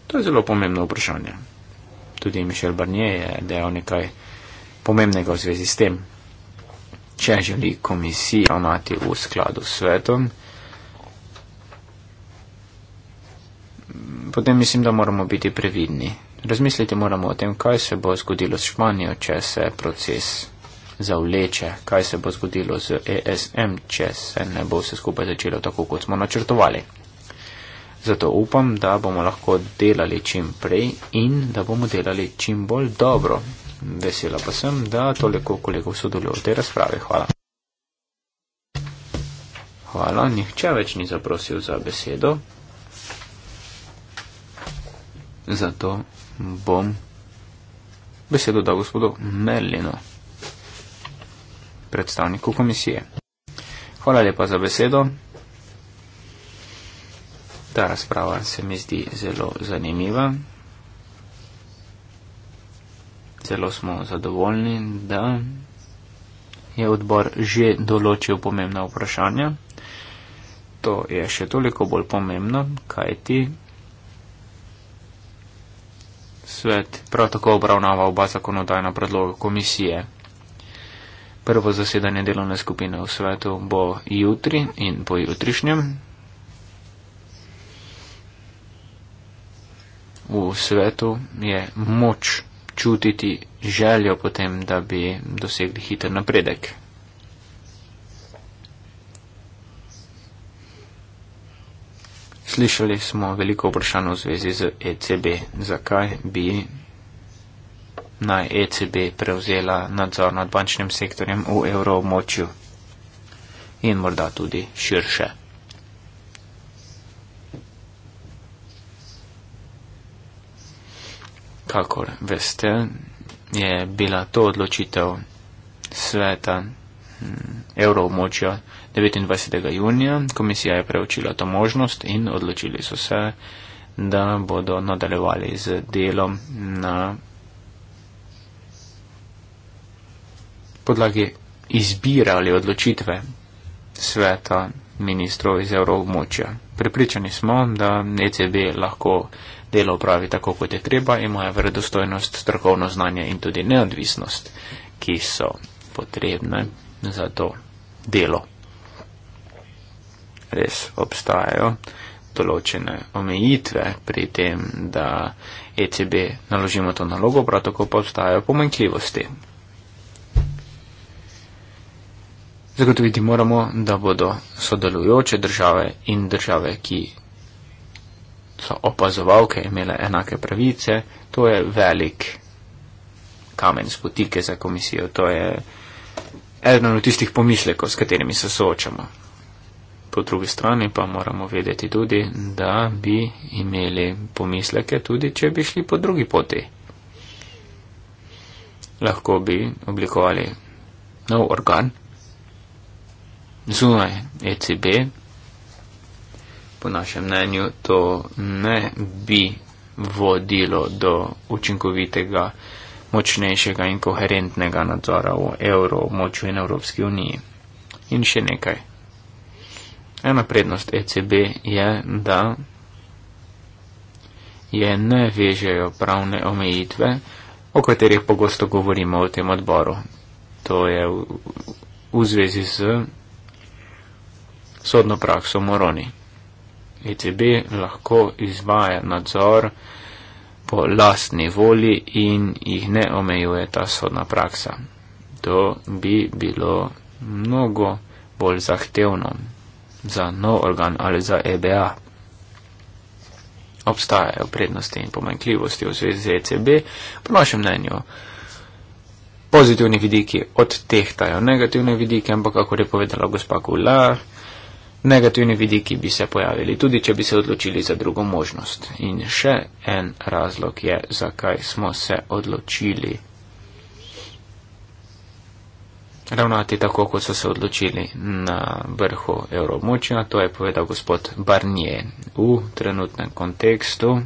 [SPEAKER 2] To je zelo pomembno vprašanje. Tudi Mišel Barnier je dejal nekaj pomembnega v zvezi s tem. Če želi komisija ravnati v skladu s svetom, potem mislim, da moramo biti previdni. Razmisliti moramo o tem, kaj se bo zgodilo s Španijo, če se proces zavleče, kaj se bo zgodilo z ESM, če se ne bo vse skupaj začelo tako, kot smo načrtovali. Zato upam, da bomo lahko delali čim prej in da bomo delali čim bolj dobro. Vesela pa sem, da toliko kolegov sodeluje v tej razpravi. Hvala. Hvala, nihče več ni zaprosil za besedo zato bom besedo dal gospodu Merlinu, predstavniku komisije. Hvala lepa za besedo. Ta razprava se mi zdi zelo zanimiva. Zelo smo zadovoljni, da je odbor že določil pomembna vprašanja. To je še toliko bolj pomembno, kajti svet prav tako obravnava oba zakonodajna predloga komisije. Prvo zasedanje delovne skupine v svetu bo jutri in po jutrišnjem. V svetu je moč čutiti željo potem, da bi dosegli hiter napredek. Slišali smo veliko vprašanj v zvezi z ECB. Zakaj bi naj ECB prevzela nadzor nad bančnim sektorjem v evroobmočju in morda tudi širše? Kakor veste, je bila to odločitev sveta Mm, evroobmočja 29. junija. Komisija je preučila to možnost in odločili so se, da bodo nadaljevali z delom na podlagi izbire ali odločitve sveta ministrov iz evroobmočja. Pripričani smo, da ECB lahko delo upravi tako, kot je treba, imajo verodostojnost, strokovno znanje in tudi neodvisnost, ki so potrebne za to delo. Res obstajajo določene omejitve pri tem, da ECB naložimo to nalogo, prav tako pa obstajajo pomanjkljivosti. Zagotoviti moramo, da bodo sodelujoče države in države, ki so opazovalke, imele enake pravice. To je velik kamen spotike za komisijo. To je eden od tistih pomislekov, s katerimi se soočamo. Po drugi strani pa moramo vedeti tudi, da bi imeli pomisleke tudi, če bi šli po drugi poti. Lahko bi oblikovali nov organ zunaj ECB. Po našem mnenju to ne bi vodilo do učinkovitega močnejšega in koherentnega nadzora v evro, močju in Evropski uniji. In še nekaj. Ena prednost ECB je, da je ne vežejo pravne omejitve, o katerih pogosto govorimo v tem odboru. To je v, v zvezi z sodno prakso Moroni. ECB lahko izvaja nadzor, po lastni voli in jih ne omejuje ta sodna praksa. To bi bilo mnogo bolj zahtevno za nov organ ali za EBA. Obstajajo prednosti in pomankljivosti v zvezi z ECB, po našem mnenju. Pozitivni vidiki odtehtajo negativne vidike, ampak kako je povedala gospa Kula, negativni vidiki bi se pojavili, tudi če bi se odločili za drugo možnost. In še en razlog je, zakaj smo se odločili ravnati tako, kot so se odločili na vrhu evromočja, to je povedal gospod Barnier v trenutnem kontekstu.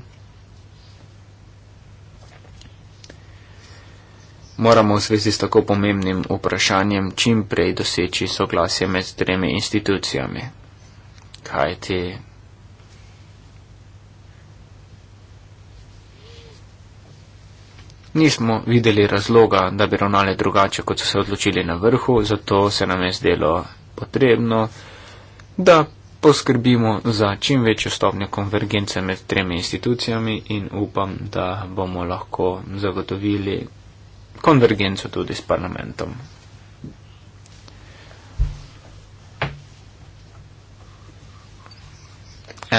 [SPEAKER 2] Moramo v zvezi s tako pomembnim vprašanjem čim prej doseči soglasje med tremi institucijami kaj te Nismo videli razloga, da bi ravnali drugače, kot so se odločili na vrhu, zato se nam je zdelo potrebno, da poskrbimo za čim večjo stopnjo konvergence med tremi institucijami in upam, da bomo lahko zagotovili konvergenco tudi s parlamentom.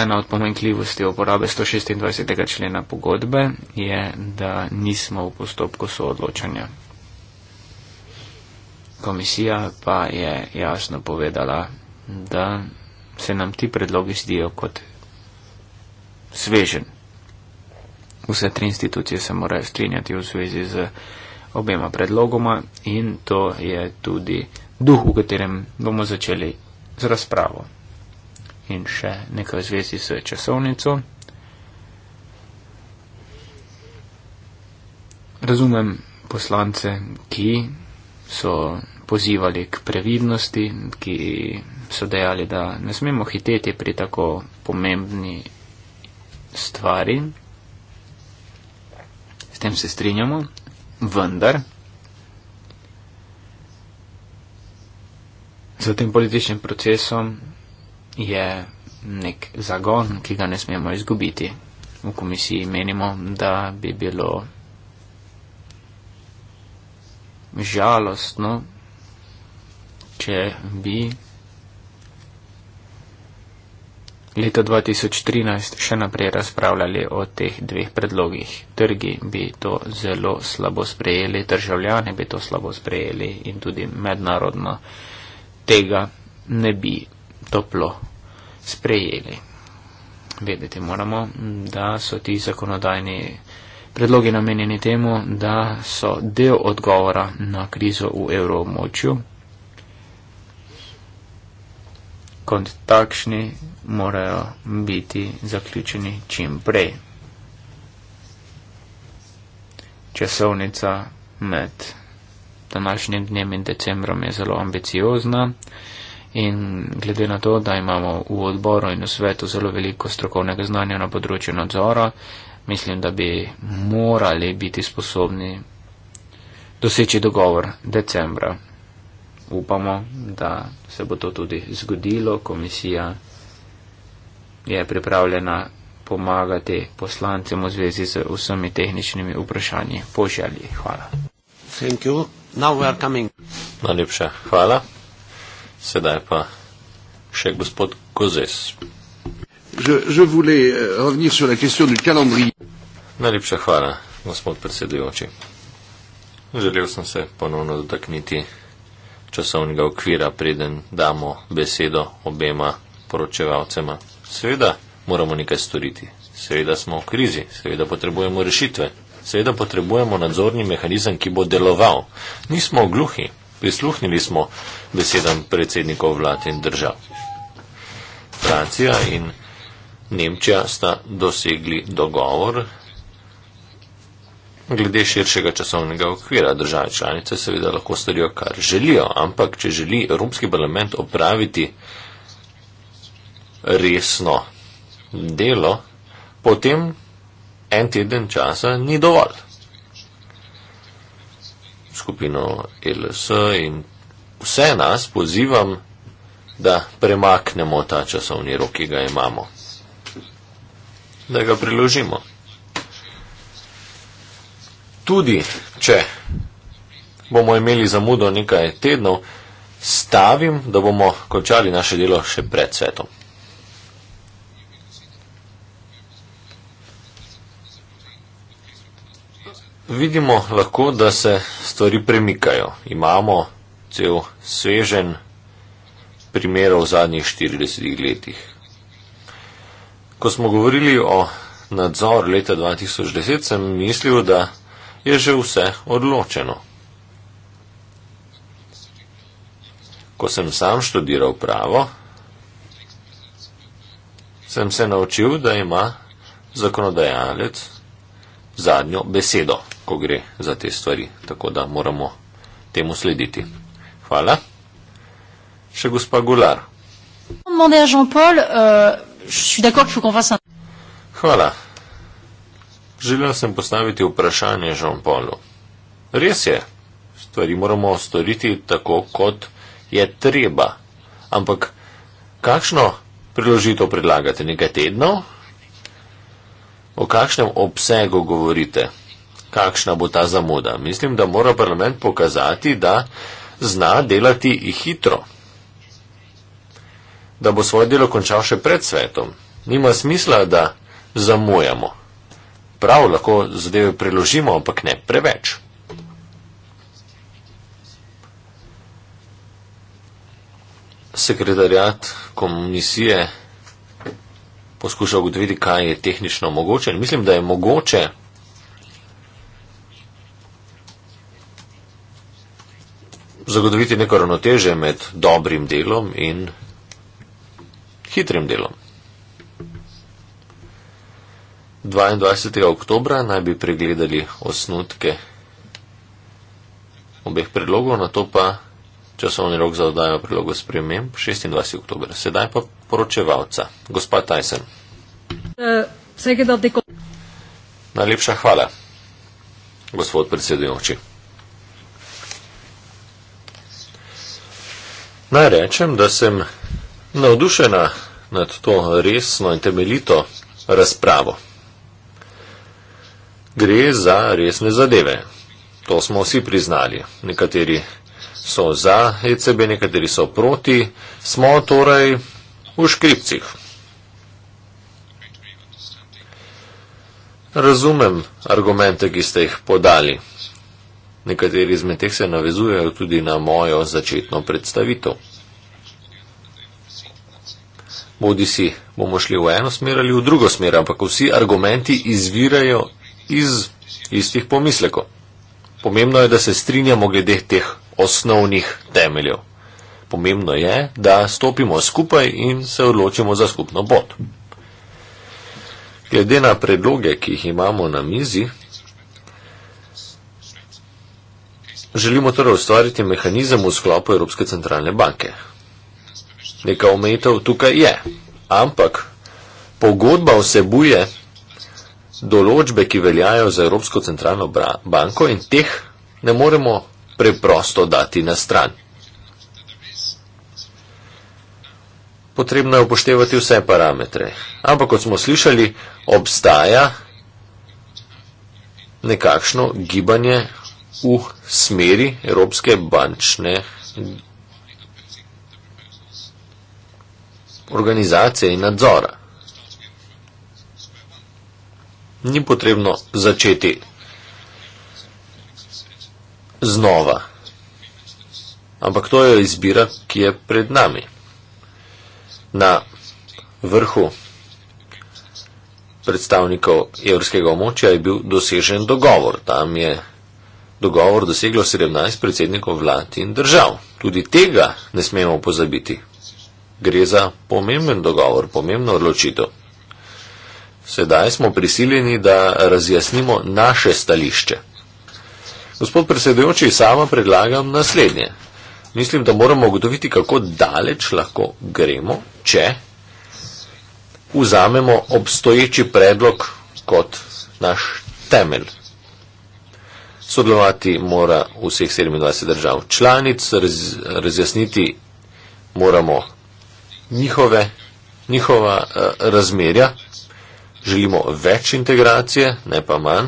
[SPEAKER 2] ena od pomankljivosti uporabe 126. člena pogodbe je, da nismo v postopku soodločanja. Komisija pa je jasno povedala, da se nam ti predlogi zdijo kot svežen. Vse tri institucije se morajo strinjati v zvezi z obema predlogoma in to je tudi duh, v katerem bomo začeli z razpravo in še nekaj v zvezi s časovnico. Razumem poslance, ki so pozivali k previdnosti, ki so dejali, da ne smemo hiteti pri tako pomembni stvari. S tem se strinjamo, vendar. Za tem političnim procesom je nek zagon, ki ga ne smemo izgubiti. V komisiji menimo, da bi bilo žalostno, če bi leto 2013 še naprej razpravljali o teh dveh predlogih. Trgi bi to zelo slabo sprejeli, državljani bi to slabo sprejeli in tudi mednarodno tega ne bi toplo sprejeli. Vedeti moramo, da so ti zakonodajni predlogi namenjeni temu, da so del odgovora na krizo v evromočju. Kont takšni morajo biti zaključeni čim prej. Časovnica med današnjim dnem in decembrom je zelo ambiciozna in glede na to, da imamo v odboru in v svetu zelo veliko strokovnega znanja na področju nadzora, mislim, da bi morali biti sposobni doseči dogovor decembra. Upamo, da se bo to tudi zgodilo. Komisija je pripravljena pomagati poslancem v zvezi z vsemi tehničnimi vprašanji. Poželji. Hvala.
[SPEAKER 1] Najlepša hvala. Sedaj pa še gospod Kozes.
[SPEAKER 3] Je, je voulais euh, revenir sur la question du calendrier.
[SPEAKER 1] Najlepša hvala, gospod predsedujoči. Želel sem se ponovno dotakniti časovnega okvira, preden damo besedo obema poročevalcema. Seveda moramo nekaj storiti, seveda smo v krizi, seveda potrebujemo rešitve, seveda potrebujemo nadzorni mehanizem, ki bo deloval. Nismo gluhi. Prisluhnili smo besedam predsednikov vlad in držav. Francija in Nemčija sta dosegli dogovor glede širšega časovnega okvira. Države članice seveda lahko storijo, kar želijo, ampak če želi Evropski parlament opraviti resno delo, potem en teden časa ni dovolj skupino LS in vse nas pozivam, da premaknemo ta časovni rok, ki ga imamo. Da ga priložimo. Tudi, če bomo imeli zamudo nekaj tednov, stavim, da bomo končali naše delo še pred svetom. Vidimo lahko, da se stvari premikajo. Imamo cel svežen primer v zadnjih 40 letih. Ko smo govorili o nadzoru leta 2010, sem mislil, da je že vse odločeno. Ko sem sam študiral pravo, sem se naučil, da ima zakonodajalec zadnjo besedo ko gre za te stvari. Tako da moramo temu slediti. Hvala. Še gospa Gular.
[SPEAKER 2] Euh,
[SPEAKER 1] Hvala. Želel sem postaviti vprašanje Jean-Paulu. Res je, stvari moramo storiti tako, kot je treba. Ampak kakšno priložitev predlagate? Nekaj tednov? O kakšnem obsegu govorite? kakšna bo ta zamuda. Mislim, da mora parlament pokazati, da zna delati hitro, da bo svoje delo končal še pred svetom. Nima smisla, da zamujamo. Prav lahko zadeve preložimo, ampak ne preveč. Sekretarjat komisije poskuša ugotoviti, kaj je tehnično mogoče. Mislim, da je mogoče zagotoviti neko ravnoteže med dobrim delom in hitrim delom. 22. oktober naj bi pregledali osnutke obeh predlogov, na to pa časovni rok za oddajo predlogov sprememb 26. oktober. Sedaj pa poročevalca, gospod Tyson. Eh, Najlepša hvala, gospod predsedujoči. Naj rečem, da sem navdušena nad to resno in temeljito razpravo. Gre za resne zadeve. To smo vsi priznali. Nekateri so za ECB, nekateri so proti. Smo torej v škripcih. Razumem argumente, ki ste jih podali. Nekateri izmed teh se navezujejo tudi na mojo začetno predstavitev. Bodi si bomo šli v eno smer ali v drugo smer, ampak vsi argumenti izvirajo iz istih pomislekov. Pomembno je, da se strinjamo glede teh osnovnih temeljev. Pomembno je, da stopimo skupaj in se odločimo za skupno pot. Glede na predloge, ki jih imamo na mizi, Želimo torej ustvariti mehanizem v sklopu Evropske centralne banke. Neka omejitev tukaj je, ampak pogodba vsebuje določbe, ki veljajo za Evropsko centralno banko in teh ne moremo preprosto dati na stran. Potrebno je upoštevati vse parametre, ampak kot smo slišali, obstaja nekakšno gibanje v smeri Evropske bančne organizacije in nadzora. Ni potrebno začeti znova, ampak to je izbira, ki je pred nami. Na vrhu predstavnikov evropskega območja je bil dosežen dogovor. Tam je dogovor doseglo 17 predsednikov vlad in držav. Tudi tega ne smemo pozabiti. Gre za pomemben dogovor, pomembno odločitev. Sedaj smo prisiljeni, da razjasnimo naše stališče. Gospod predsedujoči, sama predlagam naslednje. Mislim, da moramo ugotoviti, kako daleč lahko gremo, če vzamemo obstoječi predlog kot naš temelj sodelovati mora vseh 27 držav članic, raz, razjasniti moramo njihove, njihova uh, razmerja, želimo več integracije, ne pa manj.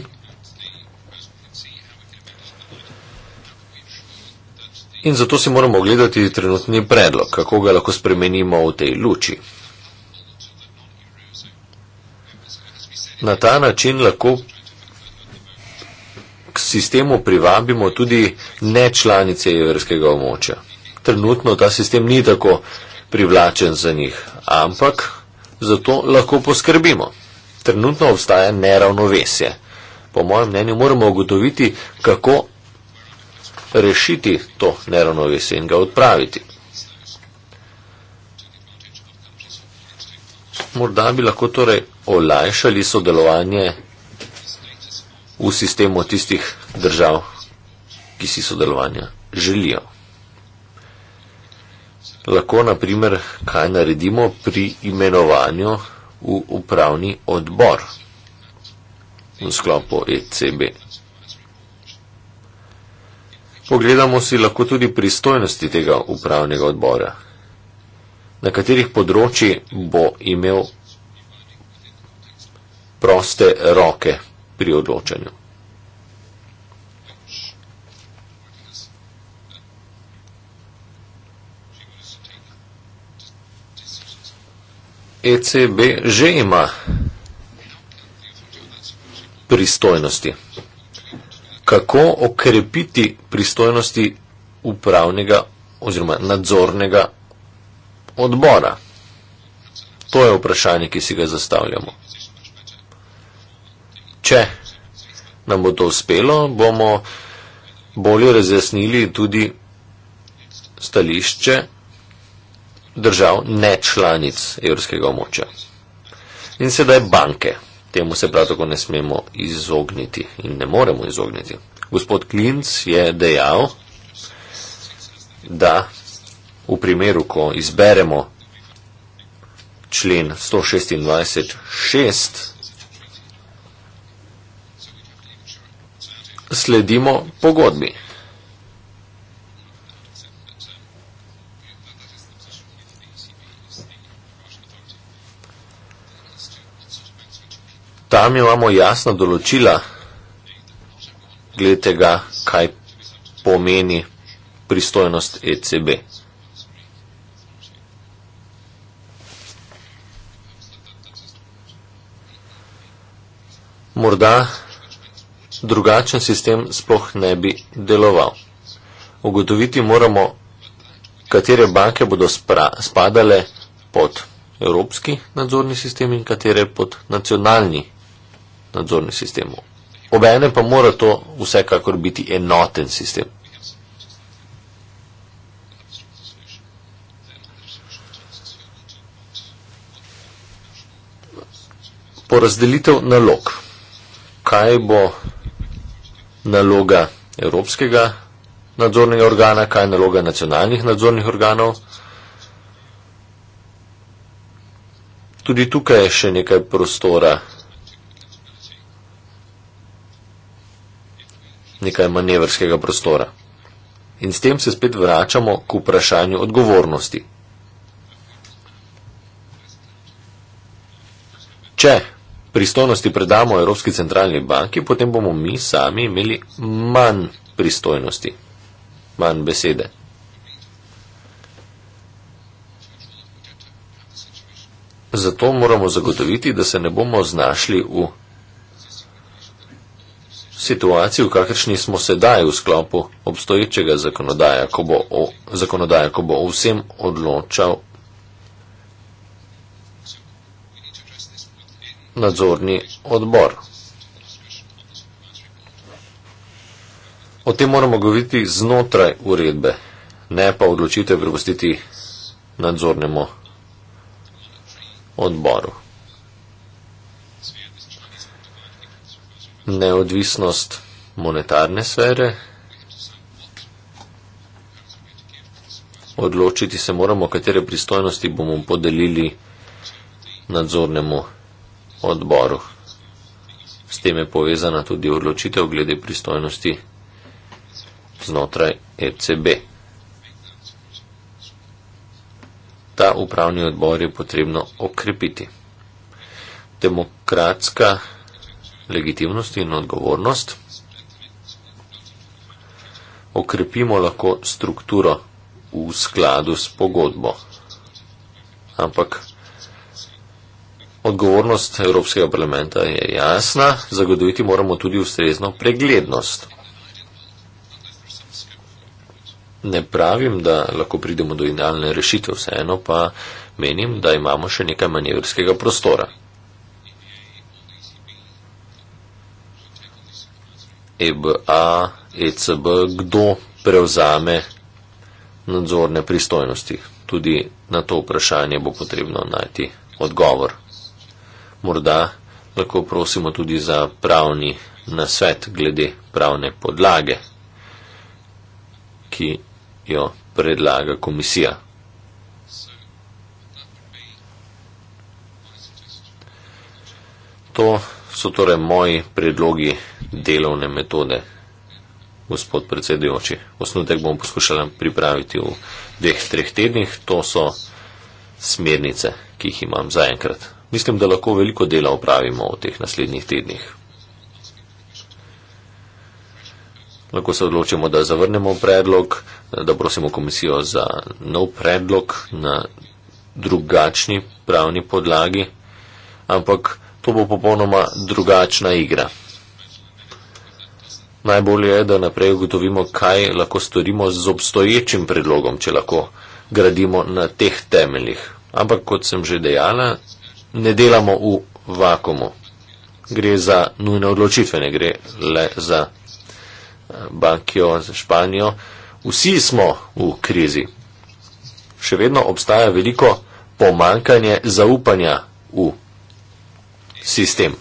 [SPEAKER 1] In zato si moramo ogledati trenutni predlog, kako ga lahko spremenimo v tej luči. Na ta način lahko sistemu privabimo tudi nečlanice evrskega območja. Trenutno ta sistem ni tako privlačen za njih, ampak zato lahko poskrbimo. Trenutno obstaja neravnovesje. Po mojem mnenju moramo ugotoviti, kako rešiti to neravnovesje in ga odpraviti. Morda bi lahko torej olajšali sodelovanje v sistemu tistih držav, ki si sodelovanja želijo. Lahko naprimer kaj naredimo pri imenovanju v upravni odbor v sklopu ECB. Pogledamo si lahko tudi pristojnosti tega upravnega odbora, na katerih področji bo imel proste roke pri odločanju. ECB že ima pristojnosti. Kako okrepiti pristojnosti upravnega oziroma nadzornega odbora? To je vprašanje, ki si ga zastavljamo če nam bo to uspelo, bomo bolje razjasnili tudi stališče držav nečlanic evropskega območja. In sedaj banke. Temu se prav tako ne smemo izogniti in ne moremo izogniti. Gospod Klinc je dejal, da v primeru, ko izberemo člen 126.6 sledimo pogodbi. Tam imamo jasna določila glede tega, kaj pomeni pristojnost ECB. Morda drugačen sistem sploh ne bi deloval. Ugotoviti moramo, katere banke bodo spadale pod evropski nadzorni sistem in katere pod nacionalni nadzorni sistem. Obenem pa mora to vsekakor biti enoten sistem. Porazdelitev nalog. Kaj bo naloga evropskega nadzornega organa, kaj je naloga nacionalnih nadzornih organov. Tudi tukaj je še nekaj prostora, nekaj manevrskega prostora. In s tem se spet vračamo k vprašanju odgovornosti. Če pristojnosti predamo Evropski centralni banki, potem bomo mi sami imeli manj pristojnosti, manj besede. Zato moramo zagotoviti, da se ne bomo znašli v situaciji, v kakršni smo sedaj v sklopu obstoječega zakonodaja, ko bo, o, zakonodaja, ko bo vsem odločal nadzorni odbor. O tem moramo govoriti znotraj uredbe, ne pa odločitev prepustiti nadzornemu odboru. Neodvisnost monetarne sfere. Odločiti se moramo, katere pristojnosti bomo podelili nadzornemu odboru odboru. S tem je povezana tudi odločitev glede pristojnosti znotraj ECB. Ta upravni odbor je potrebno okrepiti. Demokratska legitimnost in odgovornost. Okrepimo lahko strukturo v skladu s pogodbo. Ampak Odgovornost Evropskega parlamenta je jasna, zagotoviti moramo tudi ustrezno preglednost. Ne pravim, da lahko pridemo do idealne rešitve, vseeno pa menim, da imamo še nekaj manevrskega prostora. EBA, ECB, kdo prevzame nadzorne pristojnosti? Tudi na to vprašanje bo potrebno najti odgovor morda lahko prosimo tudi za pravni nasvet glede pravne podlage, ki jo predlaga komisija. To so torej moji predlogi delovne metode, gospod predsedujoči. Osnutek bom poskušala pripraviti v dveh, treh tednih. To so smernice, ki jih imam zaenkrat mislim, da lahko veliko dela opravimo v teh naslednjih tednih. Lahko se odločimo, da zavrnemo predlog, da prosimo komisijo za nov predlog na drugačni pravni podlagi, ampak to bo popolnoma drugačna igra. Najbolje je, da naprej ugotovimo, kaj lahko storimo z obstoječim predlogom, če lahko gradimo na teh temeljih. Ampak, kot sem že dejala, ne delamo v vakumu. Gre za nujne odločitve, ne gre le za eh, bankijo, za Španijo. Vsi smo v krizi. Še vedno obstaja veliko pomankanje zaupanja v sistem.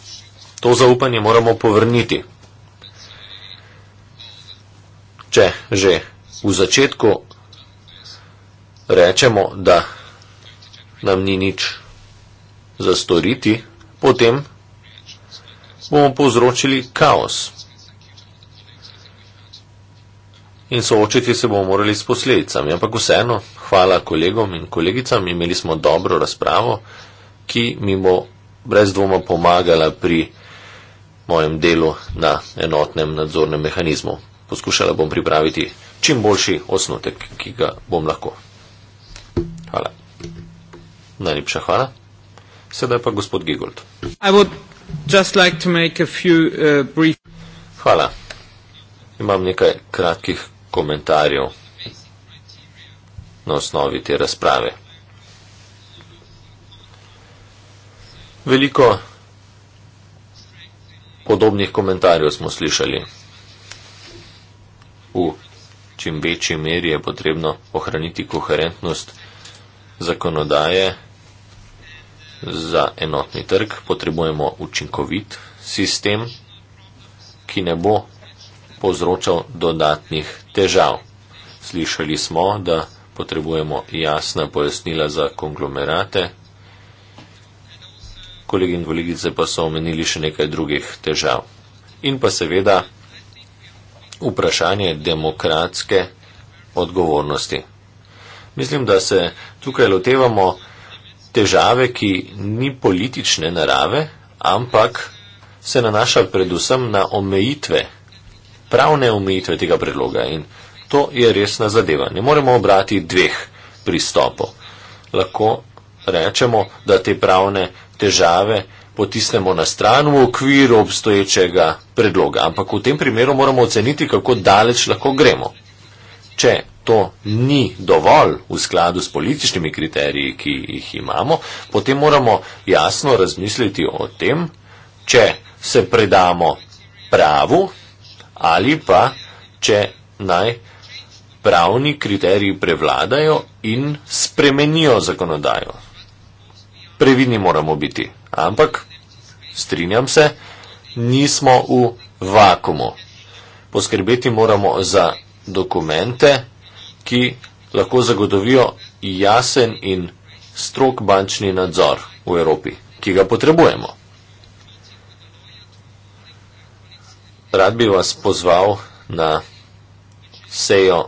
[SPEAKER 1] To zaupanje moramo povrniti. Če že v začetku rečemo, da nam ni nič za storiti, potem bomo povzročili kaos. In soočiti se bomo morali s posledicami. Ampak vseeno, hvala kolegom in kolegicam, imeli smo dobro razpravo, ki mi bo brez dvoma pomagala pri mojem delu na enotnem nadzornem mehanizmu. Poskušala bom pripraviti čim boljši osnutek, ki ga bom lahko. Hvala. Najlepša hvala. Sedaj pa gospod Gigold.
[SPEAKER 2] Like few, uh, brief...
[SPEAKER 1] Hvala. Imam nekaj kratkih komentarjev na osnovi te razprave. Veliko podobnih komentarjev smo slišali. V čim večji meri je potrebno ohraniti koherentnost zakonodaje Za enotni trg potrebujemo učinkovit sistem, ki ne bo povzročal dodatnih težav. Slišali smo, da potrebujemo jasna pojasnila za konglomerate. Kolegi in kolegice pa so omenili še nekaj drugih težav. In pa seveda vprašanje demokratske odgovornosti. Mislim, da se tukaj lotevamo težave, ki ni politične narave, ampak se nanaša predvsem na omejitve, pravne omejitve tega predloga. In to je resna zadeva. Ne moremo obrati dveh pristopov. Lahko rečemo, da te pravne težave potisnemo na stran v okviru obstoječega predloga, ampak v tem primeru moramo oceniti, kako daleč lahko gremo. Če to ni dovolj v skladu s političnimi kriteriji, ki jih imamo, potem moramo jasno razmisliti o tem, če se predamo pravu ali pa če naj pravni kriteriji prevladajo in spremenijo zakonodajo. Previdni moramo biti, ampak strinjam se, nismo v vakumu. Poskrbeti moramo za dokumente, ki lahko zagotovijo jasen in strok bančni nadzor v Evropi, ki ga potrebujemo. Rad bi vas pozval na sejo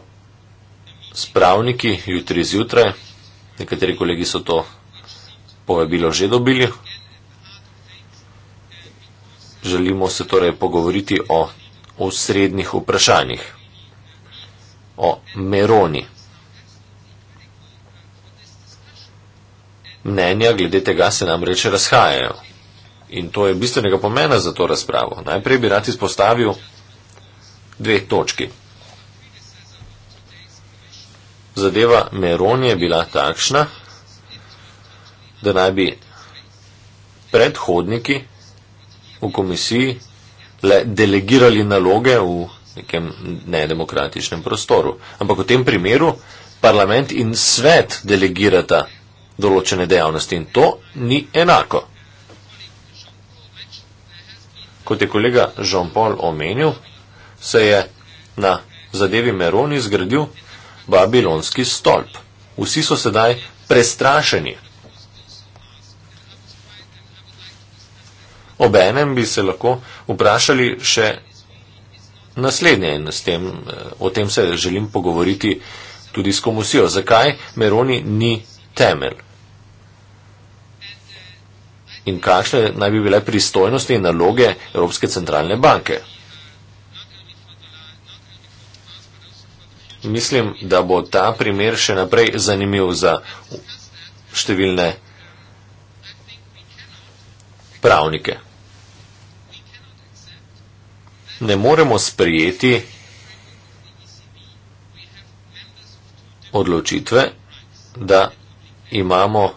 [SPEAKER 1] s pravniki jutri zjutraj. Nekateri kolegi so to povabilo že dobili. Želimo se torej pogovoriti o osrednjih vprašanjih o Meroni. Mnenja glede tega se namreč razhajajo. In to je bistvenega pomena za to razpravo. Najprej bi rad izpostavil dve točki. Zadeva Meroni je bila takšna, da naj bi predhodniki v komisiji le delegirali naloge v nekem nedemokratičnem prostoru. Ampak v tem primeru parlament in svet delegirata določene dejavnosti in to ni enako. Kot je kolega Jean-Paul omenil, se je na zadevi Meroni zgradil babilonski stolp. Vsi so sedaj prestrašeni. Obenem bi se lahko vprašali še naslednje in s tem, eh, o tem se želim pogovoriti tudi s komusijo. Zakaj Meroni ni temelj? In kakšne naj bi bile pristojnosti in naloge Evropske centralne banke? Mislim, da bo ta primer še naprej zanimiv za številne pravnike ne moremo sprijeti odločitve, da imamo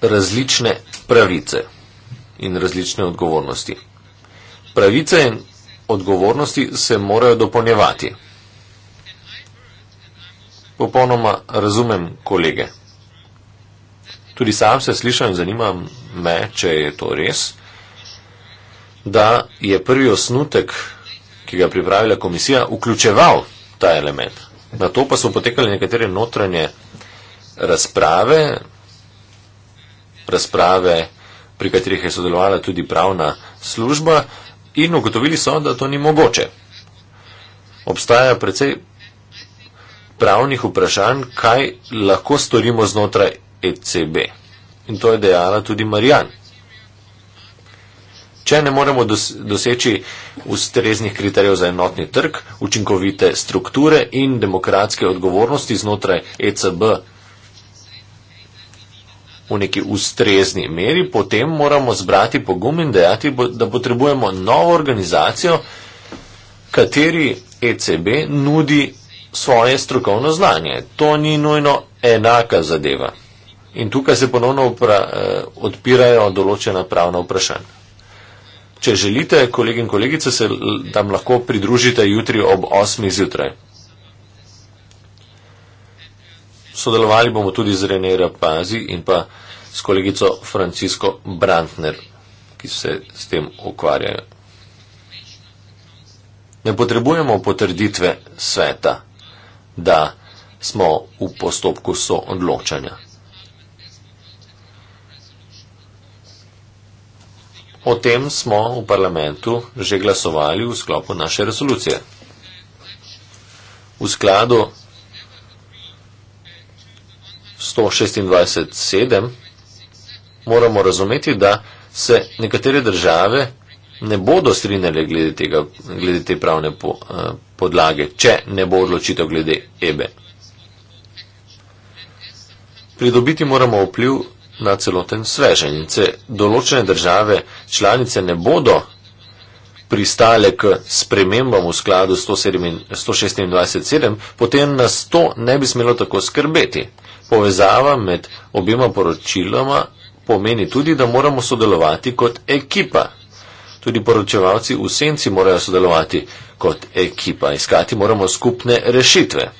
[SPEAKER 1] različne pravice in različne odgovornosti. Pravice in odgovornosti se morajo dopolnjevati. Popolnoma razumem kolege. Tudi sam se slišam, zanima me, če je to res, da je prvi osnutek, ki ga je pripravila komisija, vključeval ta element. Na to pa so potekali nekatere notranje razprave, razprave, pri katerih je sodelovala tudi pravna služba in ugotovili so, da to ni mogoče. Obstaja precej pravnih vprašanj, kaj lahko storimo znotraj ECB. In to je dejala tudi Marjan. Če ne moremo doseči ustreznih kriterijev za enotni trg, učinkovite strukture in demokratske odgovornosti znotraj ECB v neki ustrezni meri, potem moramo zbrati pogum in dejati, da potrebujemo novo organizacijo, kateri ECB nudi svoje strokovno znanje. To ni nujno enaka zadeva. In tukaj se ponovno eh, odpirajo določena pravna vprašanja. Če želite, kolegi in kolegice, se tam lahko pridružite jutri ob 8. zjutraj. Sodelovali bomo tudi z Renera Pazi in pa s kolegico Francisco Brantner, ki se s tem ukvarjajo. Ne potrebujemo potrditve sveta, da smo v postopku soodločanja. O tem smo v parlamentu že glasovali v sklopu naše resolucije. V skladu 126.7 moramo razumeti, da se nekatere države ne bodo strinjali glede, tega, glede te pravne po, eh, podlage, če ne bo odločitev glede EBE. Pridobiti moramo vpliv na celoten svežen. In določene države članice ne bodo pristale k spremembam v skladu 126.7, potem nas to ne bi smelo tako skrbeti. Povezava med objema poročiloma pomeni tudi, da moramo sodelovati kot ekipa. Tudi poročevalci v senci morajo sodelovati kot ekipa. Iskati moramo skupne rešitve.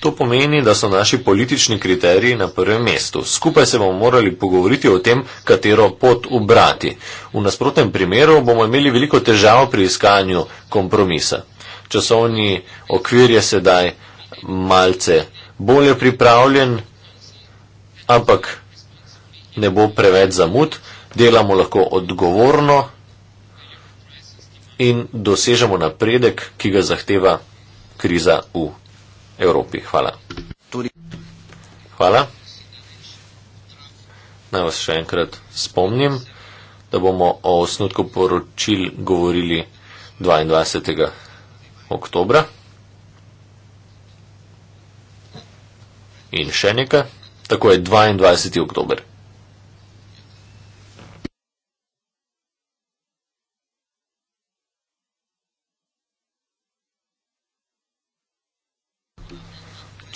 [SPEAKER 1] To pomeni, da so naši politični kriteriji na prvem mestu. Skupaj se bomo morali pogovoriti o tem, katero pot ubrati. V nasprotnem primeru bomo imeli veliko težav pri iskanju kompromisa. Časovni okvir je sedaj malce bolje pripravljen, ampak ne bo preveč zamud. Delamo lahko odgovorno in dosežemo napredek, ki ga zahteva kriza v Evropi. Hvala. Hvala. Naj vas še enkrat spomnim, da bomo o osnutku poročil govorili 22. oktobra. In še nekaj, tako je 22. oktober.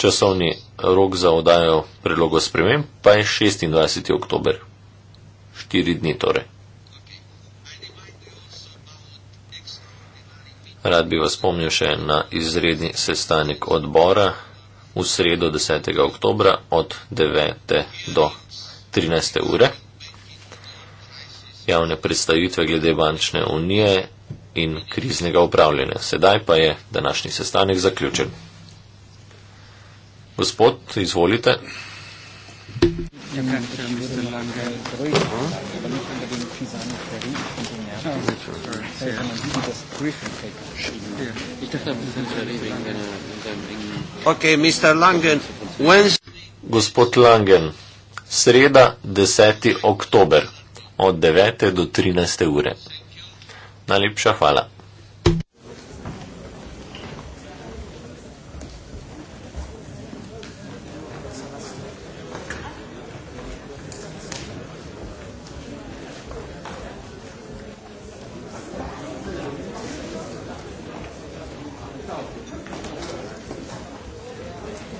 [SPEAKER 1] Časovni rok za odajo predlogo sprememb pa je 26. oktober. Štiri dni torej. Rad bi vas spomnil še na izredni sestanek odbora v sredo 10. oktober od 9. do 13. ure. Javne predstavitve glede bančne unije in kriznega upravljanja. Sedaj pa je današnji sestanek zaključen. Gospod, izvolite. Okay, Mr. Langen, Wednesday... Gospod Langen, sreda 10. oktober od 9. do 13. ure. Najlepša hvala.